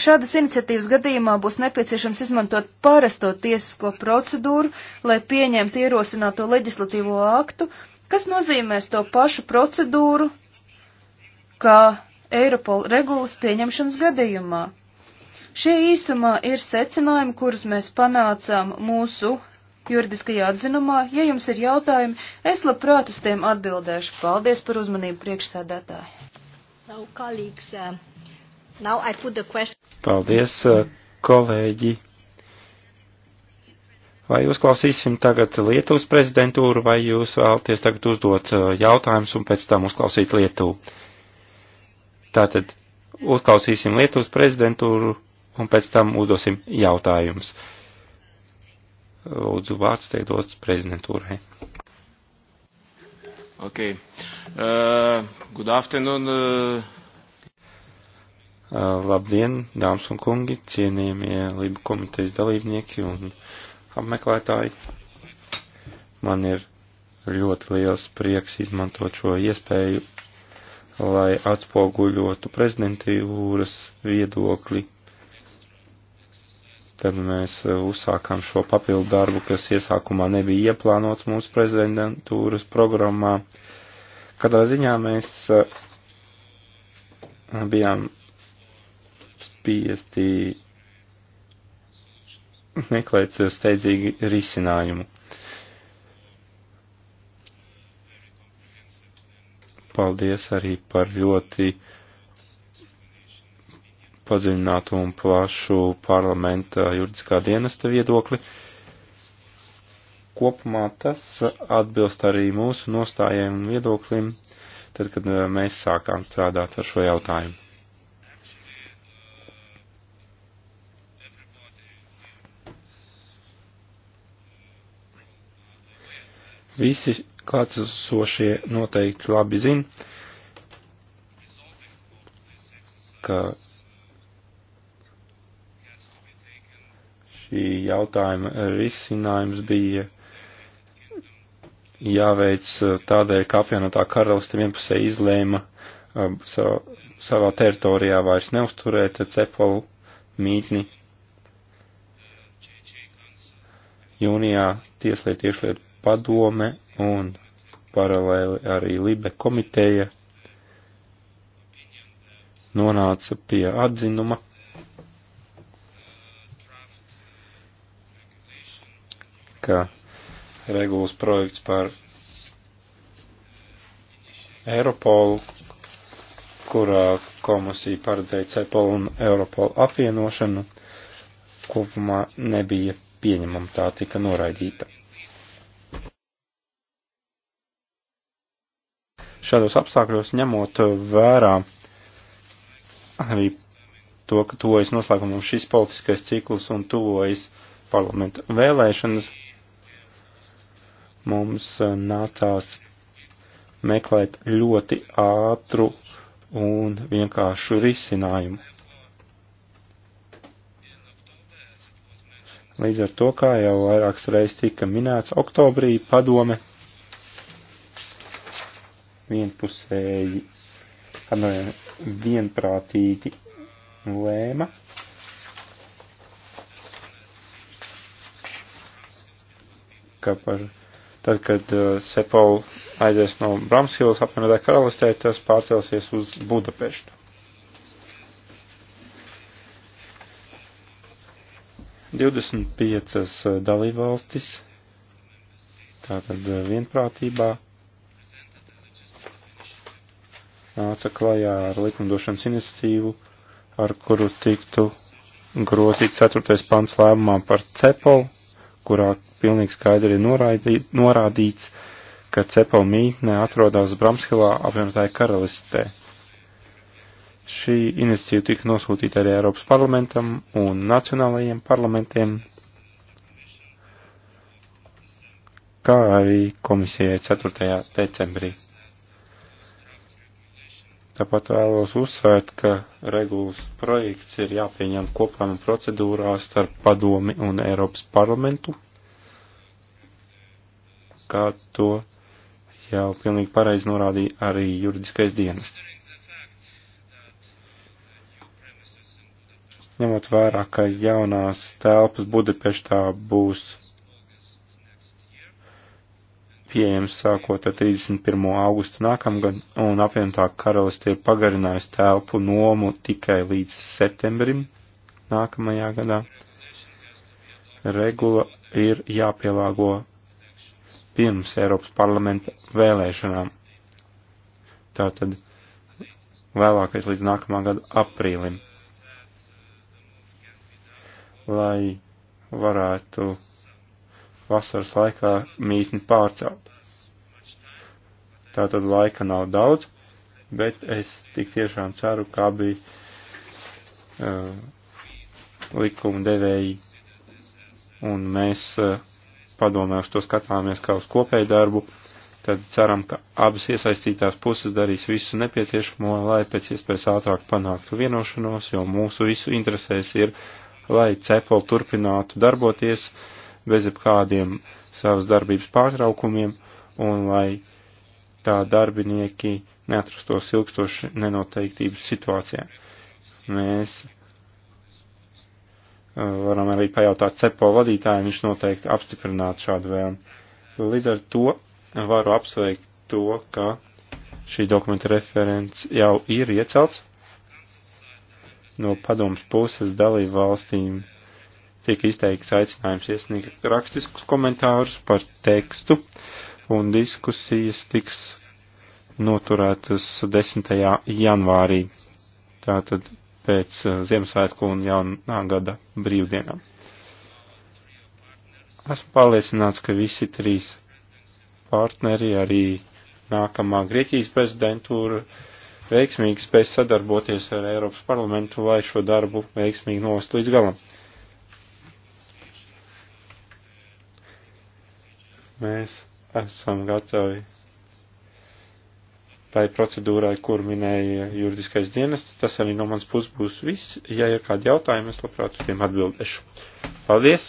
Šādas iniciatīvas gadījumā būs nepieciešams izmantot parasto tiesisko procedūru, lai pieņemtu ierosināto leģislatīvo aktu, kas nozīmēs to pašu procedūru, kā Eiropola regulas pieņemšanas gadījumā. Šie īsumā ir secinājumi, kurus mēs panācām mūsu juridiskajā atzinumā. Ja jums ir jautājumi, es labprāt uz tiem atbildēšu. Paldies par uzmanību priekšsēdētāji. So, colleagues, um, now I put the question. Paldies, uh, kolēģi. Vai uzklausīsim tagad Lietuvas prezidentūru, vai jūs vēlaties tagad uzdot uh, jautājumus un pēc tam uzklausīt Lietuvu? Tātad uzklausīsim Lietuvas prezidentūru un pēc tam uzdosim jautājumus. Lūdzu, vārds tiek dots prezidentūrai. Okay. Uh, good afternoon. Uh... Uh, labdien, dāmas un kungi, cienījamie Lība komitejas dalībnieki un apmeklētāji. Man ir ļoti liels prieks izmantot šo iespēju, lai atspoguļotu prezidentūras viedokli Tad mēs e, uzsākām šo papildu darbu, kas iesākumā nebija ieplānots mūsu prezidentūras programmā. Katrā ziņā mēs e, bijām spiesti meklēt steidzīgi risinājumu. Paldies arī par ļoti uh, padziļinātu un plašu parlamenta juridiskā dienesta viedokli. Kopumā tas atbilst arī mūsu nostājiem un viedoklim, tad, kad eh, mēs sākām strādāt ar šo jautājumu. Visi klātesošie noteikti labi zina, ka šī jautājuma risinājums bija jāveic tādēļ, ka apvienotā karaliste vienpusē izlēma um, savā, savā teritorijā vairs neusturēt cepolu mītni. Jūnijā tieslietu iešlietu padome un paralēli arī Libe komiteja nonāca pie atzinuma, ka regulas projekts par Eiropolu, kurā komisija paredzēja CEPOL un Eiropolu apvienošanu, kopumā nebija pieņemama, tā tika noraidīta. Šādos apstākļos ņemot vērā arī to, ka tuvojas noslēgumam šis politiskais cikls un tuvojas parlamenta vēlēšanas, mums eh, nācās meklēt ļoti ātru un vienkāršu risinājumu. Līdz ar to, kā jau vairākas reizes tika minēts, oktobrī padome vienpusēji, padome vienprātīgi lēma ka par Tad, kad uh, Sepol aizies no Bramshīlas apvienotā karalistē, tas pārcelsies uz Budapeštu. Divdesmit piecas uh, dalībvalstis, tātad uh, vienprātībā, nāca klajā ar likumdošanas iniciatīvu, ar kuru tiktu grozīts 4. pants lēmumā par cepolu kurā pilnīgi skaidri ir noraidī, norādīts, ka cepela mītne atrodas Bramshilā apvienotāja karalistē. Šī iniciatīva tika nosūtīta arī Eiropas parlamentam un nacionālajiem parlamentiem, kā arī komisijai 4. decembrī. Tāpat vēlos uzsvērt, ka regulas projekts ir jāpieņem kopā un procedūrā starp padomi un Eiropas parlamentu, kā to jau pilnīgi pareizi norādīja arī juridiskais dienests. Ņemot vērā, ka jaunās telpas Budapeštā būs pieejams sākot ar 31. augustu nākamgad, un apvienotā karaliste ir pagarinājusi telpu nomu tikai līdz septembrim nākamajā gadā. Regula ir jāpielāgo pirms Eiropas parlamenta vēlēšanām. Tātad vēlākais līdz nākamā gada aprīlim. Lai varētu vasaras laikā mītni pārcelt. Tātad laika nav daudz, bet es tik tiešām ceru, ka abi uh, likuma devēji un mēs uh, padomē uz to skatāmies kā uz kopēju darbu, tad ceram, ka abas iesaistītās puses darīs visu nepieciešamo, lai pēc iespējas ātrāk panāktu vienošanos, jo mūsu visu interesēs ir, lai CEPOL turpinātu darboties, uh, bez jebkādiem savas darbības pārtraukumiem un lai tā darbinieki neatrastos ilgstoši nenoteiktības situācijā. Mēs uh, varam arī pajautāt CEPO vadītājiem, viņš noteikti apstiprinātu šādu vēlmu. Līdz ar to varu apsveikt to, ka šī dokumenta referents jau ir iecelts no padomas puses dalību valstīm tika izteikts aicinājums iesniegt rakstiskus komentārus par tekstu, un diskusijas tiks noturētas 10. janvārī, tātad pēc uh, Ziemassvētku un jaunā gada brīvdienām. Esmu pārliecināts, ka visi trīs partneri, arī nākamā Grieķijas prezidentūra, veiksmīgi spēs sadarboties ar Eiropas parlamentu, lai šo darbu veiksmīgi novest līdz galam. Mēs esam gatavi tai procedūrai, kur minēja juridiskais dienests. Tas arī no mans puses būs viss. Ja ir kādi jautājumi, es labprāt uz tiem atbildēšu. Paldies!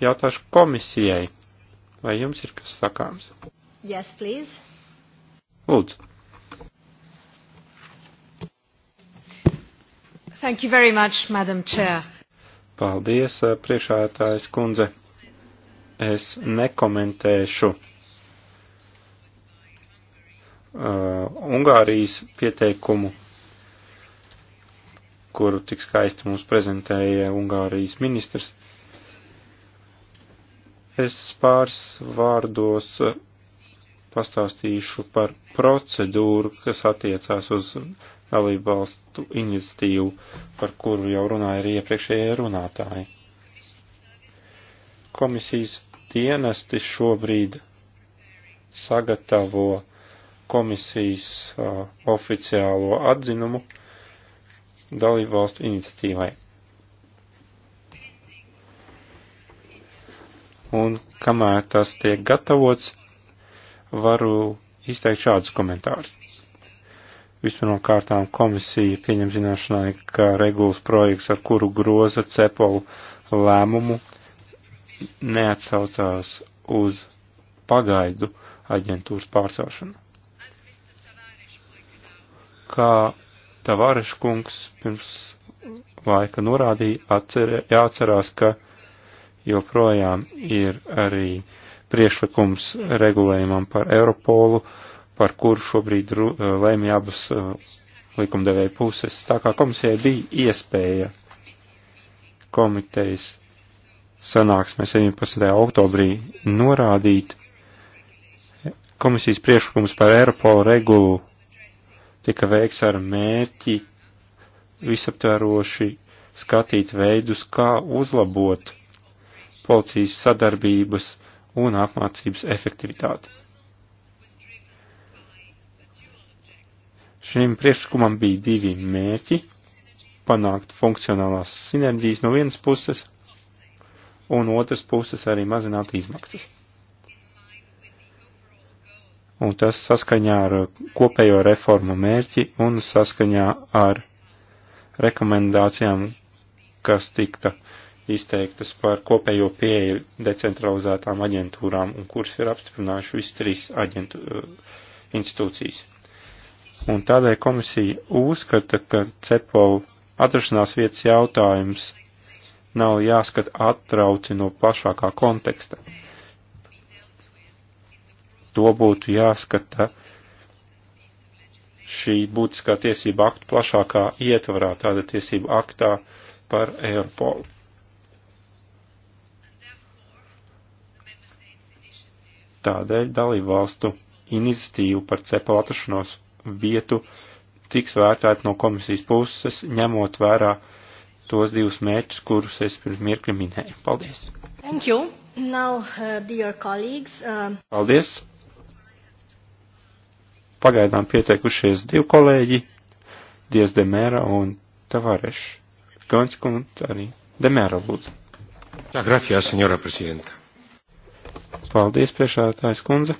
Jautāšu komisijai, vai jums ir kas sakāms? Yes, please. Lūdzu. Thank you very much, Madam Chair. Paldies, priekšētājs kundze. Es nekomentēšu uh, Ungārijas pieteikumu, kuru tik skaisti mums prezentēja Ungārijas ministrs. Es pāris vārdos uh, pastāstīšu par procedūru, kas attiecās uz dalību valstu iniciatīvu, par kuru jau runāja arī iepriekšējie runātāji. Komisijas dienesti šobrīd sagatavo komisijas uh, oficiālo atzinumu dalībvalstu iniciatīvai. Un kamēr tas tiek gatavots, varu izteikt šādus komentārus. Vispirmkārtām komisija pieņem zināšanai, ka regulas projekts, ar kuru groza cepolu lēmumu neatsaucās uz pagaidu aģentūras pārcelšanu. Kā Tavāreša kungs pirms laika norādīja, atcer, jāatcerās, ka joprojām ir arī priešlikums regulējumam par Europolu, par kuru šobrīd eh, lēmja abas eh, likumdevēja puses. Tā kā komisijai bija iespēja komitejas sanāksmē 17. oktobrī norādīt komisijas priekšlikums par Eiropolu regulu tika veikts ar mērķi visaptvēroši skatīt veidus, kā uzlabot policijas sadarbības un apmācības efektivitāti. Šim priekšlikumam bija divi mērķi - panākt funkcionālās sinerģijas no vienas puses un otras puses arī mazināt izmaksas. Un tas saskaņā ar kopējo reformu mērķi un saskaņā ar rekomendācijām, kas tikta izteiktas par kopējo pieeju decentralizētām aģentūrām, un kuras ir apstiprinājuši visas trīs aģentu, uh, institūcijas. Un tādēļ komisija uzskata, ka CEPO atrašanās vietas jautājums nav jāskat atrauci no plašākā konteksta. To būtu jāskata šī būtiskā tiesība akta plašākā ietvarā, tāda tiesība aktā par Eiropolu. Tādēļ dalību valstu iniciatīvu par cepalu atrašanos vietu tiks vērtēt no komisijas puses, ņemot vērā uh, tos divus mērķus, kurus es pirms mirkļa minēju. Paldies! Thank you. Now, uh, dear colleagues. Uh... Paldies! Pagaidām pieteikušies divi kolēģi, Dievs Demēra un Tavareš. Gonskund arī. Demēra, lūdzu. Tā grafijā, senjora prezidenta. Paldies, priekšādātājs kundze.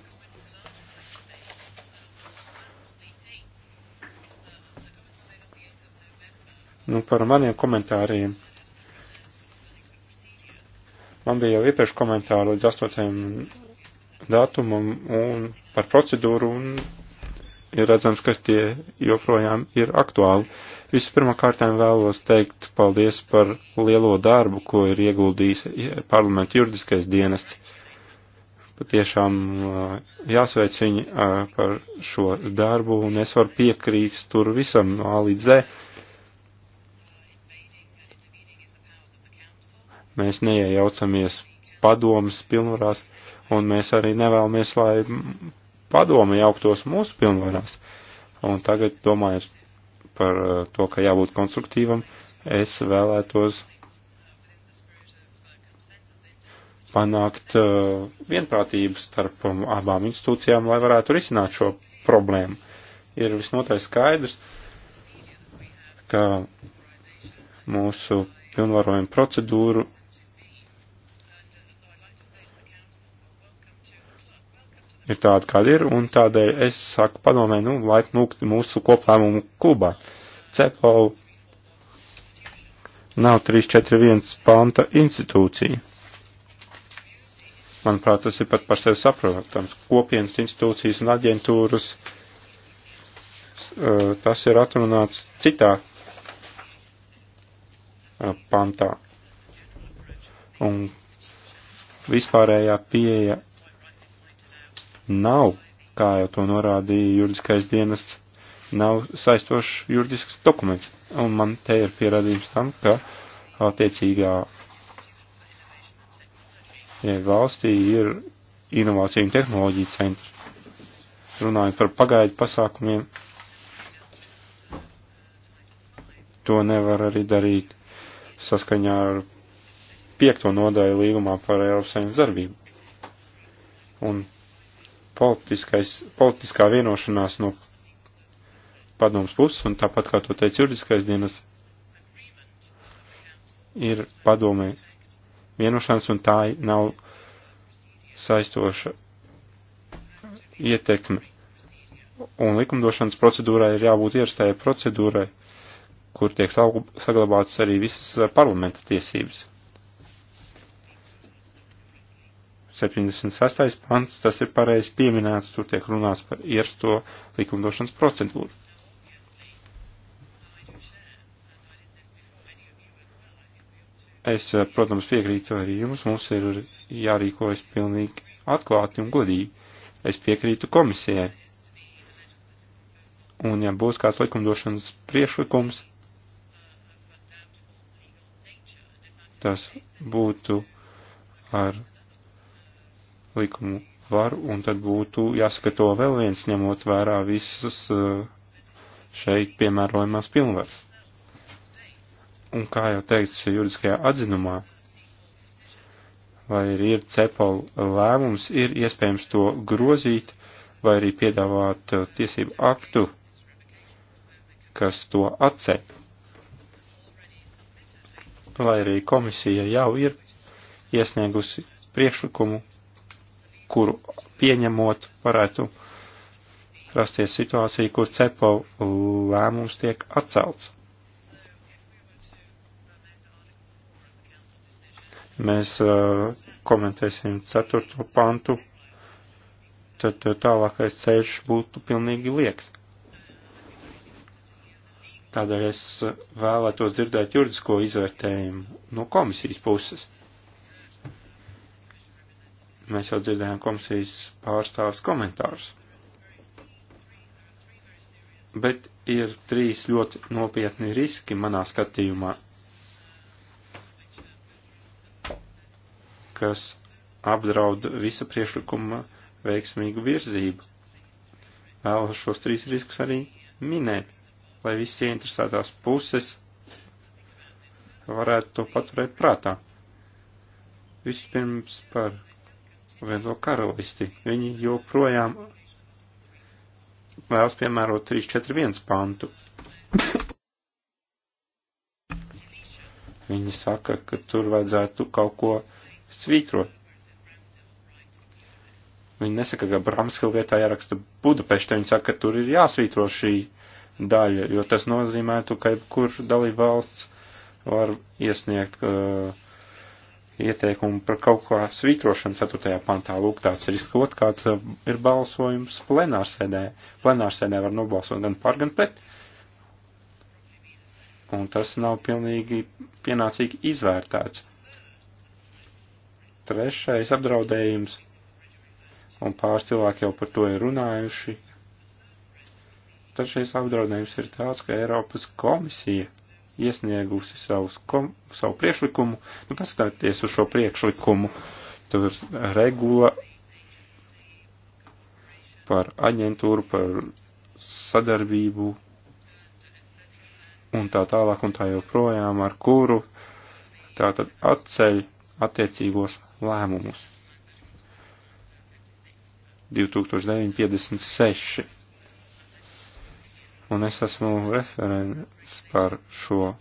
Nu, par maniem komentāriem. Man bija jau iepriekš komentāri līdz 8. datumam un par procedūru, un ir redzams, ka tie joprojām ir aktuāli. Vispirmkārtēm vēlos teikt paldies par lielo darbu, ko ir ieguldījis parlamentu juridiskais dienests. Patiešām jāsveic viņi par šo darbu, un es varu piekrīst tur visam no A līdz Z Mēs neiejaucamies padomas pilnvarās, un mēs arī nevēlamies, lai padoma jauktos mūsu pilnvarās. Un tagad, domājot par eh, to, ka jābūt konstruktīvam, es vēlētos panākt uh, vienprātību starp abām institūcijām, lai varētu risināt šo problēmu. Ir visnotaļ skaidrs, ka mūsu pilnvarojuma procedūru ir tāda, kāda ir, un tādēļ es saku padomē, nu, laik lūgt mūsu koplēmumu klubā. CEPO nav 341 panta institūcija. Manuprāt, tas ir pat par sevi saprotams. Kopienas institūcijas un aģentūras, eh, tas ir atrunāts citā eh, pantā. Un vispārējā pieeja nav, kā jau to norādīja juridiskais dienests, nav saistošs juridisks dokuments. Un man te ir pierādījums tam, ka attiecīgā ja e, valstī ir inovāciju un tehnoloģiju centri. Runājot par pagaidu pasākumiem, to nevar arī darīt saskaņā ar piekto nodaļu līgumā par Eiropas saimnes darbību. Un politiskā vienošanās no padomas puses, un tāpat kā to teica juridiskais dienas, ir padomē vienošanās, un tā nav saistoša ietekme. Un likumdošanas procedūrai ir jābūt ierastējai procedūrai, kur tiek saglabāts arī visas eh, parlamenta tiesības. 76. pants, tas ir pareizi pieminēts, tur tiek runāts par ierasto likumdošanas procedūru. Es, eh, protams, piekrītu arī jums, mums ir jārīkojas pilnīgi atklāti un godīgi. Es piekrītu komisijai. Un ja būs kāds likumdošanas priešlikums, tas būtu ar likumu varu, un tad būtu jāskato vēl viens, ņemot vērā visas eh, šeit piemērojumās pilnvaras. Un kā jau teikts juridiskajā atzinumā, vai arī ir cepal lēmums, ir iespējams to grozīt vai arī piedāvāt eh, tiesību aktu, kas to atcep. Lai arī komisija jau ir iesniegusi priekšlikumu kuru pieņemot varētu rasties situācija, kur cepo lēmums tiek atcelts. Mēs uh, komentēsim ceturto pantu, tad uh, tālākais ceļš būtu pilnīgi lieks. Tādēļ es uh, vēlētos dzirdēt juridisko izvērtējumu no komisijas puses. Mēs jau dzirdējām komisijas pārstāvis komentārus. Bet ir trīs ļoti nopietni riski manā skatījumā, kas apdraud visa priešlikuma veiksmīgu virzību. Vēlos šos trīs riskus arī minēt, lai visi interesētās puses varētu to paturēt prātā. Vispirms par apvienoto karalisti. Viņi joprojām vēlas piemērot 341 pantu. Viņi saka, ka tur vajadzētu kaut ko svītrot. Viņi nesaka, ka Bramskila vietā jāraksta Budapešta, viņi saka, ka tur ir jāsvītro šī daļa, jo tas nozīmētu, ka jebkur dalība valsts var iesniegt uh, ieteikumu par kaut kā svītrošanu 4. pantā. Lūk, tāds risks otrkārt uh, ir balsojums plenārsēdē. Plenārsēdē var nobalsot gan par, gan pret. Un tas nav pilnīgi pienācīgi izvērtēts. Trešais apdraudējums, un pāris cilvēki jau par to ir runājuši. Trešais apdraudējums ir tāds, ka Eiropas komisija iesniegusi savus kom, savu priekšlikumu. Nu, paskatieties uz šo priekšlikumu. Tur regula par aģentūru, par sadarbību un tā tālāk un tā joprojām, ar kuru tā tad atceļ attiecīgos lēmumus. 2956 un es esmu referents par šo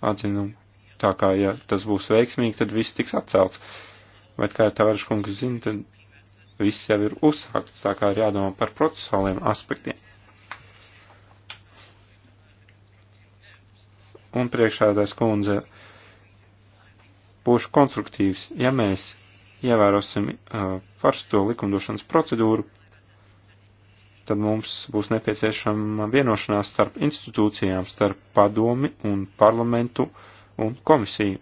atzinumu. Tā kā, ja tas būs veiksmīgi, tad viss tiks atcelts. Bet, kā Tavares kungs zina, tad viss jau ir uzsākts, tā kā ir jādomā par procesuāliem aspektiem. Un priekšādās kundze, būšu konstruktīvs, ja mēs ievērosim uh, parsto likumdošanas procedūru, tad mums būs nepieciešama vienošanās starp institūcijām, starp padomi un parlamentu un komisiju.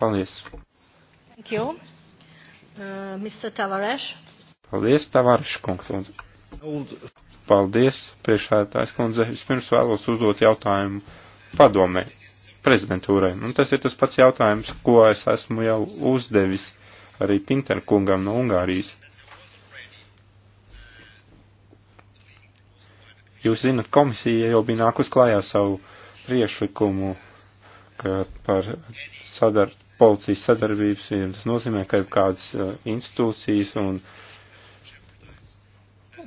Paldies! Thank you. Uh, Mr. Tavares. Paldies, Tavares kungs. Lūdzu. Paldies, priekšsēdētājs kundze. Vispirms vēlos uzdot jautājumu padomē, prezidentūrai. Un tas ir tas pats jautājums, ko es esmu jau uzdevis arī Tinterkungam no Ungārijas. Jūs zinat, komisija jau bija nākus klājā savu priešlikumu par sadar, policijas sadarbības, ja tas nozīmē, ka ir kādas uh, institūcijas un,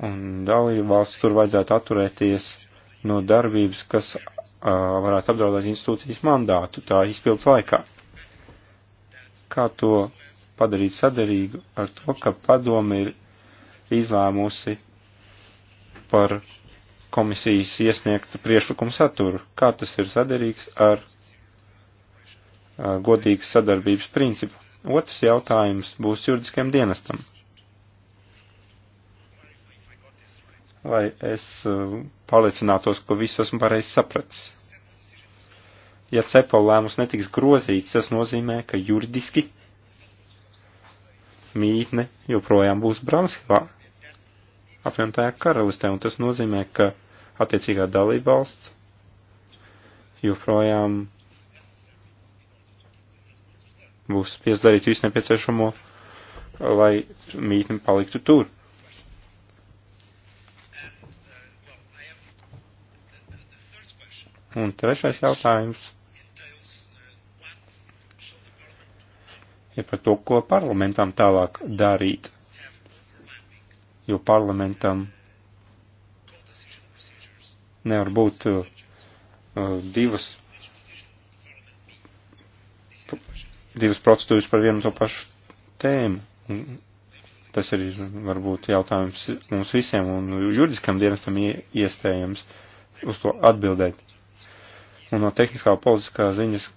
un dalību valsts tur vajadzētu atturēties no darbības, kas uh, varētu apdraudēt institūcijas mandātu tā izpildus laikā. Kā to padarīt sadarīgu ar to, ka padome ir izlēmusi par komisijas iesniegta priešlikuma saturu, kā tas ir sadarīgs ar godīgas sadarbības principu. Otrs jautājums būs juridiskajam dienestam. Lai es uh, pārliecinātos, ka visu esmu pareizi sapratis. Ja CEPO lēmums netiks grozīts, tas nozīmē, ka juridiski mītne joprojām būs Bramskvā apvienotajā karalistē, un tas nozīmē, ka attiecīgā dalībvalsts joprojām būs spiest darīt visu nepieciešamo, lai mītne paliktu tur. Un trešais jautājums ir par to, ko parlamentam tālāk darīt. Jo parlamentam Nevar būt uh, uh, divas, divas procedūras par vienu to pašu tēmu. Tas ir varbūt jautājums mums visiem un juridiskam dienestam iespējams uz to atbildēt. Un no tehniskā politiskā ziņas,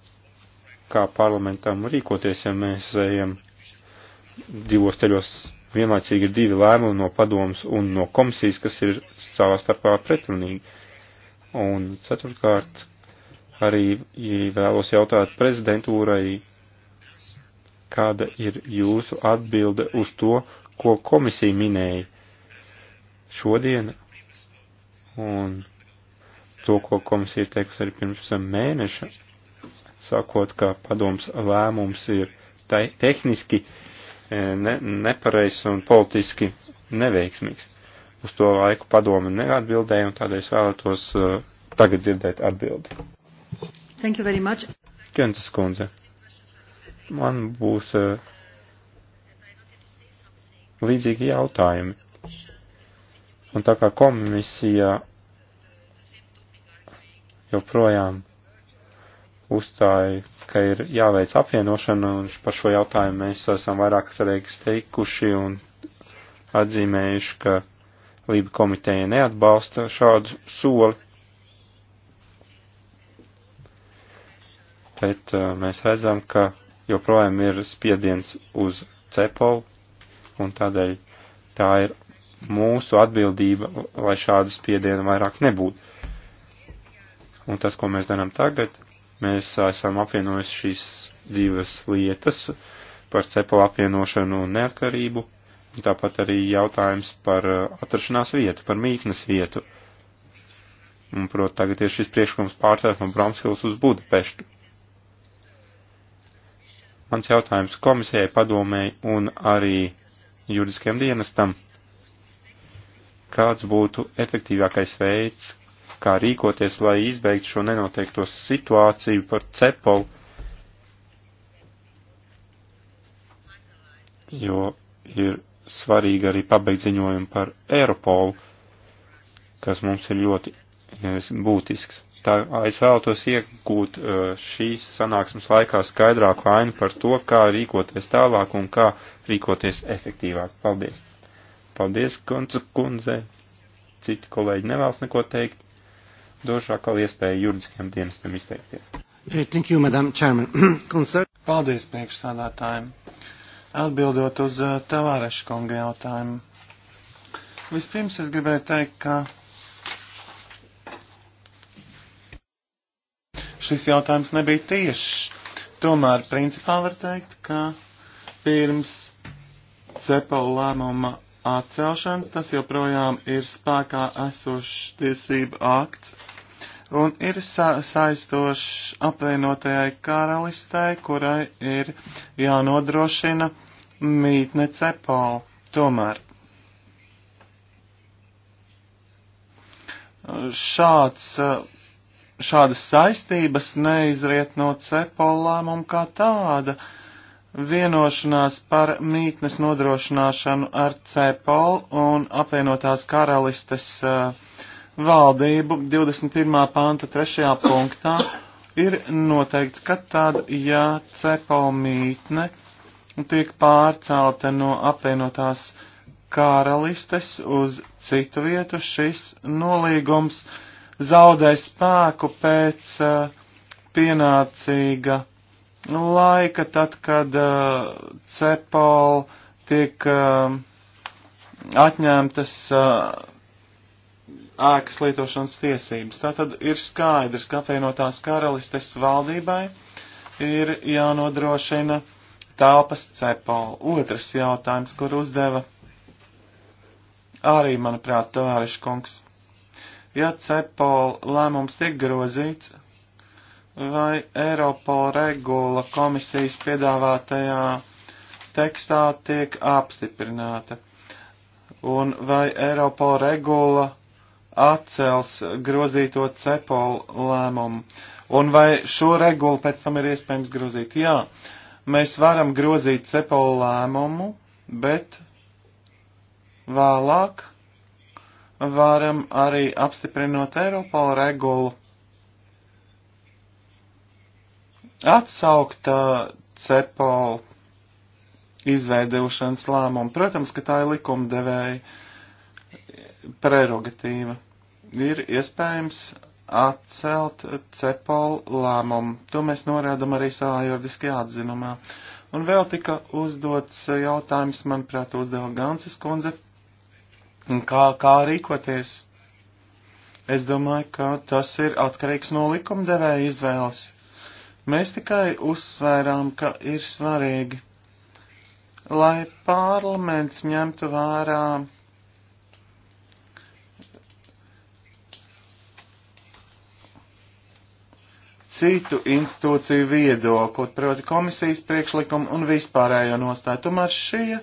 kā parlamentam rīkoties, ja mēs ejam divos ceļos vienlaicīgi ir divi lēmumi no padomas un no komisijas, kas ir savā starpā pretrunīgi. Un ceturtkārt, arī vēlos jautāt prezidentūrai, kāda ir jūsu atbilde uz to, ko komisija minēja šodien un to, ko komisija ir teikusi arī pirms mēneša, sakot, ka padoms lēmums ir te tehniski eh, ne nepareizs un politiski neveiksmīgs. Uz to laiku padomi neatbildēja, un tādēļ es vēlētos uh, tagad dzirdēt atbildi. Thank you very much. Kentas kundze, man būs uh, līdzīgi jautājumi. Un tā kā komisija joprojām uzstāja, ka ir jāveic apvienošana, un par šo jautājumu mēs esam vairākas reizes teikuši un atzīmējuši, ka Lība komiteja neatbalsta šādu soli, bet uh, mēs redzam, ka joprojām ir spiediens uz cepolu, un tādēļ tā ir mūsu atbildība, lai šāda spiediena vairāk nebūtu. Un tas, ko mēs darām tagad, mēs esam apvienojuši šīs divas lietas par cepolu apvienošanu un neatkarību, Tāpat arī jautājums par uh, atrašanās vietu, par mītnes vietu. Un, protams, tagad ir šis priekšlikums pārcelt no Bromshils uz Budapeštu. Mans jautājums komisijai, padomēji un arī juridiskajam dienestam. Kāds būtu efektīvākais veids, kā rīkoties, lai izbeigtu šo nenoteikto situāciju par cepolu? Jo ir svarīgi arī pabeigt ziņojumu par Eiropolu, kas mums ir ļoti būtisks. Tā es vēlētos iegūt uh, šīs sanāksmes laikā skaidrāku ainu par to, kā rīkoties tālāk un kā rīkoties efektīvāk. Paldies! Paldies, kundze, kundze! Citi kolēģi nevēlas neko teikt. Došu atkal iespēju juridiskiem dienestam izteikties. Thank you, Madam Chairman. [clears throat] Paldies priekšsādātājiem. Atbildot uz uh, Tavāreša kunga jautājumu. Vispirms es gribēju teikt, ka šis jautājums nebija tiešs. Tomēr principā var teikt, ka pirms cepalu lēmuma atcelšanas tas joprojām ir spēkā esošs tiesība akts un ir sa saistošs apvienotajai karalistei, kurai ir jānodrošina mītne cepāla. Tomēr šāds, šādas saistības neizriet no cepola lēmuma kā tāda. Vienošanās par mītnes nodrošināšanu ar cepolu un apvienotās karalistes uh, valdību 21. panta 3. punktā ir noteikts, ka tad, ja cepo mītne tiek pārcelta no apvienotās karalistes uz citu vietu, šis nolīgums zaudē spēku pēc uh, pienācīga laika, tad, kad uh, eh, cepola tiek uh, atņemtas uh, ēkas lietošanas tiesības. Tātad ir skaidrs, ka apvienotās karalistes valdībai ir jānodrošina telpas cepala. Otrs jautājums, kur uzdeva arī, manuprāt, tavāriša kungs. Ja cepola lēmums tiek grozīts, vai Eiropola regula komisijas piedāvātajā tekstā tiek apstiprināta? Un vai Eiropola regula atcels grozīto cepolu lēmumu. Un vai šo regulu pēc tam ir iespējams grozīt? Jā, mēs varam grozīt cepolu lēmumu, bet vēlāk varam arī apstiprinot Eiropola regulu atsaukt uh, cepolu izveidēšanas lēmumu. Protams, ka tā ir likumdevēja prerogatīva. Ir iespējams atcelt cepolu lēmumu. To mēs norādam arī savā juridiskajā atzinumā. Un vēl tika uzdots jautājums, manuprāt, uzdeva Gansis kundze, kā, kā rīkoties. Es domāju, ka tas ir atkarīgs no likumdevēja izvēles. Mēs tikai uzsvērām, ka ir svarīgi, lai parlaments ņemtu vērā citu institūciju viedokli, proti komisijas priekšlikumu un vispārējo nostāju. Tomēr šie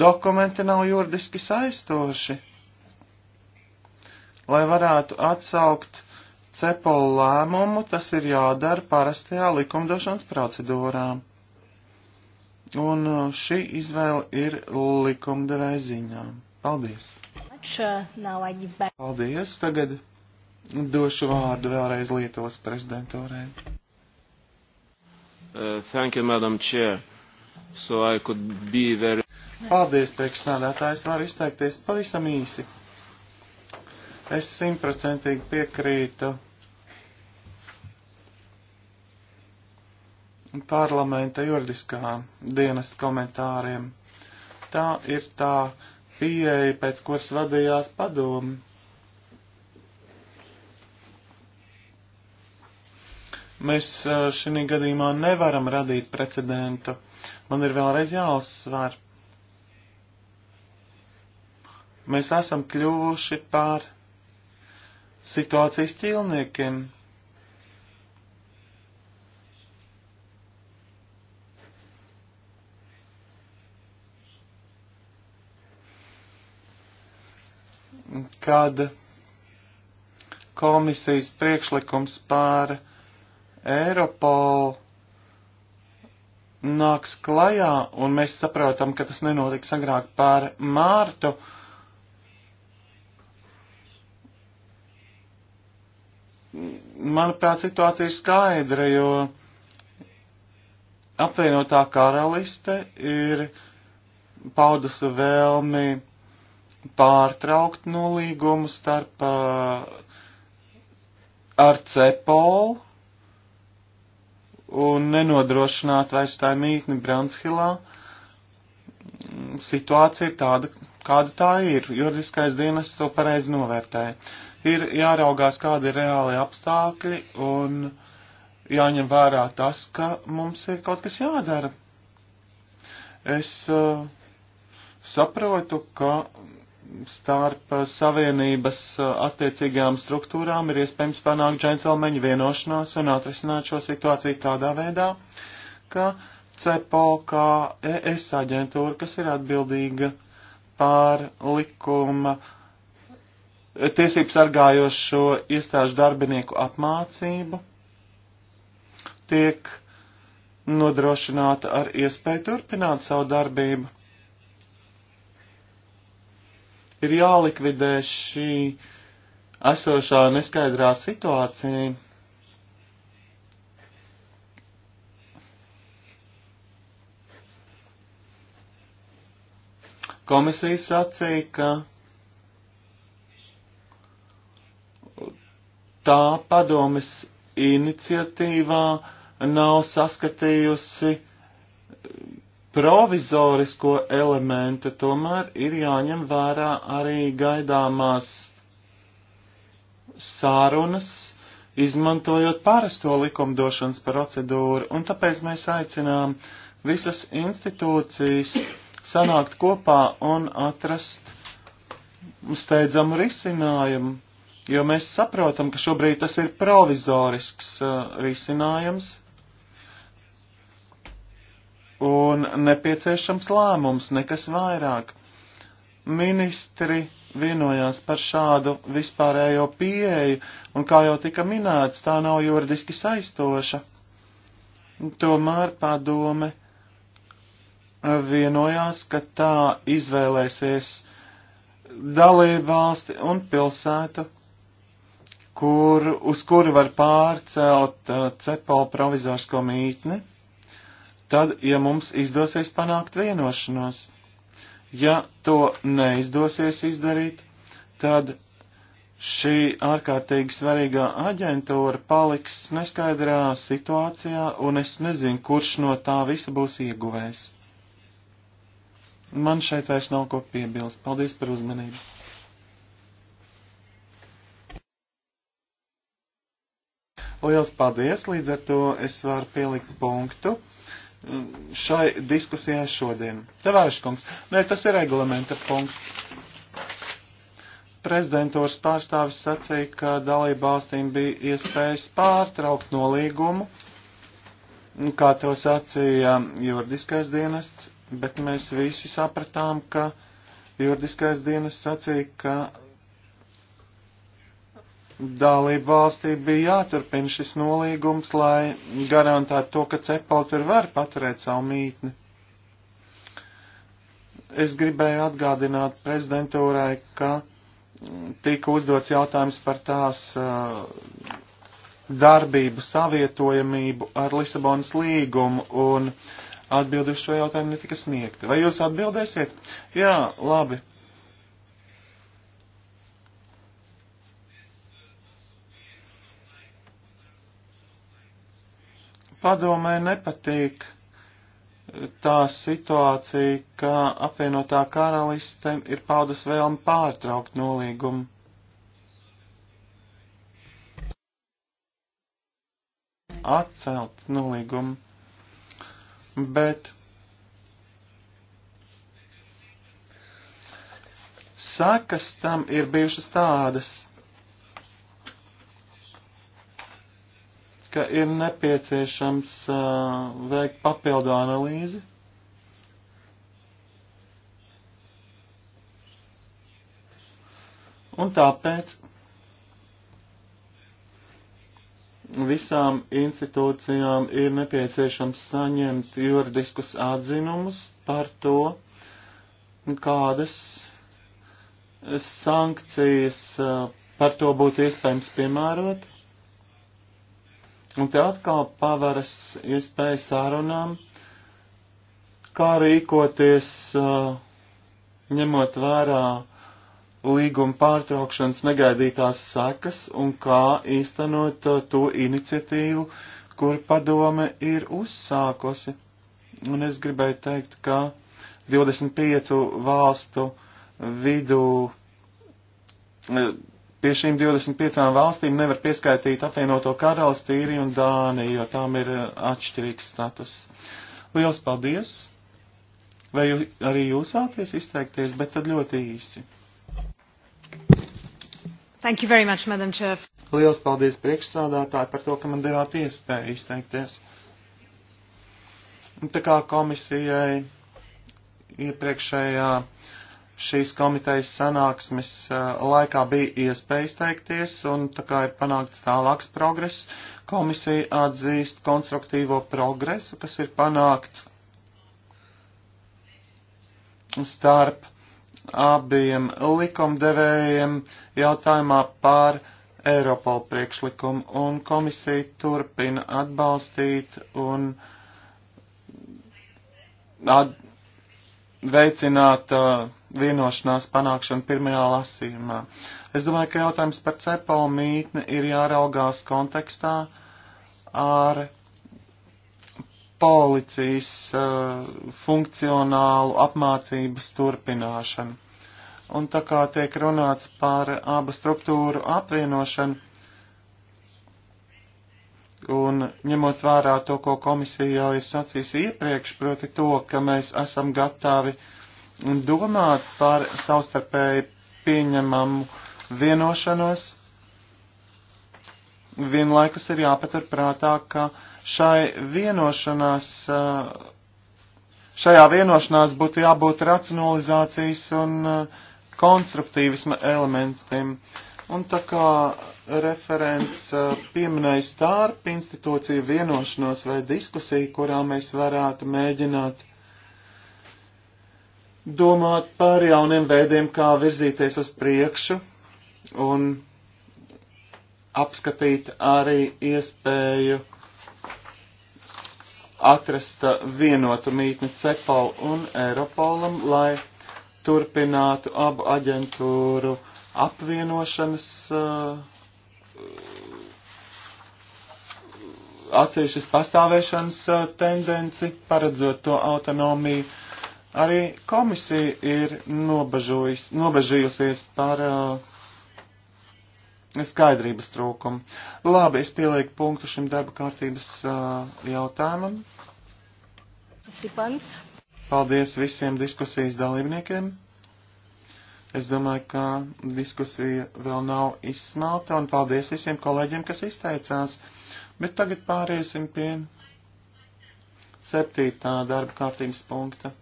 dokumenti nav juridiski saistoši. Lai varētu atsaukt cepolu lēmumu, tas ir jādara parastajā likumdošanas procedūrā. Un uh, šī izvēle ir likumdevēja ziņā. Paldies! Uh, Paldies! Tagad Došu vārdu vēlreiz Lietuvas prezidentūrai. Uh, thank you, Madam Chair. So I could be very... Paldies, priekšsādātājs. Varu izteikties pavisam īsi. Es simtprocentīgi piekrītu parlamenta juridiskā dienesta komentāriem. Tā ir tā pieeja, pēc kuras vadījās padomu. Mēs šī gadījumā nevaram radīt precedentu. Man ir vēlreiz jāuzsver. Mēs esam kļuvuši par situācijas ķīlniekiem. Kad komisijas priekšlikums pār Eiropol nāks klajā, un mēs saprotam, ka tas nenotiks agrāk pār mārtu. Manuprāt, situācija ir skaidra, jo apvienotā karaliste ir paudusi vēlmi pārtraukt nolīgumu starp uh, ar Cepolu un nenodrošināt vairs tā mītni Branshilā. Situācija ir tāda, kāda tā ir. Juridiskais dienas to pareizi novērtēja. Ir jāraugās, kādi ir reāli apstākļi un jāņem vērā tas, ka mums ir kaut kas jādara. Es uh, saprotu, ka starp savienības uh, attiecīgām struktūrām ir iespējams panākt džentlmeņu vienošanos un atrisināt šo situāciju tādā veidā, ka CEPO kā ES aģentūra, kas ir atbildīga pār likuma eh, tiesību sargājošo iestāžu darbinieku apmācību, tiek nodrošināta ar iespēju turpināt savu darbību ir jālikvidē šī esošā neskaidrā situācija. Komisija sacīja, ka tā padomes iniciatīvā nav saskatījusi provizorisko elementa tomēr ir jāņem vērā arī gaidāmās sārunas, izmantojot parasto likumdošanas procedūru, un tāpēc mēs aicinām visas institūcijas sanākt kopā un atrast steidzamu risinājumu, jo mēs saprotam, ka šobrīd tas ir provizorisks uh, risinājums, un nepieciešams lēmums, nekas vairāk. Ministri vienojās par šādu vispārējo pieeju, un kā jau tika minēts, tā nav juridiski saistoša. Tomēr padome vienojās, ka tā izvēlēsies dalību valsti un pilsētu, kur, uz kuru var pārcelt uh, cepo provizorsko mītni tad, ja mums izdosies panākt vienošanos. Ja to neizdosies izdarīt, tad šī ārkārtīgi svarīgā aģentūra paliks neskaidrā situācijā, un es nezinu, kurš no tā visa būs ieguvējis. Man šeit vairs nav ko piebilst. Paldies par uzmanību. Liels paldies, līdz ar to es varu pielikt punktu šai diskusijai šodien. Tevārškungs, nē, nu, tas ir reglamenta punkts. Prezidentūras pārstāvis sacīja, ka dalība valstīm bija iespējas pārtraukt nolīgumu, kā to sacīja juridiskais dienests, bet mēs visi sapratām, ka juridiskais dienests sacīja, ka dalību valstī bija jāturpina šis nolīgums, lai garantētu to, ka cepali tur var paturēt savu mītni. Es gribēju atgādināt prezidentūrai, ka tika uzdots jautājums par tās uh, darbību savietojamību ar Lisabonas līgumu, un atbildi uz šo jautājumu netika sniegta. Vai jūs atbildēsiet? Jā, labi. Padomē nepatīk eh, tā situācija, ka apvienotā karaliste ir paudas vēlmi pārtraukt nolīgumu. Atcelt nolīgumu. Bet sakas tam ir bijušas tādas, ka ir nepieciešams uh, veikt papildu analīzi. Un tāpēc visām institūcijām ir nepieciešams saņemt juridiskus atzinumus par to, kādas sankcijas par to būtu iespējams piemērot. Un te atkal pavaras iespēja sārunām, kā rīkoties, uh, ņemot vērā līguma pārtraukšanas negaidītās sekas un kā īstenot uh, to iniciatīvu, kur padome ir uzsākusi. Un es gribēju teikt, ka 25 valstu vidū uh, Pie šīm 25 valstīm nevar pieskaitīt apvienoto karalisti, Īriju un Dāniju, jo tām ir eh, atšķirīgs status. Liels paldies! Vai arī jūs vēlaties izteikties, bet tad ļoti īsi. Thank you very much, Madam Chair. Liels paldies priekšsādātāji par to, ka man devāt iespēju izteikties. Un tā kā komisijai iepriekšējā šīs komitejas sanāksmes uh, laikā bija iespēja izteikties, un tā kā ir panākts tālāks progress, komisija atzīst konstruktīvo progresu, kas ir panākts starp abiem likumdevējiem jautājumā par Eiropola priekšlikumu, un komisija turpina atbalstīt un at, veicināt uh, vienošanās panākšanu pirmajā lasījumā. Es domāju, ka jautājums par cepalu mītni ir jāraugās kontekstā ar policijas uh, funkcionālu apmācības turpināšanu. Un tā kā tiek runāts par abu struktūru apvienošanu, Un ņemot vērā to, ko komisija jau ir sacījusi iepriekš, proti to, ka mēs esam gatavi domāt par savstarpēji pieņemamu vienošanos, vienlaikus ir jāpatur prātā, ka šai vienošanās, eh, šajā vienošanās būtu jābūt racionalizācijas un eh, konstruktīvisma elementiem. Uh, Un tā kā referents uh, pieminēja stārp institūciju vienošanos vai diskusiju, kurā mēs varētu mēģināt domāt par jauniem veidiem, kā virzīties uz priekšu un apskatīt arī iespēju atrast vienotu mītni Cepal un Eiropolam, lai turpinātu abu aģentūru uh, apvienošanas uh, atsevišķas pastāvēšanas uh, tendenci, paredzot to autonomiju. Arī komisija ir nobežījusies par uh, skaidrības trūkumu. Labi, es pielieku punktu šim darba kārtības jautājumam. Paldies visiem diskusijas dalībniekiem. Es domāju, ka diskusija vēl nav izsmalta, un paldies visiem kolēģiem, kas izteicās. Bet tagad pāriesim pie septītā darba kārtības punkta.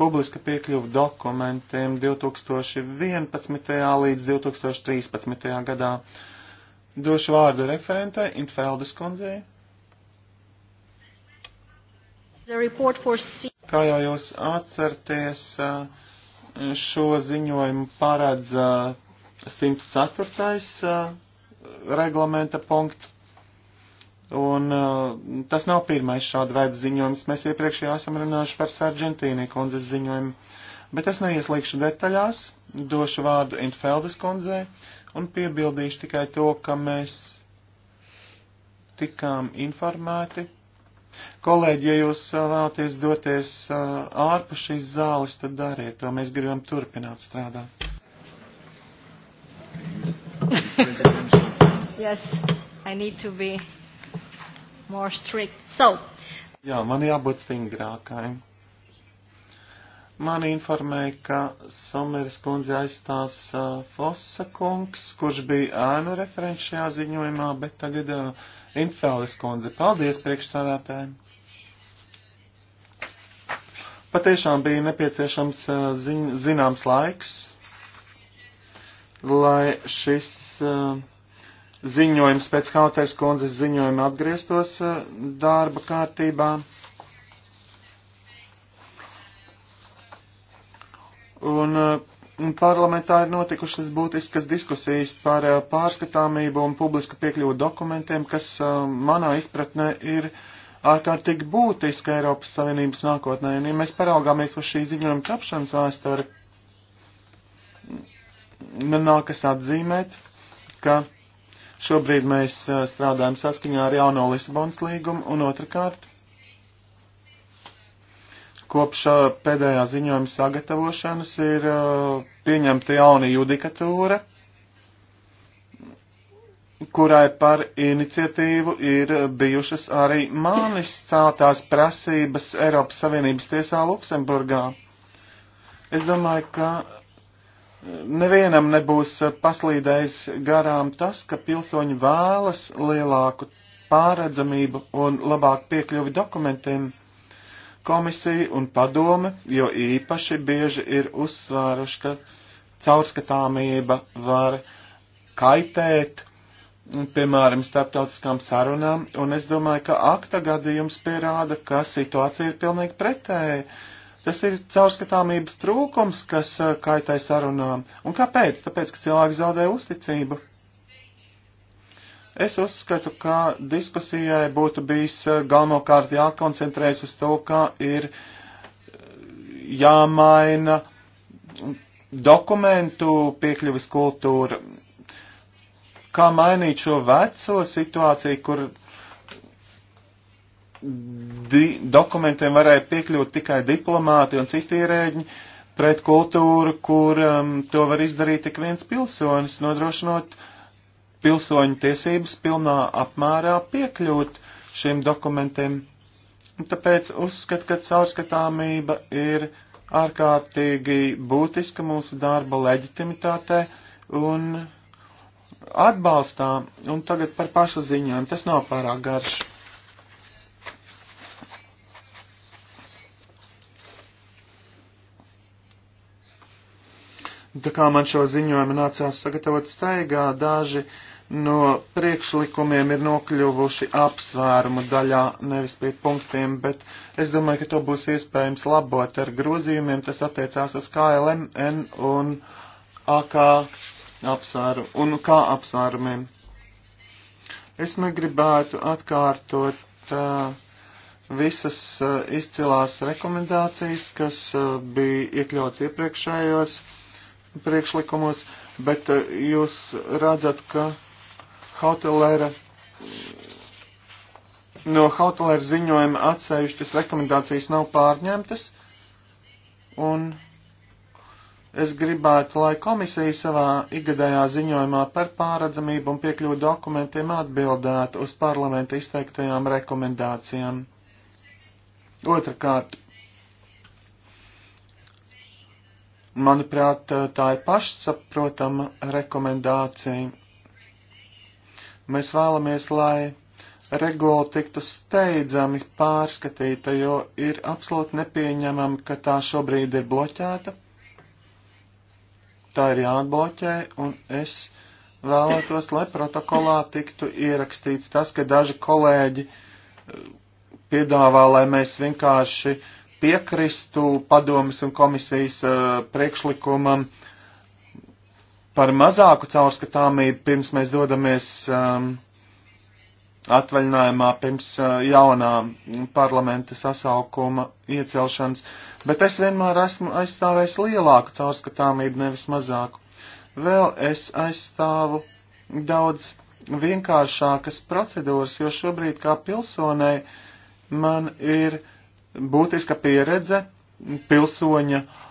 Publiska piekļuva dokumentiem 2011. līdz 2013. gadā. Došu vārdu referentai Intfeldes kundzei. Kā jau jūs atcerties, uh, šo ziņojumu paredz 104. Uh, uh, reglamenta punkts. Un uh, tas nav pirmais šāda veida ziņojums. Mēs iepriekš jau esam runājuši par Sargentīnī kundzes ziņojumu. Bet es neieslīgšu detaļās, došu vārdu Infeldes kundzei un piebildīšu tikai to, ka mēs tikām informēti Kolēģi, ja jūs vēlaties doties ārpus šīs zāles, tad dariet to. Mēs gribam turpināt strādāt. [laughs] yes, I need to be more strict. So. Jā, man jābūt stingrākajam. Mani informēja, ka Someras kundze aizstās uh, Fossa kungs, kurš bija ēnu referents šajā ziņojumā, bet tagad uh, Intfēlis kundze. Paldies priekšsādātājiem! Patiešām bija nepieciešams uh, ziņ, zināms laiks, lai šis uh, ziņojums pēc Hautais kundzes ziņojuma atgrieztos uh, darba kārtībā. Uh, un parlamentā ir notikušas būtiskas diskusijas par uh, pārskatāmību un publisku piekļuvu dokumentiem, kas uh, manā izpratnē ir ārkārtīgi būtiska Eiropas Savienības nākotnē. Un, ja mēs paraugāmies uz šī ziņojuma tapšanas vēsturi, man nu, nākas atzīmēt, ka šobrīd mēs strādājam saskaņā ar jauno Lisabonas līgumu, un otrkārt, Kopš uh, pēdējā ziņojuma sagatavošanas ir uh, pieņemta jauna judikatūra, kurai par iniciatīvu ir bijušas arī manis celtās prasības Eiropas Savienības tiesā Luksemburgā. Es domāju, ka Nevienam nebūs paslīdējis garām tas, ka pilsoņi vēlas lielāku pāredzamību un labāku piekļuvi dokumentiem. Komisija un padome jo īpaši bieži ir uzsvēruši, ka caurskatāmība var kaitēt, piemēram, starptautiskām sarunām, un es domāju, ka akta gadījums pierāda, ka situācija ir pilnīgi pretēja. Tas ir caurskatāmības trūkums, kas eh, kaitē sarunām. Un kāpēc? Tāpēc, ka cilvēki zaudē uzticību. Es uzskatu, ka diskusijai būtu bijis eh, galvenokārt jākoncentrējas uz to, ka ir eh, jāmaina dokumentu piekļuvis kultūra. Kā mainīt šo veco situāciju, kur dokumentiem varēja piekļūt tikai diplomāti un citi ierēģi, pret kultūru, kur um, to var izdarīt tik viens pilsonis, nodrošinot uh, pilsoņu tiesības pilnā apmērā piekļūt šiem dokumentiem. Tāpēc uzskat, ka caurskatāmība ir ārkārtīgi būtiska mūsu darba leģitimitātē un atbalstā, un tagad par pašu ziņām, tas nav pārāk garš. Tā kā man šo ziņojumu nācās sagatavot staigā, daži uh, no priekšlikumiem ir nokļuvuši apsvērumu daļā, nevis pie punktiem, bet es domāju, ka to būs iespējams labot ar grozījumiem. Tas attiecās uz KLM, N un AK apsvērumu un K apsvērumiem. Es negribētu atkārtot uh, visas uh, izcilās rekomendācijas, kas uh, bija iekļauts iepriekšējos priekšlikumos, bet uh, jūs redzat, ka uh, Hautelēra no Hautelēra ziņojuma atsevišķas rekomendācijas nav pārņemtas, un es gribētu, lai komisija savā ikgadējā ziņojumā par pāredzamību un piekļuvu dokumentiem atbildētu uz parlamenta izteiktajām rekomendācijām. Otrakārt, manuprāt, tā ir pašsaprotama rekomendācija Mēs vēlamies, lai regula tiktu steidzami pārskatīta, jo ir absolūti nepieņemami, ka tā šobrīd ir bloķēta. Tā ir jāatbloķē, un es vēlētos, lai protokolā tiktu ierakstīts tas, ka daži kolēģi eh, piedāvā, lai mēs vienkārši piekristu padomas un komisijas eh, priekšlikumam uh, par mazāku caurskatāmību pirms mēs dodamies um, atvaļinājumā pirms uh, jaunā parlamenta sasaukuma iecelšanas, bet es vienmēr esmu aizstāvējis lielāku caurskatāmību, nevis mazāku. Vēl es aizstāvu daudz vienkāršākas procedūras, jo šobrīd kā pilsonei man ir būtiska pieredze pilsoņa uh,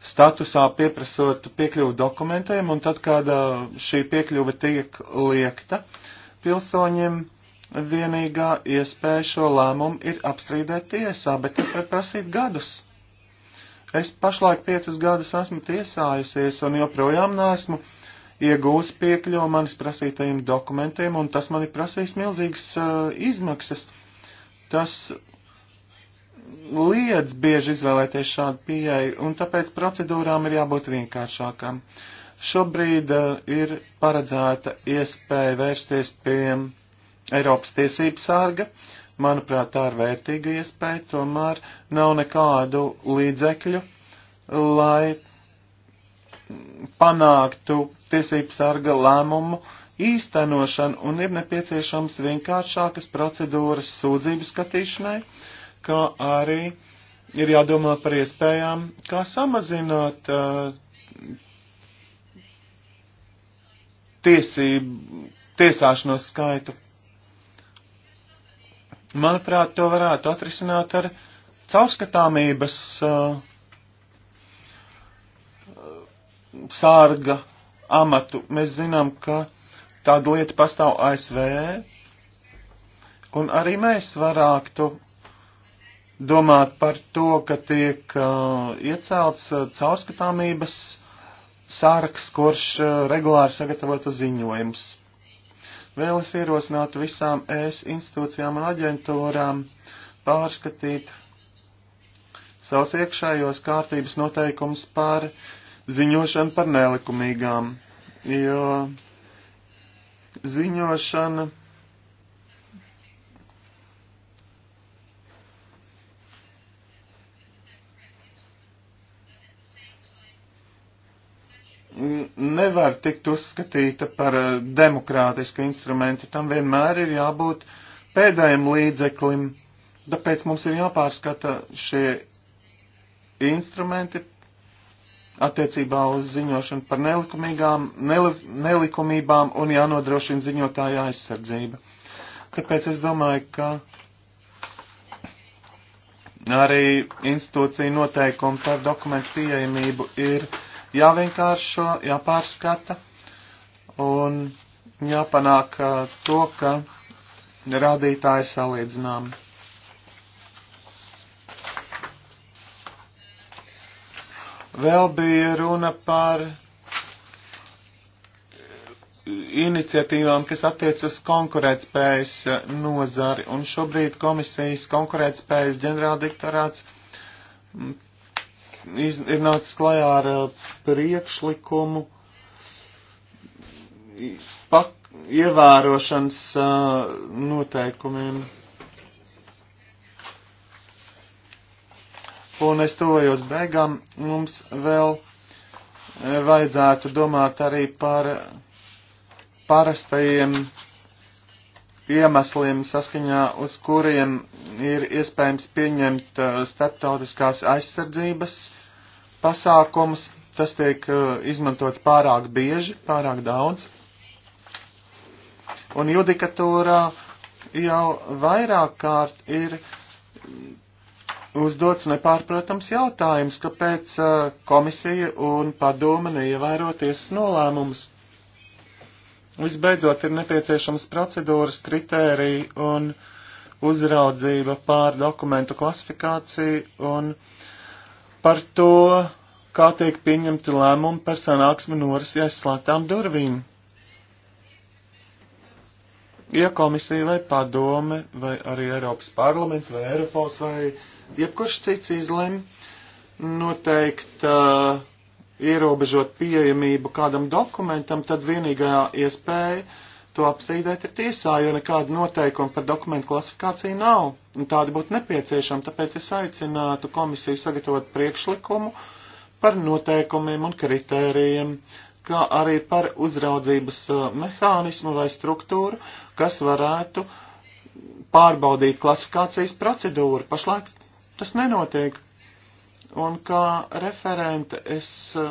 statusā pieprasot piekļuvu dokumentiem, un tad, kad šī piekļuve tiek liekta, pilsoņiem vienīgā iespēja šo lēmumu ir apstrīdēt tiesā, bet tas var prasīt gadus. Es pašlaik piecus gadus esmu tiesājusies un joprojām neesmu iegūs piekļuvu manis prasītajiem dokumentiem, un tas man ir prasījis milzīgas uh, izmaksas. Tas liedz bieži izvēlēties šādu pieeju, un tāpēc procedūrām ir jābūt vienkāršākām. Šobrīd uh, ir paredzēta iespēja vērsties pie Eiropas tiesības sārga. Manuprāt, tā ir vērtīga iespēja, tomēr nav nekādu līdzekļu, lai panāktu tiesības sarga lēmumu īstenošanu un ir nepieciešams vienkāršākas procedūras sūdzību skatīšanai. Uh, kā arī ir jādomā par iespējām, kā samazināt uh, tiesību, tiesāšanos skaitu. Manuprāt, to varētu atrisināt ar caurskatāmības uh, sārga amatu. Mēs zinām, ka tāda lieta pastāv ASV, un arī mēs varētu domāt par to, ka tiek uh, iecelts uh, caurskatāmības sārks, kurš uh, regulāri sagatavotu ziņojumus. Vēl es ierosinātu visām ES institūcijām un aģentūrām pārskatīt savus iekšējos kārtības noteikumus par ziņošanu par nelikumīgām, jo ziņošana nevar tikt uzskatīta par eh, demokrātisku instrumentu. Tam vienmēr ir jābūt pēdējiem līdzeklim. Tāpēc mums ir jāpārskata šie instrumenti attiecībā uz ziņošanu par nelikumīgām, neli, nelikumībām un jānodrošina ziņotāja aizsardzība. Tāpēc es domāju, ka arī institūcija noteikumi par dokumentu pieejamību ir jāvienkāršo, jāpārskata un jāpanāk to, ka rādītāji salīdzināmi. Vēl bija runa par iniciatīvām, kas attiecas konkurētspējas nozari, un šobrīd komisijas konkurētspējas ģenerāldiktorāts iz, ir nācis klajā ar eh, priekšlikumu pak, ievērošanas eh, noteikumiem. Un es tojos beigām mums vēl eh, vajadzētu domāt arī par parastajiem iemesliem, saskaņā uz kuriem ir iespējams pieņemt uh, starptautiskās aizsardzības pasākumus. Tas tiek uh, izmantots pārāk bieži, pārāk daudz. Un judikatūrā jau vairāk kārt ir uzdots nepārprotams jautājums, kāpēc uh, komisija un padoma neievēroties nolēmumus. Visbeidzot, ir nepieciešams procedūras, kritērija un uzraudzība pār dokumentu klasifikāciju un par to, kā tiek pieņemti lēmumi par sanāksmi norisi aizslēgtām durvīm. Ja komisija vai padome, vai arī Eiropas parlaments, vai Eiropas, vai jebkurš cits izlem, noteikti uh, ierobežot pieejamību kādam dokumentam, tad vienīgā iespēja to apstrīdēt ir tiesā, jo nekāda noteikuma par dokumentu klasifikāciju nav. Un tāda būtu nepieciešama, tāpēc es aicinātu komisiju sagatavot priekšlikumu par noteikumiem un kritērijiem, kā arī par uzraudzības uh, mehānismu vai struktūru, kas varētu pārbaudīt klasifikācijas procedūru. Pašlaik tas nenotiek. Un kā referente es eh,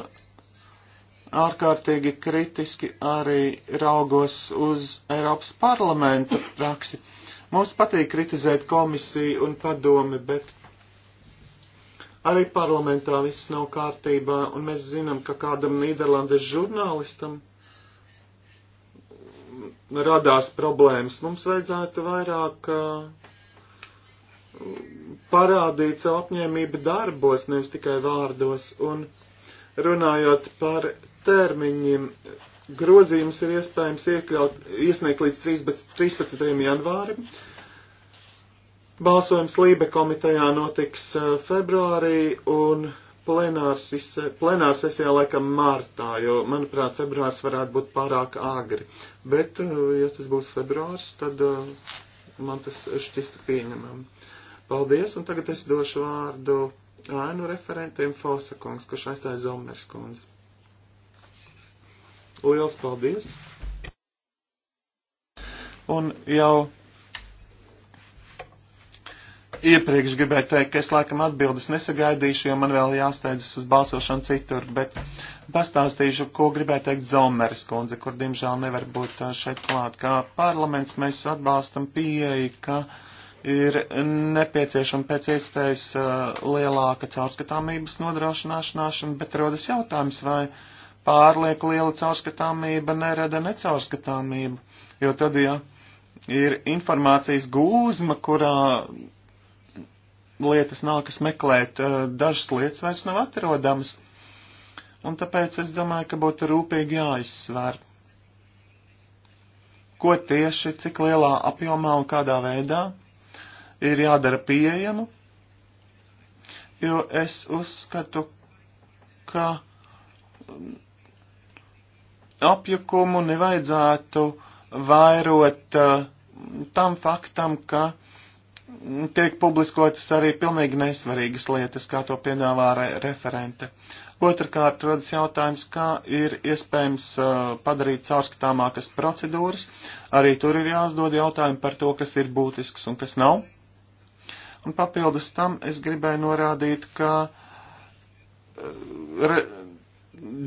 ārkārtīgi kritiski arī raugos uz Eiropas parlamenta praksi. Mums patīk kritizēt komisiju un padomi, bet arī parlamentā viss nav kārtībā, un mēs zinām, ka kādam Nīderlandes žurnālistam radās problēmas. Mums vajadzētu vairāk uh, parādīt savu apņēmību darbos, nevis tikai vārdos. Un runājot par termiņiem, grozījums ir iespējams iekļaut, iesniegt līdz 13. janvārim. Balsojums Lībe komitejā notiks februārī un plenāra sesijā laikam martā, jo, manuprāt, februārs varētu būt pārāk agri. Bet, ja tas būs februārs, tad man tas šķist pieņemam. Paldies, un tagad es došu vārdu ēnu referentiem Fosa kungs, kurš aizstāja Zomers kundzi. Liels paldies! Un jau iepriekš gribēju teikt, ka es laikam atbildes nesagaidīšu, jo man vēl jāsteidzas uz balsošanu citur, bet pastāstīšu, ko gribēju teikt Zomeres kundze, kur diemžēl nevar būt eh, šeit klāt, ka parlaments mēs atbalstam pieeja, ka uh, ir nepieciešama pēc iespējas uh, lielāka caurskatāmības nodrošināšana, bet rodas jautājums, vai pārlieku liela caurskatāmība nerada necaurskatāmību, jo tad, ja ir informācijas gūzma, kurā lietas nākas meklēt, uh, dažas lietas vairs nav atrodamas, un tāpēc es domāju, ka būtu rūpīgi jāizsver, ko tieši, cik lielā apjomā un kādā veidā ir jādara pieejama, jo es uzskatu, ka apjukumu nevajadzētu vairot uh, tam faktam, ka tiek publiskotas arī pilnīgi nesvarīgas lietas, kā to piedāvā re referente. Otrakārt rodas jautājums, kā ir iespējams uh, padarīt caurskatāmākas procedūras. Arī tur ir jāuzdod jautājumi par to, kas ir būtisks un kas nav. Un papildus tam es gribēju norādīt, ka eh, re,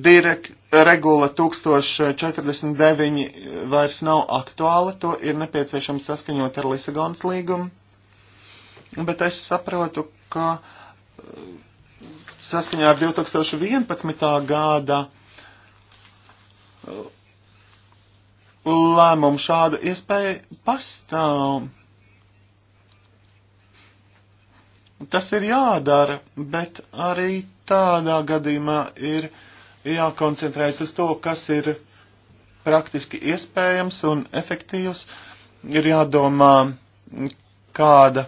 direkt, regula 1049 vairs nav aktuāla, to ir nepieciešams saskaņot ar Lisagonas līgumu. Bet es saprotu, ka eh, saskaņā ar 2011. gada eh, lēmumu šāda iespēja pastāv Tas ir jādara, bet arī tādā gadījumā ir jākoncentrējas uz to, kas ir praktiski iespējams un efektīvs. Ir jādomā, kāda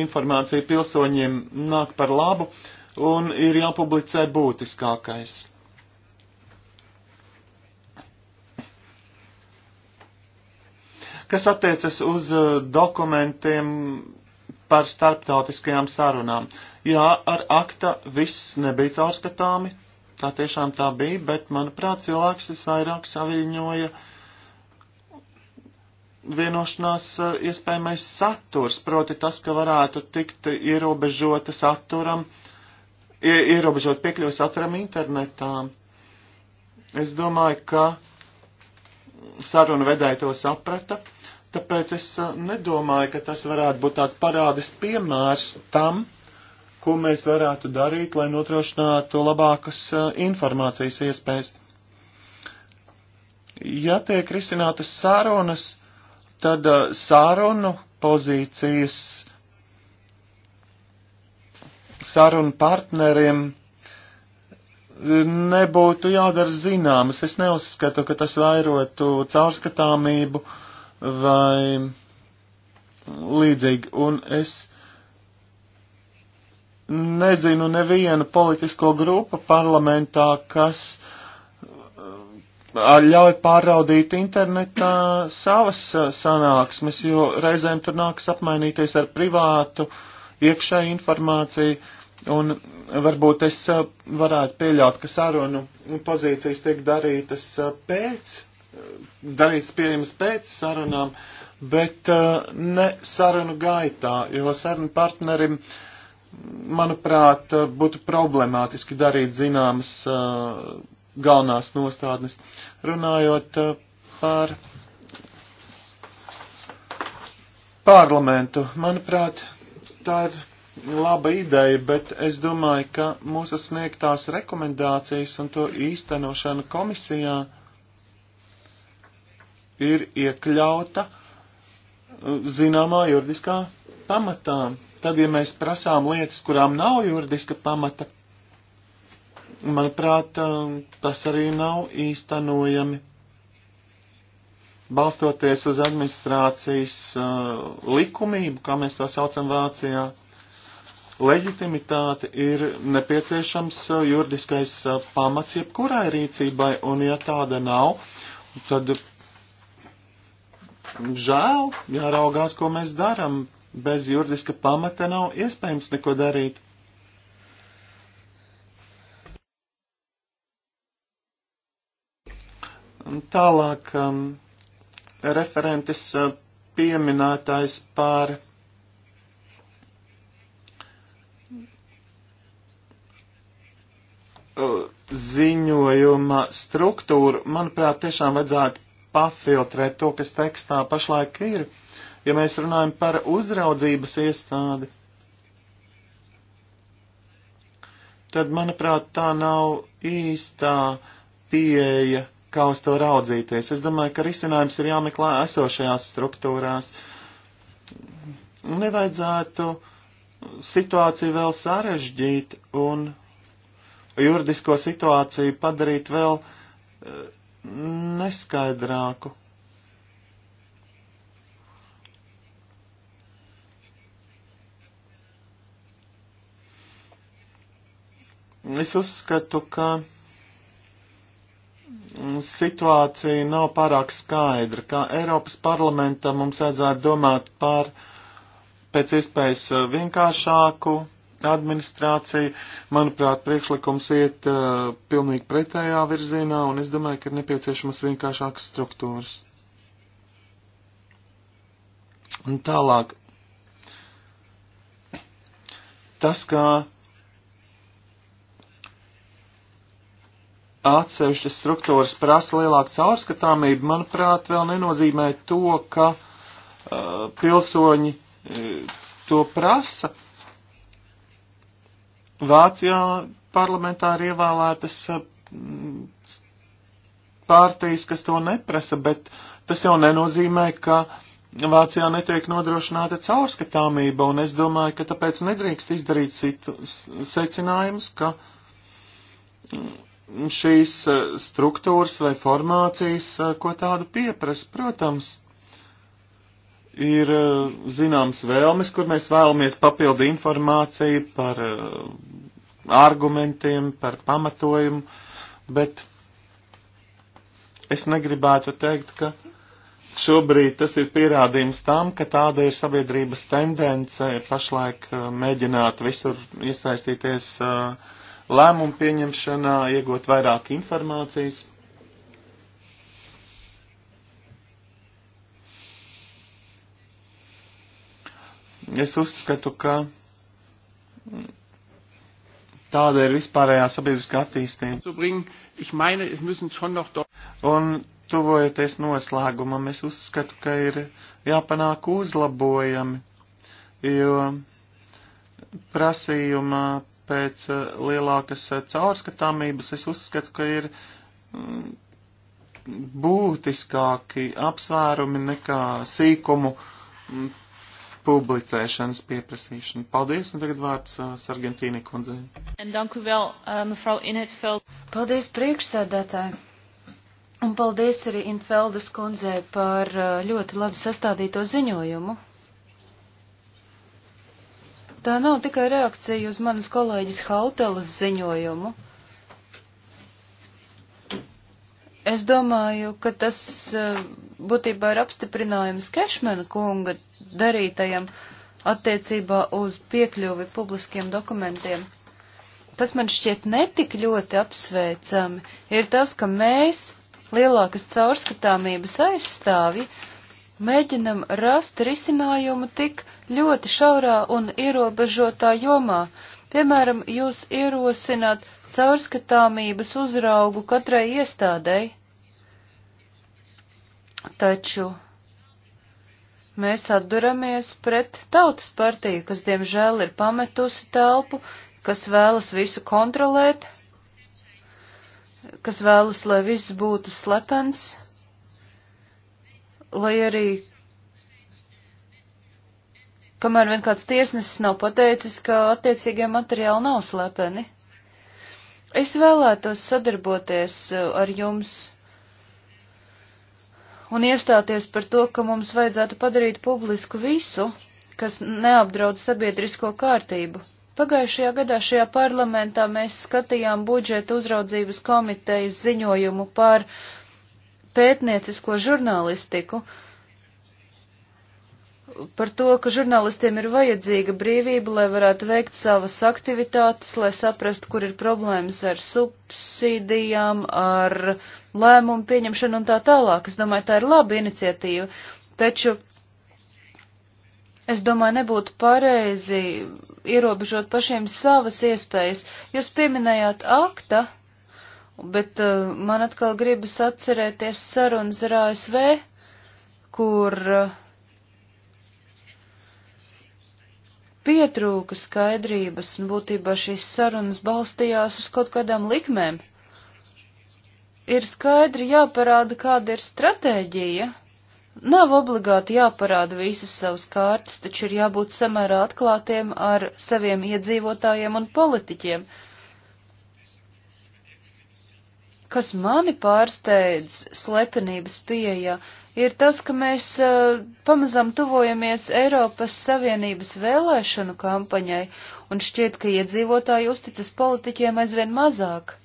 informācija pilsoņiem nāk par labu, un ir jāpublicē būtiskākais. Kas attiecas uz eh, dokumentiem par starptautiskajām sarunām. Jā, ar akta viss nebija caurskatāmi, tā tiešām tā bija, bet, manuprāt, cilvēks visvairāk saviņoja vienošanās eh, iespējamais saturs, proti tas, ka varētu tikt ierobežota saturam, ierobežot piekļuvi saturam internetā. Es domāju, ka sarunu vedēja to saprata Tāpēc es nedomāju, ka tas varētu būt tāds parādes piemērs tam, ko mēs varētu darīt, lai notrošinātu labākas informācijas iespējas. Ja tiek risinātas sārunas, tad sārunu pozīcijas sarunu partneriem nebūtu jādara zināmas. Es neuzskatu, ka tas vairotu caurskatāmību uh, vai līdzīgi. Un es nezinu nevienu politisko grupu parlamentā, kas ļauj pāraudīt internetā savas sanāksmes, jo reizēm tur nākas apmainīties ar privātu iekšēju informāciju. Un varbūt es varētu pieļaut, ka sarunu pozīcijas tiek darītas pēc darīts pieejams pēc sarunām, bet uh, ne sarunu gaitā, jo sarunu partnerim, manuprāt, uh, būtu problemātiski darīt zināmas uh, galvenās nostādnes. Runājot par parlamentu, manuprāt, tā ir laba ideja, bet es domāju, ka mūsu sniegtās rekomendācijas un to īstenošanu komisijā uh, ir iekļauta eh, zināmā juridiskā pamatā. Tad, ja mēs prasām lietas, kurām nav juridiska pamata, manuprāt, eh, tas arī nav īstenojami. Balstoties uz administrācijas uh, likumību, kā mēs to saucam Vācijā, leģitimitāte ir nepieciešams juridiskais pamats jebkurai rīcībai, un ja tāda nav, tad žēl, jāraugās, ko mēs darām. Bez juridiska pamata nav iespējams neko darīt. Tālāk um, referentes uh, pieminētājs par ziņojuma struktūru, manuprāt, tiešām vajadzētu pafiltrēt to, kas tekstā pašlaik ir. Ja mēs runājam par uzraudzības iestādi, tad, manuprāt, tā nav īstā pieeja, kā uz to raudzīties. Es domāju, ka risinājums ir jāmeklē esošajās struktūrās. Nevajadzētu situāciju vēl sarežģīt un juridisko situāciju padarīt vēl eh, neskaidrāku. Es uzskatu, ka situācija nav pārāk skaidra, kā Eiropas parlamenta mums vajadzētu domāt par pēc iespējas vienkāršāku administrāciju. Manuprāt, priekšlikums iet uh, pilnīgi pretējā virzienā, un es domāju, ka ir nepieciešamas vienkāršākas struktūras. Un tālāk. Tas, kā atsevišķas struktūras prasa lielāku caurskatāmību, manuprāt, vēl nenozīmē to, ka uh, pilsoņi uh, to prasa. Vācijā parlamentā ir ievēlētas eh, pārtīs, kas to neprasa, bet tas jau nenozīmē, ka Vācijā netiek nodrošināta caurskatāmība, un es domāju, ka tāpēc nedrīkst izdarīt situ, secinājumus, ka mm, šīs eh, struktūras vai formācijas eh, ko tādu pieprasa. Protams, ir eh, zināms vēlmes, kur mēs vēlamies papildi informāciju par eh, argumentiem, par pamatojumu, bet es negribētu teikt, ka šobrīd tas ir pierādījums tam, ka tāda ir sabiedrības tendence pašlaik eh, mēģināt visur iesaistīties lēmumu pieņemšanā, iegūt vairāk informācijas Es uzskatu, ka tāda ir vispārējā sabiedriskā attīstība. Un tuvojoties noslēgumam, es uzskatu, ka ir jāpanāk uzlabojami, jo prasījuma pēc eh, lielākas eh, caurskatāmības es uzskatu, ka ir mm, būtiskāki apsvērumi nekā sīkumu mm, publicēšanas pieprasīšanu. Paldies, un tagad vārds uh, Sargentīnai kundzei. Uh, paldies priekšsēdētāji, un paldies arī Infeldas kundzei par uh, ļoti labi sastādīto ziņojumu. Tā nav tikai reakcija uz manas kolēģis Hautelas ziņojumu. Es domāju, ka tas eh, būtībā ir apstiprinājums Kešmena kunga darītajam attiecībā uz piekļuvi publiskiem dokumentiem. Tas man šķiet netik ļoti apsveicami, ir tas, ka mēs, lielākas caurskatāmības aizstāvji, mēģinam rast risinājumu tik ļoti šaurā un ierobežotā jomā. Piemēram, jūs ierosināt caurskatāmības uzraugu katrai iestādei. Taču mēs atduramies pret tautas partiju, kas diemžēl ir pametusi telpu, kas vēlas visu kontrolēt, kas vēlas, lai viss būtu slepens, lai arī, kamēr vien kāds tiesnesis nav pateicis, ka attiecīgie materiāli nav slepeni. Es vēlētos sadarboties uh, ar jums un iestāties par to, ka mums vajadzētu padarīt publisku visu, kas neapdraud sabiedrisko kārtību. Pagājušajā gadā šajā parlamentā mēs skatījām budžeta uzraudzības komitejas ziņojumu par pētniecisko žurnālistiku, uh, par to, ka žurnālistiem ir vajadzīga brīvība, lai varētu veikt savas aktivitātes, lai saprastu, kur ir problēmas ar subsīdijām, ar lēmumu pieņemšanu un tā tālāk. Es domāju, tā ir laba iniciatīva, taču es domāju, nebūtu pareizi ierobežot pašiem savas iespējas. Jūs pieminējāt akta, bet uh, man atkal gribas atcerēties sarunas ar ASV, kur uh, pietrūka skaidrības, un būtībā šīs sarunas balstījās uz kaut kādām likmēm. Ir skaidri jāparāda, kāda ir stratēģija. Nav obligāti jāparāda visas savas kārtas, taču ir jābūt samērā atklātiem ar saviem iedzīvotājiem un politiķiem. Kas mani pārsteidz slepenības pieeja, ja ir tas, ka mēs eh, pamazām tuvojamies Eiropas Savienības vēlēšanu kampaņai, un šķiet, ka iedzīvotāji uzticas politiķiem aizvien mazāk.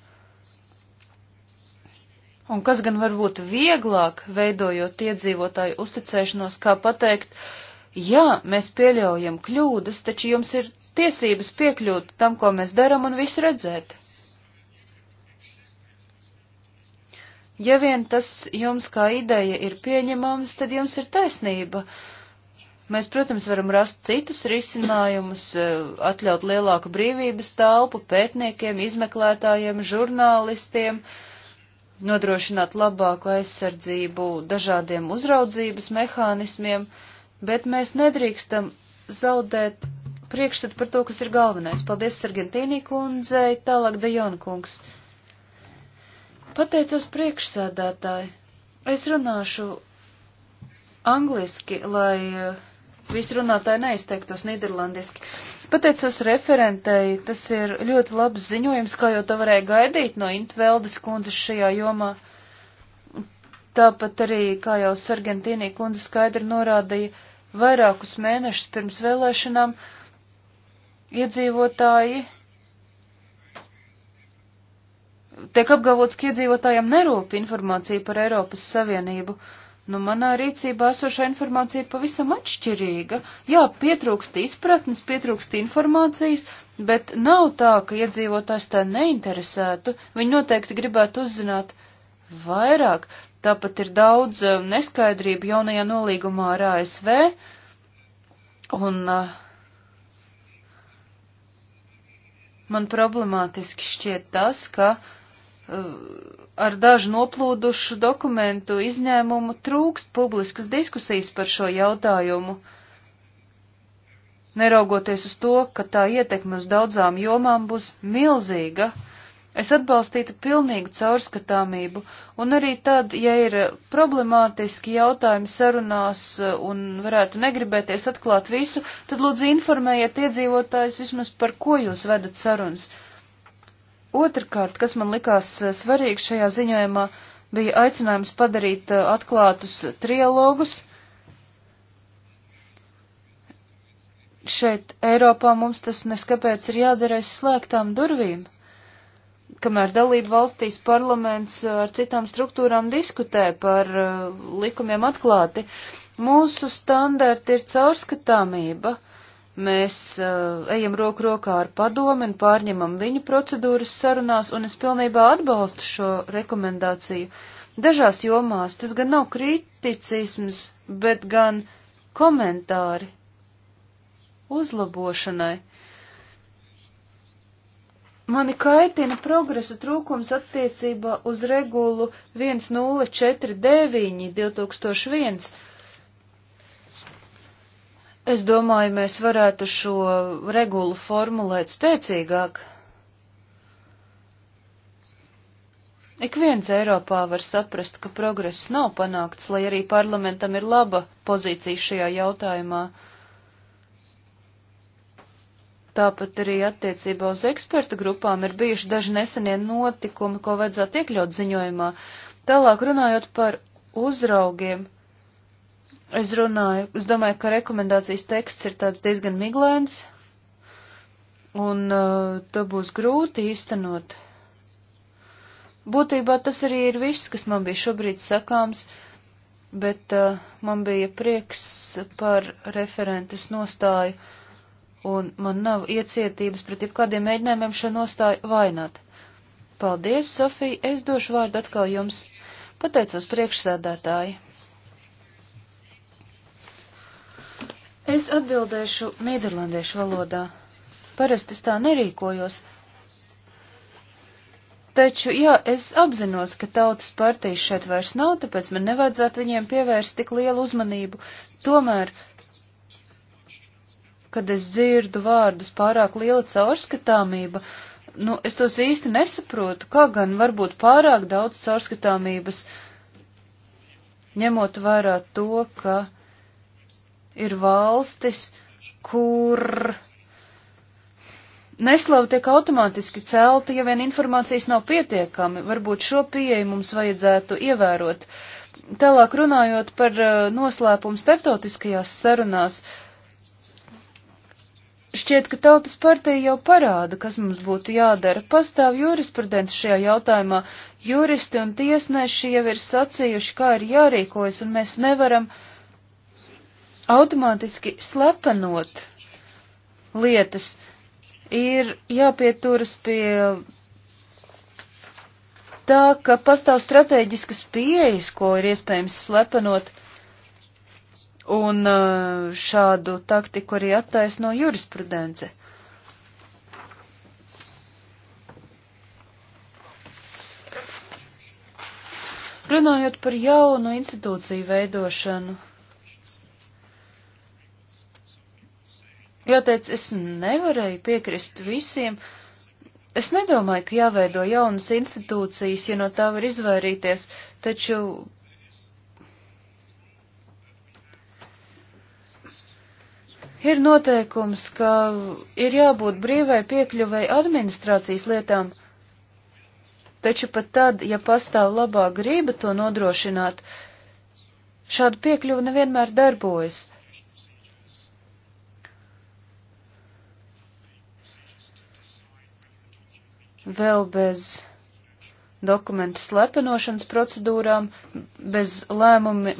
Un kas gan var būt vieglāk, veidojot iedzīvotāju uzticēšanos, kā pateikt, jā, mēs pieļaujam kļūdas, taču jums ir tiesības piekļūt tam, ko mēs darām, un visu redzēt. Ja vien tas jums kā ideja ir pieņemams, tad jums ir taisnība. Mēs, protams, varam rast citus risinājumus, e, atļaut lielāku brīvības telpu pētniekiem, izmeklētājiem, žurnālistiem, nodrošināt labāku aizsardzību dažādiem uzraudzības mehānismiem, bet mēs nedrīkstam zaudēt priekšstatu par to, kas ir galvenais. Paldies Sargentīnī kundzei, tālāk Dejona kungs. Pateicos priekšsēdētāji. Es runāšu angliski, lai eh, visi runātāji neizteiktos nīderlandiski. Pateicos referentei, tas ir ļoti labs ziņojums, kā jau to varēja gaidīt no Intveldes kundzes šajā jomā. Tāpat arī, kā jau Sargentīnī kundze skaidri norādīja, vairākus mēnešus pirms vēlēšanām iedzīvotāji tiek apgalvots, ka iedzīvotājiem nerūp informācija par Eiropas Savienību. Nu, manā rīcībā esošā informācija pavisam atšķirīga. Jā, pietrūkst izpratnes, pietrūkst informācijas, bet nav tā, ka iedzīvotājs tā neinteresētu. Viņi noteikti gribētu uzzināt vairāk. Tāpat ir daudz eh, neskaidrību jaunajā nolīgumā ar ASV. Un uh, man problemātiski šķiet tas, ka uh, ar dažu noplūdušu dokumentu izņēmumu trūkst publiskas diskusijas par šo jautājumu. Neraugoties uz to, ka tā ietekme uz daudzām jomām būs milzīga, es atbalstītu pilnīgu caurskatāmību, un arī tad, ja ir problemātiski jautājumi sarunās uh, un varētu negribēties atklāt visu, tad lūdzu informējiet iedzīvotājus vismaz par ko jūs vedat sarunas Otrakārt, kas man likās eh, svarīgi šajā ziņojumā, bija aicinājums padarīt eh, atklātus trialogus. Šeit Eiropā mums tas neskapēc ir jādara aiz slēgtām durvīm, kamēr dalību valstīs parlaments eh, ar citām struktūrām diskutē par likumiem atklāti. Mūsu standarti ir caurskatāmība Mēs uh, ejam roku rokā ar padomu un pārņemam viņu procedūras sarunās, un es pilnībā atbalstu šo rekomendāciju. Dažās jomās tas gan nav kriticisms, bet gan komentāri uzlabošanai. Mani kaitina progresa trūkums attiecībā uz regulu 1049 2001 Es domāju, mēs varētu šo regulu formulēt spēcīgāk. Ik viens Eiropā var saprast, ka progress nav panākts, lai arī parlamentam ir laba pozīcija šajā jautājumā. Tāpat arī attiecībā uz ekspertu grupām ir bijuši daži nesenie notikumi, ko vajadzētu iekļaut ziņojumā. Tālāk runājot par uzraugiem. Es runāju, es domāju, ka rekomendācijas teksts ir tāds diezgan miglēns, un uh, to būs grūti īstenot. Būtībā tas arī ir viss, kas man bija šobrīd sakāms, bet uh, man bija prieks par referentes nostāju, un man nav iecietības pret jebkādiem mēģinājumiem šo nostāju vainot. Paldies, Sofija, es došu vārdu atkal jums. Pateicos priekšsēdētāji. Es atbildēšu Nīderlandiešu valodā. Parasti es tā nerīkojos. Taču, jā, es apzinos, ka tautas partijas šeit vairs nav, tāpēc man nevajadzētu viņiem pievērst tik lielu uzmanību. Tomēr, kad es dzirdu vārdus pārāk liela caurskatāmība, nu, es tos īsti nesaprotu, kā gan varbūt pārāk daudz caurskatāmības, ņemot vērā to, ka ir valstis, kur neslavu tiek automātiski celti, ja vien informācijas nav pietiekami. Varbūt šo pieeju mums vajadzētu ievērot. Tālāk runājot par eh, noslēpumu starptautiskajās sarunās, šķiet, ka tautas partija jau parāda, kas mums būtu jādara. Pastāv jurisprudence šajā jautājumā. Juristi un tiesneši jau ir sacījuši, kā ir jārīkojas, un mēs nevaram uh, automātiski slepenot lietas, ir jāpieturas pie tā, ka pastāv strateģiskas pieejas, ko ir iespējams slepenot, un uh, šādu taktiku arī attaisno jurisprudence. Runājot par jaunu institūciju veidošanu, Jāteic, es nevarēju piekrist visiem. Es nedomāju, ka jāveido jaunas institūcijas, ja no tā var izvairīties, taču. Ir noteikums, ka ir jābūt brīvai piekļuvai administrācijas lietām, taču pat tad, ja pastāv labā grība to nodrošināt, šāda piekļuva nevienmēr darbojas. vēl bez dokumentu slepenošanas procedūrām, bez lēmumi,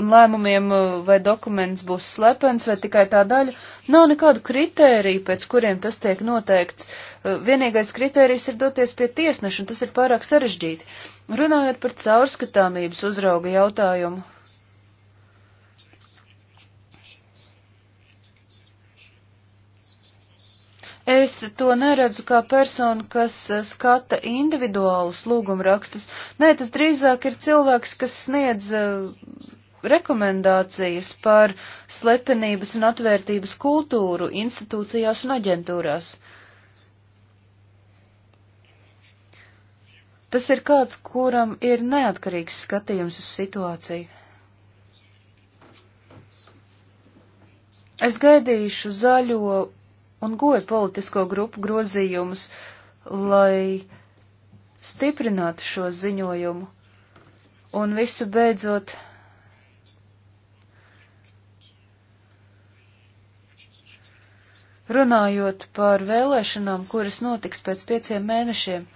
un lēmumiem, vai dokuments būs slepens vai tikai tā daļa, nav nekādu kritēriju, pēc kuriem tas tiek noteikts. E, vienīgais kritērijs ir doties pie tiesneša, un tas ir pārāk sarežģīti. Runājot par caurskatāmības uzrauga jautājumu, Es to neredzu kā personu, kas eh, skata individuālus lūgumrakstus. Nē, tas drīzāk ir cilvēks, kas sniedz eh, rekomendācijas par slepenības un atvērtības kultūru institūcijās un aģentūrās. Tas ir kāds, kuram ir neatkarīgs skatījums uz situāciju. Es gaidīšu zaļo un goja politisko grupu grozījumus, lai stiprinātu šo ziņojumu. Un visu beidzot, runājot par vēlēšanām, kuras notiks pēc pieciem mēnešiem,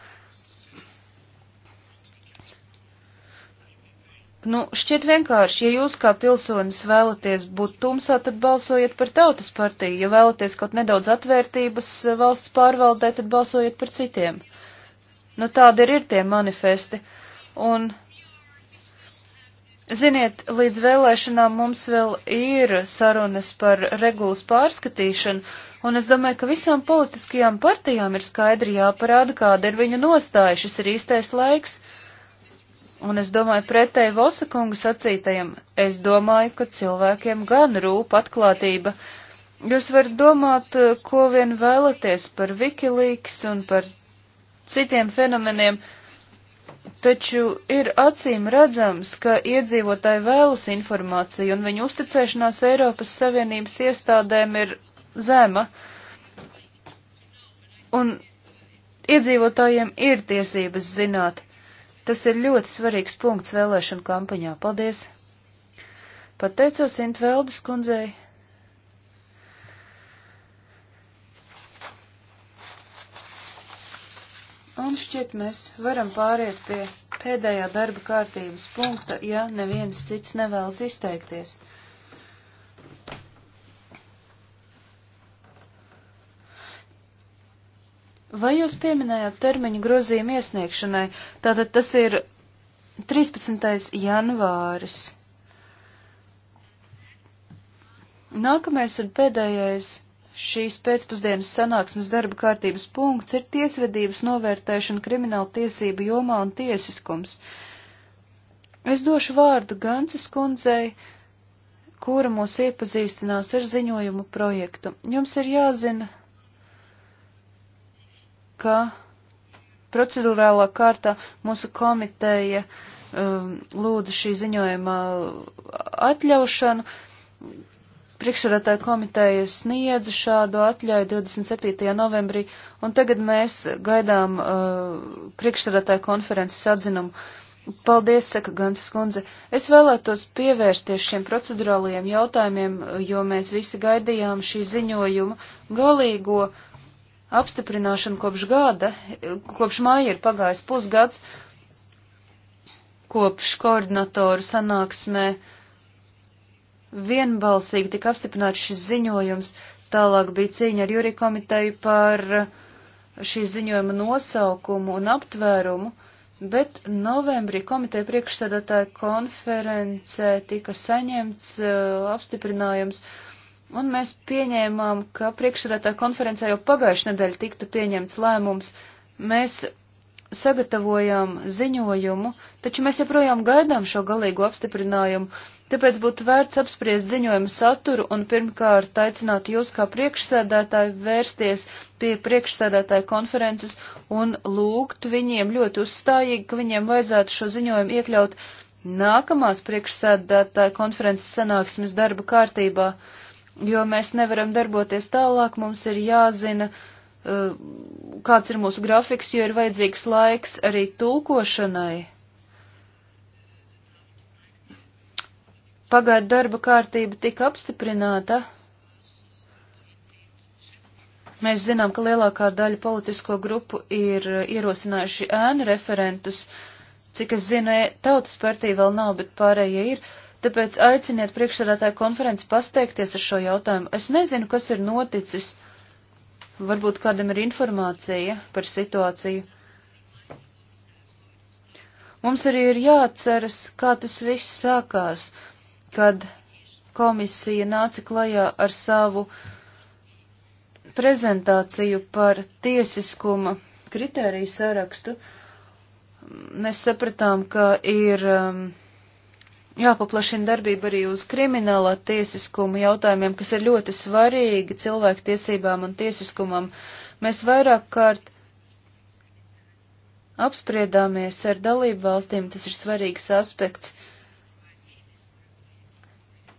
Nu, šķiet vienkārši, ja jūs kā pilsonis vēlaties būt tumsā, tad balsojiet par tautas partiju, ja vēlaties kaut nedaudz atvērtības eh, valsts pārvaldē, tad balsojiet par citiem. Nu, tādi ir, ir tie manifesti. Un, ziniet, līdz vēlēšanām mums vēl ir sarunas par regulas pārskatīšanu, un es domāju, ka visām politiskajām partijām ir skaidri jāparāda, kāda ir viņa nostāja, šis ir īstais laiks. Uh, Un es domāju, pretēji Vosakungu sacītajam, es domāju, ka cilvēkiem gan rūp atklātība. Jūs varat domāt, eh, ko vien vēlaties par Wikileaks un par citiem fenomeniem, taču ir acīm redzams, ka iedzīvotāji vēlas informāciju un viņu uzticēšanās Eiropas Savienības iestādēm ir zema. Un iedzīvotājiem ir tiesības zināt Tas ir ļoti svarīgs punkts vēlēšanu kampaņā. Paldies! Pateicos Intveldes kundzei. Un šķiet mēs varam pāriet pie pēdējā darba kārtības punkta, ja neviens cits nevēlas izteikties. Vai jūs pieminējāt termiņu grozījumu iesniegšanai? Tātad tas ir 13. janvāris. Nākamais un pēdējais šīs pēcpusdienas sanāksmes darba kārtības punkts ir tiesvedības novērtēšana krimināla tiesība jomā un tiesiskums. Es došu vārdu Gances kundzei, kura mūs iepazīstinās ar ziņojumu projektu. Jums ir jāzina, ka procedurālā kārtā mūsu komiteja um, lūdza šī ziņojuma atļaušanu. Priekšsēdētāja komiteja sniedza šādu atļauju 27. novembrī, un tagad mēs gaidām uh, priekšsēdētāja konferences atzinumu. Paldies, saka Gans Skundze. Es vēlētos pievērsties šiem procedurālajiem jautājumiem, jo mēs visi gaidījām šī ziņojuma galīgo uh, apstiprināšanu kopš gada, kopš māja ir pagājis pusgads, kopš koordinatoru sanāksmē vienbalsīgi tika apstiprināts šis ziņojums, tālāk bija cīņa ar jūri komiteju par šī ziņojuma nosaukumu un aptvērumu, bet novembrī komiteja priekšsēdētāja konferencē tika saņemts uh, apstiprinājums uh, Un mēs pieņēmām, ka priekšsēdētā konferencē jau pagājušajā nedēļā tiktu pieņemts lēmums. Mēs sagatavojām ziņojumu, taču mēs joprojām gaidām šo galīgo apstiprinājumu, tāpēc būtu vērts apspriest ziņojumu saturu un pirmkārt aicināt jūs kā priekšsēdētāju vērsties pie priekšsēdētāju konferences un lūgt viņiem ļoti uzstājīgi, ka viņiem vajadzētu šo ziņojumu iekļaut nākamās priekšsēdētāju konferences sanāksmes darba kārtībā. Uh, jo mēs nevaram darboties tālāk, mums ir jāzina, eh, kāds ir mūsu grafiks, jo ir vajadzīgs laiks arī tulkošanai. Pagaidu darba kārtība tika apstiprināta. Mēs zinām, ka lielākā daļa politisko grupu ir eh, ierosinājuši ēnu referentus. Cik es zinu, e, tautas partija vēl nav, bet pārējie ir. Uh, Tāpēc aiciniet priekšsarātāju konferenci pasteikties ar šo jautājumu. Es nezinu, kas ir noticis. Varbūt kādam ir informācija par situāciju. Mums arī ir jāatceras, kā tas viss sākās, kad komisija nāca klajā ar savu prezentāciju par tiesiskuma kritēriju sarakstu. Mēs sapratām, ka ir um, jāpaplašina darbība arī uz krimināla tiesiskumu jautājumiem, kas ir ļoti svarīgi cilvēku tiesībām un tiesiskumam. Mēs vairāk kārt apspriedāmies ar dalību valstīm, tas ir svarīgs aspekts.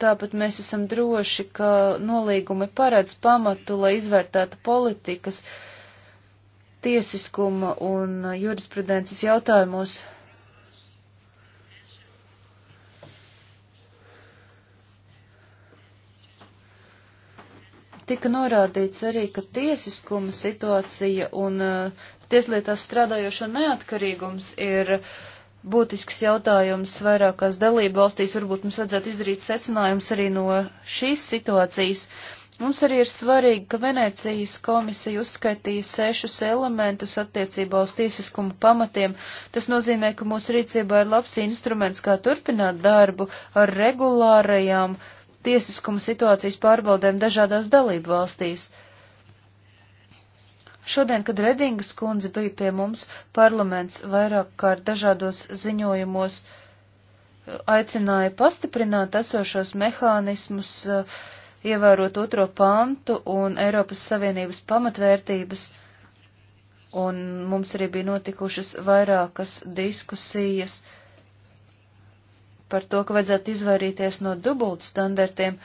Tāpat mēs esam droši, ka nolīgumi paredz pamatu, lai izvērtētu politikas, tiesiskuma un jurisprudences jautājumos Tika norādīts arī, ka tiesiskuma situācija un uh, tieslietās strādājošo neatkarīgums ir būtisks jautājums vairākās dalību valstīs. Varbūt mums vajadzētu izdarīt secinājums arī no šīs situācijas. Mums arī ir svarīgi, ka Venecijas komisija uzskaitīja sešus elementus attiecībā uz tiesiskumu pamatiem. Tas nozīmē, ka mūsu rīcībā ir labs instruments, kā turpināt darbu ar regulārajām uh, tiesiskuma situācijas pārbaudēm dažādās dalību valstīs. Šodien, kad Redingas kundze bija pie mums, parlaments vairāk kārt dažādos ziņojumos uh, aicināja pastiprināt esošos mehānismus, uh, ievērot otro pantu un Eiropas Savienības pamatvērtības, un mums arī bija notikušas vairākas diskusijas. Uh, par to, ka vajadzētu izvairīties no dubultstandartiem,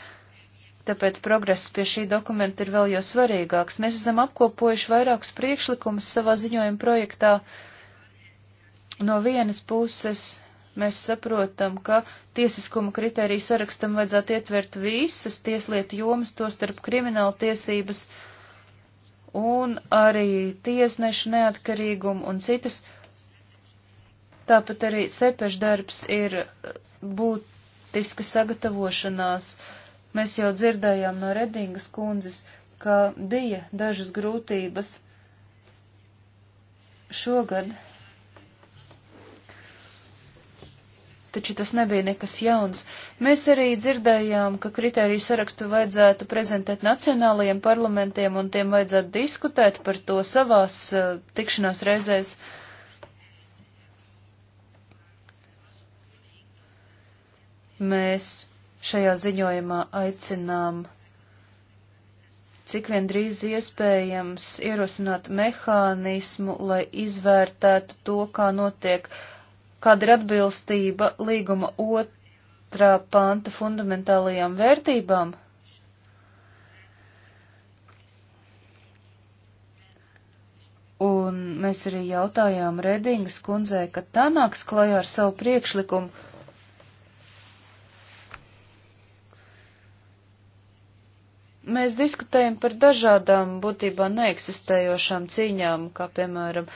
tāpēc progress pie šī dokumenta ir vēl jo svarīgāks. Mēs esam apkopojuši vairākus priekšlikumus savā ziņojuma projektā. No vienas puses mēs saprotam, ka tiesiskuma kritēriju sarakstam vajadzētu ietvert visas tieslietu jomas, to starp krimināla tiesības un arī tiesnešu neatkarīgumu un citas. Tāpat arī sepešu darbs ir būtiska sagatavošanās. Mēs jau dzirdējām no Redingas kundzes, ka bija dažas grūtības šogad, taču tas nebija nekas jauns. Mēs arī dzirdējām, ka kritēriju sarakstu vajadzētu prezentēt nacionālajiem parlamentiem un tiem vajadzētu diskutēt par to savās uh, tikšanās reizēs. Uh, Mēs šajā ziņojumā aicinām cik vien drīz iespējams ierosināt mehānismu, lai izvērtētu to, kā notiek, kāda ir atbilstība līguma otrā panta fundamentālajām vērtībām. Un mēs arī jautājām Redingas kundzei, kad tā nāks klajā ar savu priekšlikumu, Mēs diskutējam par dažādām būtībā neeksistējošām cīņām, kā piemēram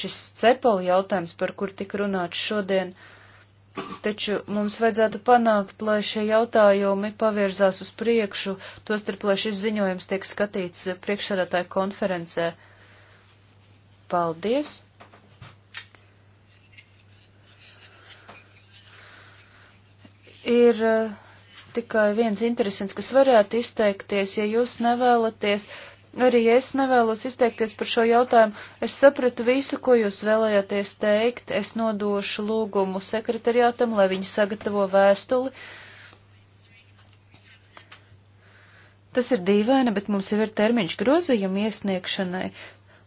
šis cepali jautājums, par kur tik runāts šodien, taču mums vajadzētu panākt, lai šie jautājumi pavirzās uz priekšu, tostarp, lai šis ziņojums tiek skatīts priekšsēdētāju konferencē. Paldies! Ir uh, tikai viens interesants, kas varētu izteikties, ja jūs nevēlaties. Arī es nevēlos izteikties par šo jautājumu. Es sapratu visu, ko jūs vēlējāties teikt. Es nodošu lūgumu sekretariātam, lai viņi sagatavo vēstuli. Tas ir dīvaini, bet mums jau ir termiņš grozījuma iesniegšanai.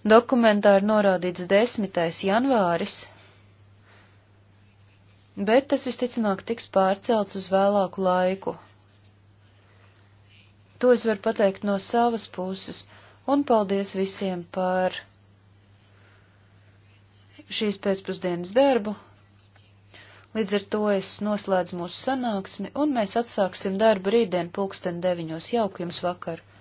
Dokumentā ir norādīts 10. janvāris bet tas visticamāk tiks pārcelts uz vēlāku laiku. To es varu pateikt no savas puses, un paldies visiem par šīs pēcpusdienas darbu. Līdz ar to es noslēdzu mūsu sanāksmi, un mēs atsāksim darbu rītdien pulksten deviņos. Jauku jums vakaru!